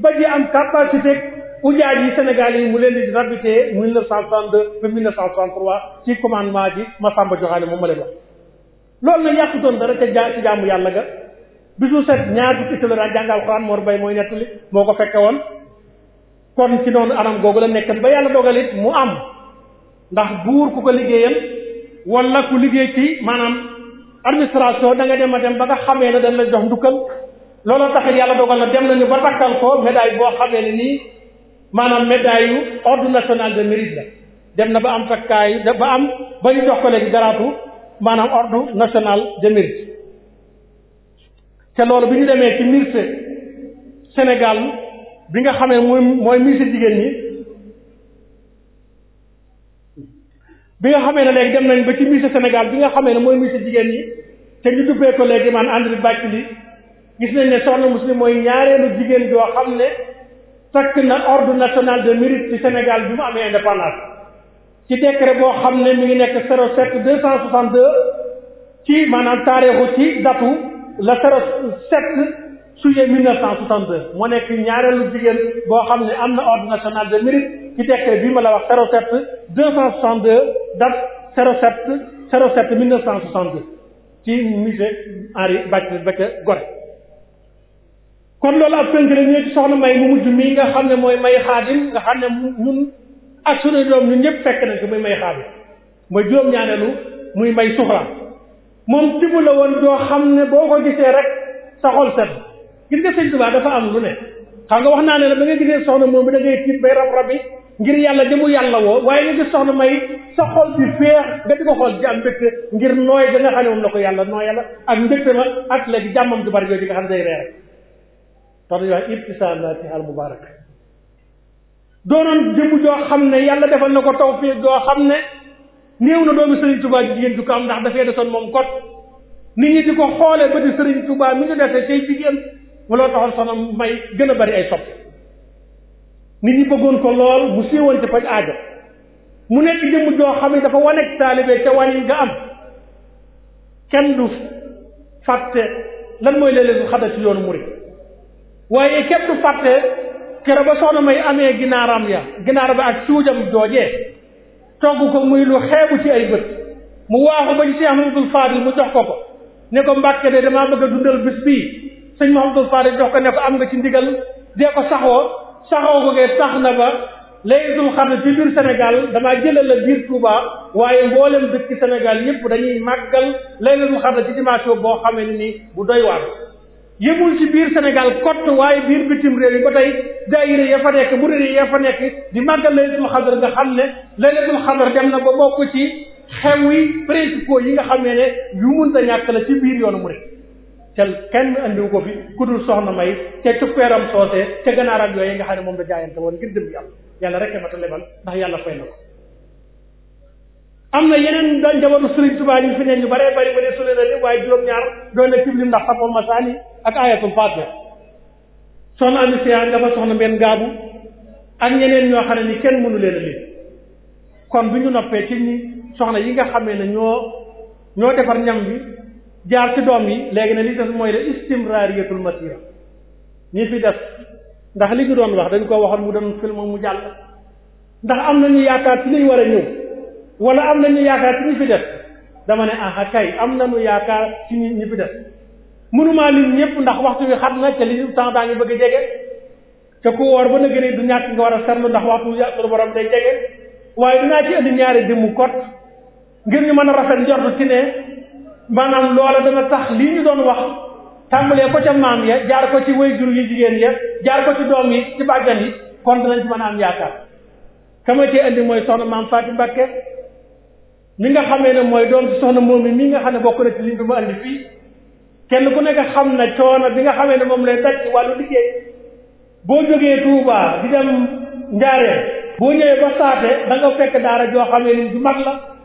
ba ji am capacité ujaaj yi Sénégal yi mu leen di rabité 1962 ba 1963 ci commandement ji Massamba Joxaane moom ma leen wax loolu nag yàqutoon dara jaa ci jaamu yàlla ga bisu set ñaar fukki tële daan jàngal Alxuraan Mor Bay mooy nettali moo ko fekke woon kon ci noonu anam googu la nekk ba yàlla dogal it mu am ndax buur ku ko liggéeyal wala ku liggéey ci maanaam administration da nga dem a dem ba nga xamee ne dañ la jox ndukkal looloo taxit yàlla dogal na dem nañu ba takkal ko médaille boo xamee ne nii maanaam médaille yu ordre national de mérite dem na ba am takkaay ba am ba ñu jox ko léegi garaatu maanaam ordre national de mérite te loolu bi ñu demee ci Miss Sénégal bi nga xamee mooy mooy Miss jigéen ñi bi nga xamee ne léegi dem nañ ba ci Miss Sénégal bi nga xamee ne mooy Miss jigéen ñi te ñu dubbee ko léegi man André Bakili gis nañ ne soxna muslim mooy ñaareelu jigéen joo xam ne takk na ordre national de mérite ci Sénégal bi mu amee indépendance ci décret boo xam ne mu ngi nekk 07 262 ci maanaam taarixu ci datu la 07 juillet mille neuf cent soixante deux moo nekk ñaareelu jigéen boo xam ne am na ordre national de mérite ci décret bii ma la wax zéro sept deux cent soixante deux date zéro sept zéro sept mille neuf cent soixante deux ci kon loolu ab tënk la ñu ci soxna may mu mujj mii nga xam ne mooy may xaadim nga xam ne mun ak sunu doom ñun ñëpp fekk nañ ko muy may xaadim ma juróom ñaareelu muy may suxra moom tibu la woon doo xam ne boo ko gisee rek sa xol set gis nga sëñ Tuubaa dafa am lu ne xam nga wax naa ne la ba nga gisee soxna moom bi da ngay bay rab rabi ngir yàlla jëmu yàlla woo waaye nga gis soxna may sa xol bi feex nga di ko xool ci am ngir nooy da la ko yàlla nooy ak mbégte ma ak léegi jàmmam du bari yooyu di nga xam day reer tax dañu wax ibtisaamaati al yàlla defal na ko tawfiq joo xam ne néew na doomu Sëriñ Tuubaa jigéen du ko am ndax dafee desoon moom kot nit ñi di ko xoolee ba di Sëriñ Tuubaa mi ñu defee cay jigéen waloo taxoon sonam may gën a bari ay sopp nit ñi bëggoon ko lool mu siiwoon ci faj aajo mu nekk jëmm joo xam ne dafa waneeg taalibe ca wàññi nga am kenn du fàtte lan mooy léeg-léeg bu xada ci yoonu murid waaye kenn du fàtte kero ba soxna may amee ginaaram ya ginaar ba ak cuujam joojee togg ko muy lu xeebu ci ay bët mu waaxu ba ñu Seex Ahmadul Faadil mu jox ko ko ne ko Mbàkke de damaa bëgg a dundal bis bii sëñ Mahamadou Farid jox ko ne ko am nga ci ndigal dee ko saxoo saxoo ko ngeen tax na ba laylatul xadr ci biir Sénégal damaa jëlal la biir Touba waaye mboolem dëkk Sénégal yëpp dañuy màggal laylatul xadr ci dimension boo xamee ni bu doy waar yëmul ci biir Sénégal kott waaye biir bitim réew yi ba tey daayira ya fa nekk mu réer ya fa nekk di màggal laylatul xadr nga xam ne laylatul xadr dem na ba bokk ci xew yi principaux yi nga xamee ne yu mun ta ñàkk la ci biir yoonu mu rek te kenn andiwu ko fi dul soxna may te cuppeeram soose te ganaar ak yooyu nga xam ne moom la jaayante woon ngir jëm yàlla yàlla rek ndax yàlla fay na na yeneen da njabootu Sëriñ ba ne sule na li waaye juróom-ñaar doon na ndax Fapal Masaani ak ayatul Faatiha soxna ami siya nga fa soxna mbenn gaabu ñeneen ñoo xam ne ni kenn mënu leen a lim kon bi ñu noppee ci soxna yi nga xamee ne ñoo ñoo defar ñam bi jaar ci doom yi léegi ne li des mooy de istimraariyatul masira ñi fi def ndax li ñu doon wax dañ ko waxoon mu doon film mu jàll ndax am na ñu ci liñ war a wala am nañu yaakaar ci ñu fi def dama ne aha kay am na nañu yaakaar ci ñi ñi fi def mënumaa lim ñëpp ndax waxtu wi xam na te li temps baa ngi bëgg a jege te ku woor ba na gëne du ñàkk nga war a seetlu ndax waxtu sunu borom day jege waaye du naa ci indi ñaari jëmmu kot ngir ñu mën a rafet njortu ci ne maanaam loola dana tax lii ñu doon wax tàmbalee ko ca maam ya jaar ko ci waajur yu jigéen ya jaar ko ci doom yi ci bàjjan yi kon danañ ci mën a am yaakaar kama cee andi mooy soxna maam Fatou Mbacké mi nga xamee ne mooy doom ci soxna moom mi mi nga xam ne bokk na ci liñ bi ma andi fii kenn ku nekk xam na coono bi nga xamee ne moom lay daj ci wàllu liggéey boo jógee Touba di dem Njaareel boo ñëwee ba saate da nga fekk daara joo xamee ni du mag la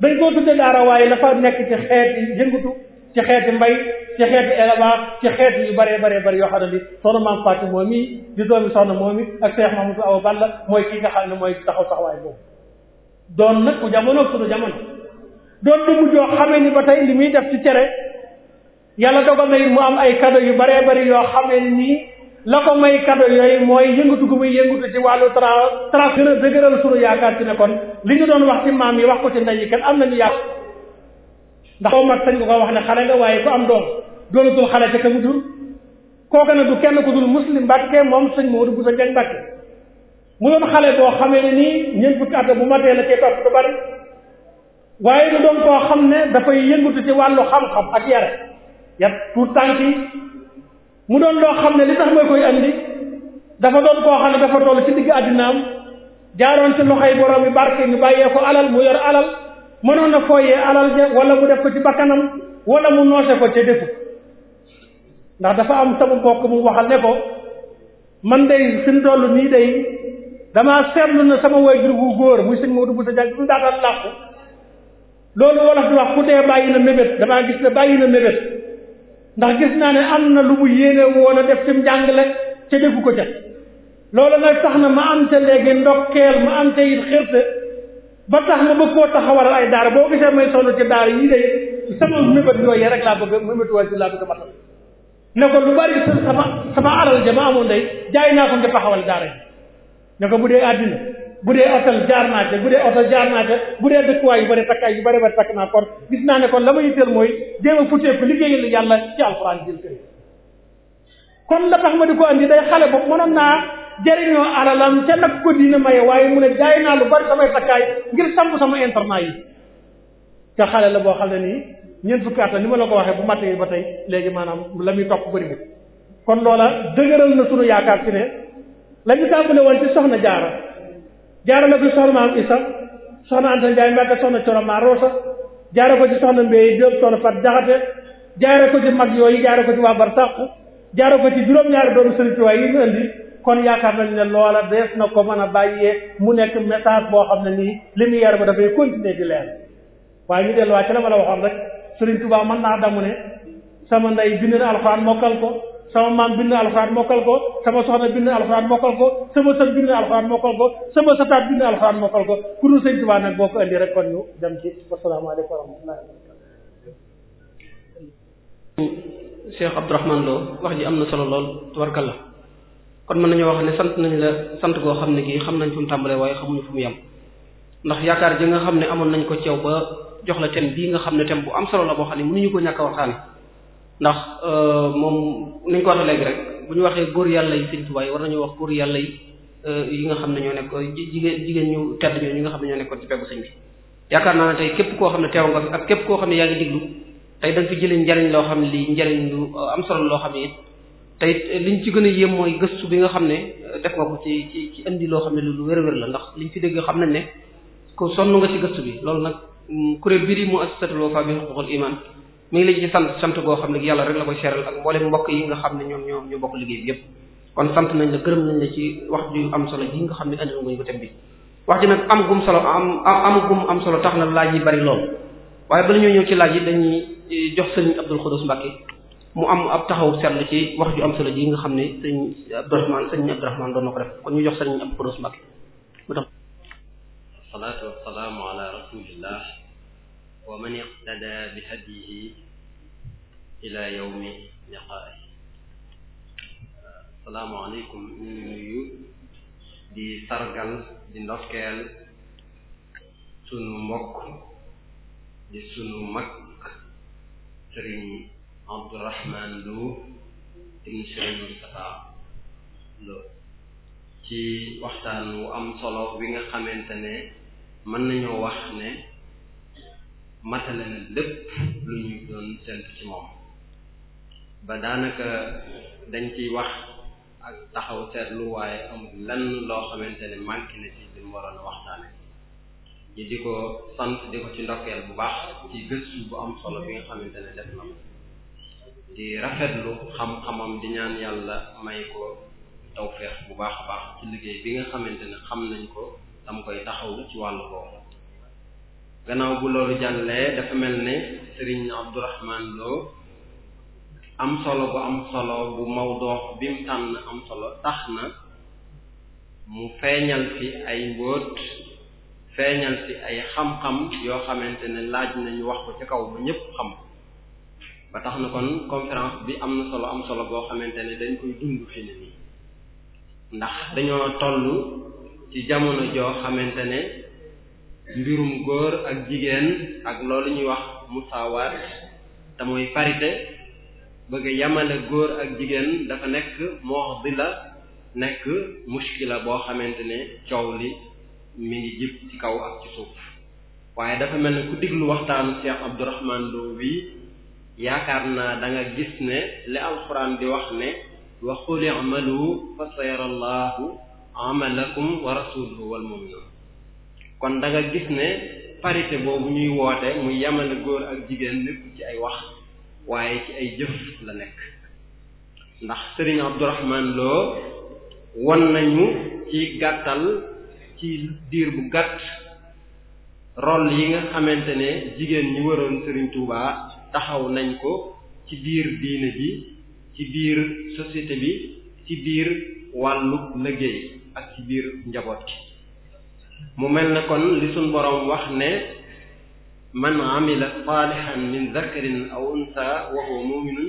dañ koo tudde daara waaye la fa nekk ci xeeti yëngatu ci xeeti mbay ci xeeti élevage ci xeeti yu bëree bëree bëri yoo xam ne bi soxna maam Fatou moom i di doomi soxna moom i ak Cheikh Mamadou Awa Balla mooy kii nga xam ne mooy taxaw taxawaay boobu doon nag ku jamono sunu jamono doon lu mujjoo xamee ni ba tey li muy def ci cere yàlla dogal na mu am ay cadeau yu bëree bëri yoo xamee nii la ko may kado yooyu mooy yëngatu gu muy yëngatu ci wàllu tra tra gën a sunu yaakaar ci ne kon li ñu doon wax ci maam yi wax ko ci ndey yi kat am nañu yàq ndax koo mat sañ nga ko wax ne xale nga waaye ku am doom doonatul xale ca kamu jur kooka ne du kenn ku dul muslim mbàkke moom sëñ Moodu bu sa jañ mbàkke mu doon xale boo xamee ne nii ñeent fukki at bu matee la cee topp du bari waaye du doon koo xam ne dafay yëngatu ci wàllu xam-xam ak yare yat mu doon loo xam ne li tax ma koy andi dafa doon koo xam ne dafa toll ci digg àddinaam jaaroon ci loxoy borom bi barke mu bàyyee ko alal mu yor alal mënoon na fooyee alal ja wala mu def ko ci bakkanam wala mu noose ko ca defu ndax dafa am sama bokk mu waxal ne ko man day suñ toll nii day damaa seetlu na sama waajur bu góor muy sëñ Maodo Boussa Diagne bi mu daataan làqu loolu wolof di wax ku bàyyi na mébét damaa gis ne bàyyi na mébét ndax gis naa ne am na lu mu yéene woon a def ci njàngale ca defu ko ca loolu nag tax na ma am ca léegi ndokkeel ma am ca it xirte ba tax ma bëgg koo taxawalal ay daara boo gisee may sonn ci daara yi day sama mébét yooyu rek laa bëgg mébétuwaay ci laa bëgg matal ne ko lu bari sama sama alal ja ma amoon day jaay naa ko nga taxawal daara yi ne ko bu dee àddina bu dee hôtel jaar naa ca bu dee oto jaar bu dee dëkkuwaay yu bëri takkaay yu bëri bëri takk naa kon gis naa ne kon la ma yitteel mooy jéem a futteeku liggéeyal yàlla ci alxuraan jël kon la tax ma di ko andi day xale boobu mënoon naa jëriñoo alalam ca nag ko diina maye waaye mu ne jaay naa lu bëri samay takkaay ngir samp sama internat yi te xale la boo xam ne nii ñeent fukki at ni ma la ko waxee bu mattee ba tey léegi maanaam la muy topp bëri kon loola dëgëral na sunu yaakaar ne la ñu tàmbale woon ci soxna jaara la ko ci soxna maam Issa soxna Anta Ndiaye Mbacke soxna Coro Maroosa jaare ko ci soxna Mbéy Diop soxna Fat Jaxate jaare ko ci mag yooyu jaare ko ci waa Bar Sàq jaare ko ci juróom-ñaari doomu Sëriñ Tuubaa yi ñu indi kon yaakaar nañ ne loola dees na ko mën a bàyyee mu nekk message boo xam ne nii lumière ba dafay continuer di leer waaye ñu delluwaat ci la ma la waxoon rek Sëriñ Tuubaa mën naa damu ne sama ndey bind na alxuraan mokkal ko sama maam bind na alxuraan mokkal ko sama soxna bind na alxuraan mokkal ko sama sët bind na alxuraan mokkal ko sama sataat bind na alxuraan mokkal ko ku dul sëñ Tuubaa boo ko indi rek kon ñu dem ci wasalaamaaleykum wa rahmatullahi Cheikh Abdourahmane Lo wax ji am na solo lool tubarkalla kon mën nañoo wax ne sant nañ la sant goo xam ne gii xam nañ fu mu tàmbalee waaye xamuñu fu ndax yaakaar ji nga xam ne amoon nañ ko ceew ba jox la thème bii nga xam ne thème bu am solo la boo xam ne mënuñu ko ñàkk a waxtaane ndax euh, moom ni ñu ko waxee léegi rek bu ñu waxee góor yàlla yi Sëriñ Tuubaa yi war nañoo wax góor yàlla yi euh, nga xam ne ñoo nekk jigéen jigéen ñu tedd ñoo ñi nga xam ne ñoo nekkoon ci peggu sëñ bi yaakaar naa ne tey képp koo xam ne teew nga fi ak képp koo xam ne yaa tey da nga jëlee njariñ loo xam ne lii njariñ lu euh, am solo loo xam ne it tey liñ ci gën a yéem gëstu bi nga xam ne def ko ci ci indi loo xam ne lu wér wér la ndax liñ fi dégg xam nañ ne ko sonn nga ci gëstu bi loolu nag mm, kuréel bii di mu assasatul Wafa bi xuququl iman mi ngi la ci sant sant goo xam ne yàlla rek la koy seeral ak mboolem mbokk yi nga xam ne ñoom ñoom ñu bokk liggéey yépp kon sant nañ la gërëm nañ la ci wax ju am solo ji nga xam ne andi ngañu ko bi wax ji nag am gum solo am am gum am solo tax na laaj yi bari lool waaye bala ñoo ñëw ci laaj yi dañuy e, jox sëñ Abdul Xuddus Mbàkke mu am ab taxaw seetlu ci wax ju am solo ji nga xam ne sëñ Abdurahmaan sëñ Abdurahmaan doon na ko def kon ñu jox sëñ Abdul Xuddus Mbàkke mu tax salaatu wassalaamu ala rasulillah wa man iqtada bi hadihi ila yawmi liqaa'i asalaamaaleykum ñu ngi nuyu di sargal di ndokkeel sunu mbokk di sunu mag sëriñ Abdourahman Lo ibn sëriñ Moustapha Lo ci waxtaan wu am solo wi nga xamante ne mën nañoo wax ne matale na lépp lu ñu doon séntu ci moom ba daanaka dañ ciy wax ak taxaw seetlu waaye amul lan loo xamante ne manqué na ci li mu waxtaane ñi di ko sant di ko ci ndokkeel bu baax ci gëstu bu am solo bi nga xamante ne def na ko di rafetlu xam-xamam di ñaan yàlla may ko tawfeex bu baax baax ci liggéey bi nga xamante ne xam nañ ko tam koy taxaw ci wàllu boobu gannaaw bu loolu jàllee dafa mel ne Serigne Abdourahmane Lo am solo bu am solo bu mawdoox bi mu tànn am solo tax na mu feeñal fi ay mbóot feeñal fi ay xam-xam yoo xamante ne laaj nañu wax ko ci kaw ba ñépp xam ba tax na kon conférence bi am na solo am solo boo xamante ne dañ koy dund fi ne nii ndax dañoo toll ci jamono joo xamante ne mbirum góor ak jigéen ak loolu ñuy wax musaawaat te mooy parité bëgg yamale góor ak jigéen dafa nekk moox di la nekk muskila boo xamante ne coow li mi ngi jib ci kaw ak ci suuf waaye dafa mel ne ku diglu waxtaanu Cheikh Abdourahmane Lo wi yaakaar naa danga nga gis ne li alxuraan di wax ne wa qul i'malu fa sayara allahu amalakum wa rasuluhu wal mu'minun kon da nga gis ne parité boobu ñuy woote mu yemale góor ak jigéen lépp ci ay wax waaye ci ay jëf la nekk ndax Serigne Abdourahman Lo won nañu ci gàttal ci diir bu gàtt rol yi nga xamante ne jigéen ñi waroon Serigne Touba taxaw nañ ko ci biir diine bi ci biir société bi ci biir wàllu liggéey ak ci biir njaboot gi mu mel na kon li suñ boroom wax ne man amila salihan min zakarin aw unsa wa huwa muminun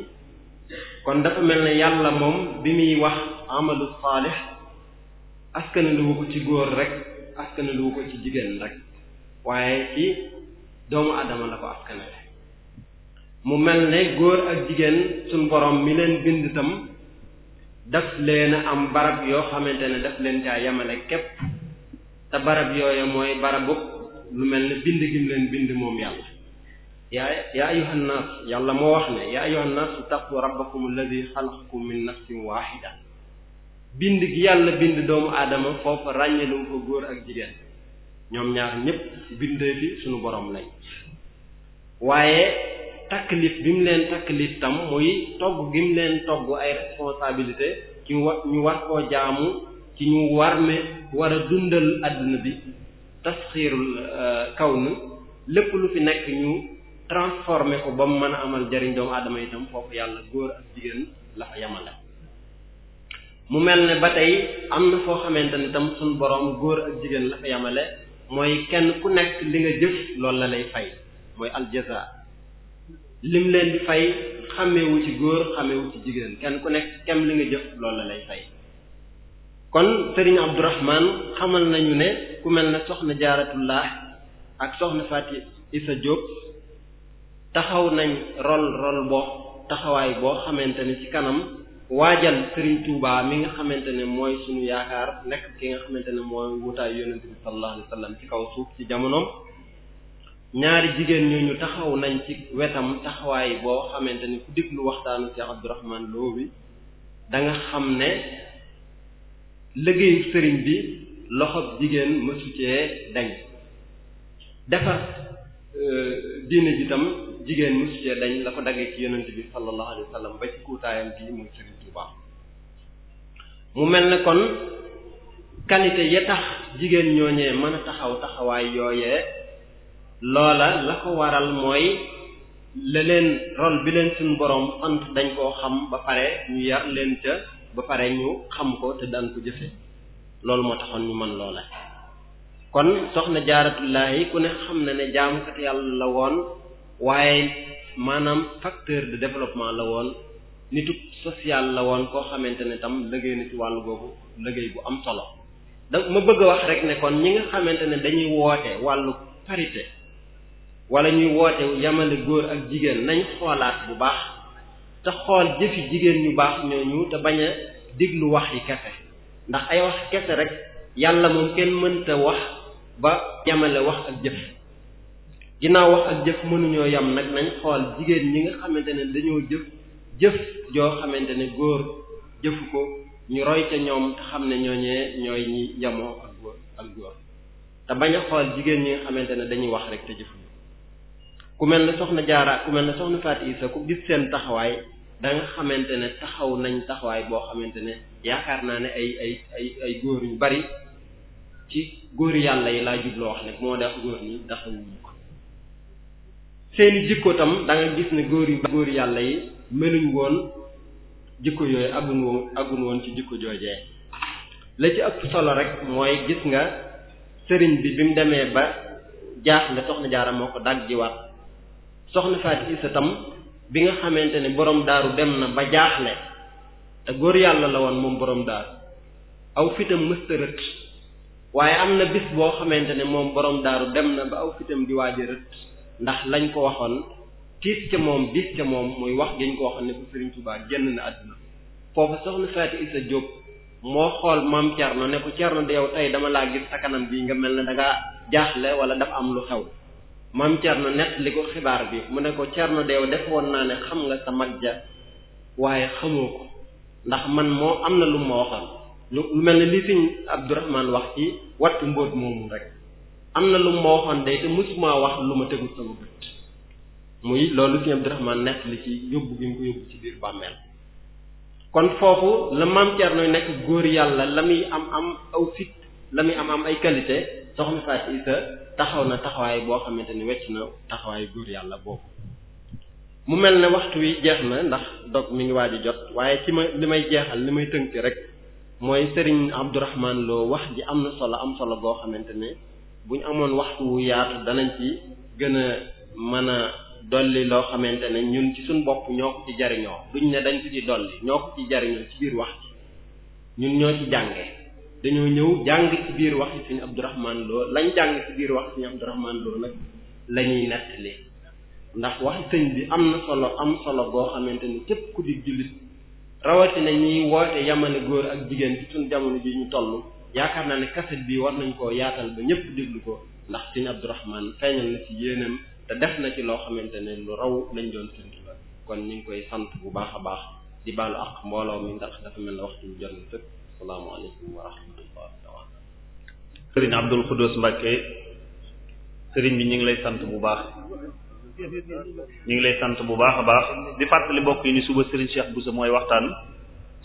kon dafa mel ne yàlla moom bi muy wax amalu saalih askana lu ko ci góor rek askana lu ko ci jigéen rek waaye ci doomu adama la ko askanale mu mel ne góor ak jigéen suñ boroom mi leen bind tam daf leen am barab yoo xamante ne daf leen caa yamale képp te barab yooya mooy barabu lu mel ni bind gi mu leen bind moom yàlla yaa yaa ayuha yàlla moo wax ne yaa ayuha nnaas taqu rabbakum alladi xalaqakum min nafsin waahida bind gi yàlla bind doomu aadama foofu ràññeelu ko góor ak jigéen ñoom ñaar ñépp bindee fi suñu boroom lañ waaye taklif bi mu leen taklif tam muy togg gi mu leen togg ay responsabilité ci wa ñu war koo jaamu ci ñu war ne war a dundal àdduna bi tasxiirul euh, na lépp lu fi nekk ñu transformé ko ba mu mën a amal jariñ doomu aadama itam foofu yàlla góor ak jigéen la fa yemale mu mel ne ba tey am na foo xamante ne tam suñ góor ak jigéen la yemale mooy kenn ku nekk li nga jëf lool la lay fay mooy aljaza lim leen di fay xamewu ci góor xamewu ci jigéen kenn ku nekk kem li nga jëf loolu la lay fay kon sëriñ Abdourahman xamal nañu ne ku mel ne soxna Jaaratullah ak soxna Faati Isa Diop taxaw nañ rol rol boo taxawaay boo xamante ni ci kanam waajal sëriñ Touba mi nga xamante ne mooy suñu yaakaar nekk ki nga xamante ne mooy wutaayu yonent bi sallallahu alayhi wasallam ci kaw suuf ci jamono ñaari jigéen ñooñu taxaw nañ ci wetam taxawaay boo xamante ni ku déglu waxtaanu ci Abdourahman Lo bi da nga xam ne liggéeyu sëriñ bi loxo jigéen mësu cee dañ defar euh, diine ji tam jigéen mësu cee dañ la ko daggee ci yonent bi sallallahu alayhi wa sallam ba ci kuutaayam gi muy sëriñ Tuubaa mu mel ne kon qualité ya tax jigéen ñooñee mën a taxaw taxawaay yooyee loola la ko waral mooy la leen rôle bi leen suñu boroom ant dañ koo xam ba pare ñu yar leen ca ba pare ñu xam ko te daan ko jëfe loolu moo taxoon ñu mën loola kon soxna jaaratullaahi ku ne xam na ne jaamkat yàlla la woon waaye maanaam facteur de développement la woon nitu social la woon koo xamante ne tam liggéey na ci wàllu googu liggéey bu am solo da ma bëgg a wax rek ne kon ñi nga xamante ne dañuy woote wàllu parité wala ñuy woote yamale góor ak jigéen nañ xoolaat bu baax te xool jëfi jigéen ñu baax ñooñu te bañ a déglu wax yi kese ndax ay wax kese rek yàlla moom kenn mënta wax ba jamale wax ak jëf ginnaaw wax ak jëf mënuñoo yam nag nañ xool jigéen ñi nga xamante ne dañoo jëf jëf joo xamante ne góor jëfu ko ñu roy ca ñoom te xam ne ñooñee ñooy ñi yamoo ak góor ak te bañ xool jigéen ñi nga xamante ne dañuy wax rek te jëfu ku mel ne soxna Jaara ku mel ne soxna Faat Isa ku gis seen taxawaay danga xamante ne taxaw nañ taxawaay boo xamante ne yaakaar naa ne ay ay ay góor yu bari ci góor yàlla yi laa jubloo wax ne moo def góor ñi dafa wuñu ko seeni jikko tam da gis ne góor yu góor yàlla yi meluñ woon jikko yooyu agun woon agun woon ci jikko joojee la ci ëpp solo rek mooy gis nga sëriñ bi bi mu demee ba jaaxle soxna jaara moo ko daggiwaat soxna Faati Isa tam bi nga xamante ne borom daaru dem na ba jaaxle te góor yàlla la woon moom borom daaru aw fitam mësta rët waaye am na bis boo xamante ne moom borom daaru dem na ba aw fitam di waaj rët ndax lañ ko waxoon tiis ca moom diis ca moom mooy wax gañ ko waxoon ne ko Sëriñ Tuubaa génn na àdduna foofu soxna Faati Isa Jóob moo xool maam Cerno ne ko Cerno de yow tey dama laa gis sa kanam bii nga mel na da ngaa jaaxle wala dafa am lu xew maam Thierno net li ko xibaar bi mu ne ko Thierno deew woon naa ne xam nga sa mag ja waaye xamoo ko ndax man moo am na lu ma waxoon lu mel ne li sëñ Abdourahman wax ci wattu mbóot moomu rek am na lu ma waxoon day te mosuma wax lu ma tegul sama bët muy loolu sëñ Abdourahman net li ci yóbbu gi mu ko yóbbu ci biir bàmmeel kon foofu la maam Thierno nekk góor yàlla la muy am am aw fit la muy am am ay qualité soxna Fatou Issa taxaw na taxawaay boo xamante ni wecc na taxawaay góor yàlla boobu mu mel ne waxtu wi jeex na ndax dog mi ngi waaj jot waaye ci ma li may jeexal li may tënk rek mooy Serigne Abdourahman loo wax ji am na solo am solo boo xamante ne bu ñu amoon waxtu wu yaatu danañ ci gën a mën a dolli loo xamante ne ñun ci suñ bopp ñoo ko ci jariñoo duñ ne dañ ko ci dolli ñoo ko ci jariñoo ci biir wax ji ñun ñoo ci jànge dañoo ñëw jàng ci biir wax ci suñu Abdourahman loo lañ jàng ci biir wax ci suñu Abdourahman nag la ñuy ndax wax sëñ bi am na solo am solo boo xamante ni képp ku di jullit rawatina ñiy woote yamane góor ak jigéen ci suñu jamono ji ñu toll yaakaar naa ne kaset bi war nañ koo yaatal ba ñëpp déglu ko ndax suñu Abdourahman feeñal na ci yéenam te def na ci loo xamante ne lu raw lañ doon séntu la kon ñu koy sant bu baax a baax di baalu ak mbooloo mi ndax dafa mel ne waxtu bi jot na asalaamaaleykum wa rahmatullah sëriñ Abdul Xudus Mbàkke sëriñ bi ñu ngi lay sant bu baax ñu ngi lay sant bu baax a baax di fàttali bokk yi ni suba sëriñ Cheikh Bousso mooy waxtaan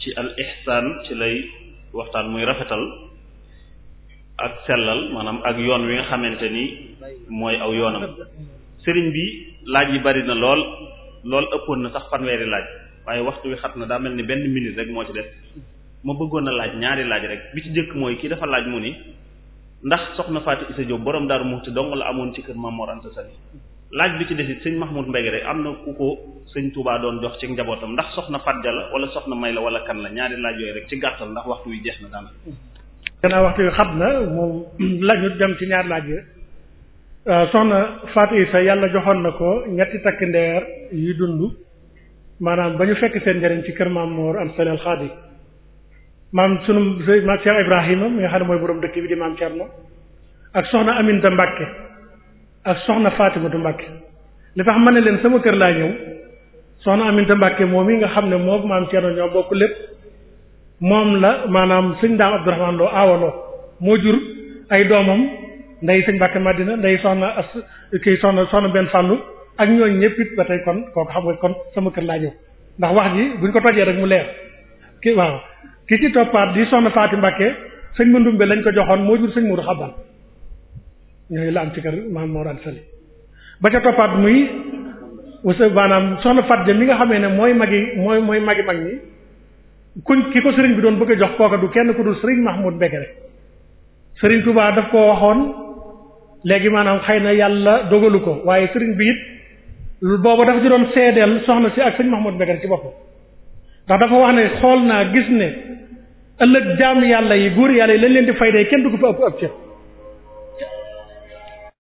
ci al ihsaan ci lay waxtaan muy rafetal ak sellal maanaam ak yoon wi nga xamante ni mooy aw yoonam sëriñ bi laaj yi bari na lool lool ëppoon na sax fanweeri laaj waaye waxtu wi xat na daa mel ni benn minute rek moo ci def ma bëggoon a laaj ñaari laaj rek bi ci jëkk mooy kii dafa laaj mu ni ndax soxna Fatou Issa Diop borom Darou Moukhty dong la amoon ci kër Mamor Anta laaj bi ci des it sëñ Mahmoud Mbengue rek am na ku sëñ Touba doon jox ci njabootam ndax soxna Fadja la wala soxna May la wala kan la ñaari laaj rek ci gàttal ndax waxtu wi jeex na daanaka. gannaaw waxtu xam na moom la ñu dem ci ñaari laaj yi euh, soxna Fatou Issa yàlla joxoon na ko ñetti takk ndeer yuy dund maanaam ba ñu fekk seen njëriñ ci kër Mamor Anta Sali al maam sunu maam Cheikh Ibrahima mi nga xam ne mooy borom dëkk bi di maam Thierno ak soxna Aminta Mbacke ak soxna Fatimatu Mbacke li tax ma ne leen sama kër laa ñëw soxna Aminta Mbacke moom yi nga xam ne moom maam bokk lépp la maanaam sëñ daam Abdourahmane Lo moo jur ay doomam nday sëñ Mbacke Madina nday soxna as kii soxna soxna benn fàllu ak ñooñu ñëpp it ba xam nga kon sama kër laa ñëw ndax wax ji buñ ko tojee rek mu leer kii waaw. ki ci toppaat di soxna Faati Mbàkke sëñ Mandumbe lañ ko joxoon moo jur sëñ Moodu Xaban ñooyu la am ci kër maam Mor Anta Sali ba ca toppaat muy wasa maanaam soxna Faat ja mi nga xamee ne mooy mag magi mooy mooy magi mag ñi kuñ ki ko sëriñ bi doon bëgg a jox kooka du kenn ku dul sëriñ Mahmoud Mbacke rek sëriñ Touba daf koo waxoon léegi maanaam xëy na yàlla dogalu ko waaye sëriñ bi it boobu dafa ci doon seedeel soxna si ak sëñ Mahmoud Mbacke ci boppam ndax dafa wax ne xool naa gis ne ëllëg jaam yàlla yi góor yàlla yi lañ leen di fay day kenn du ko fi ab ab cër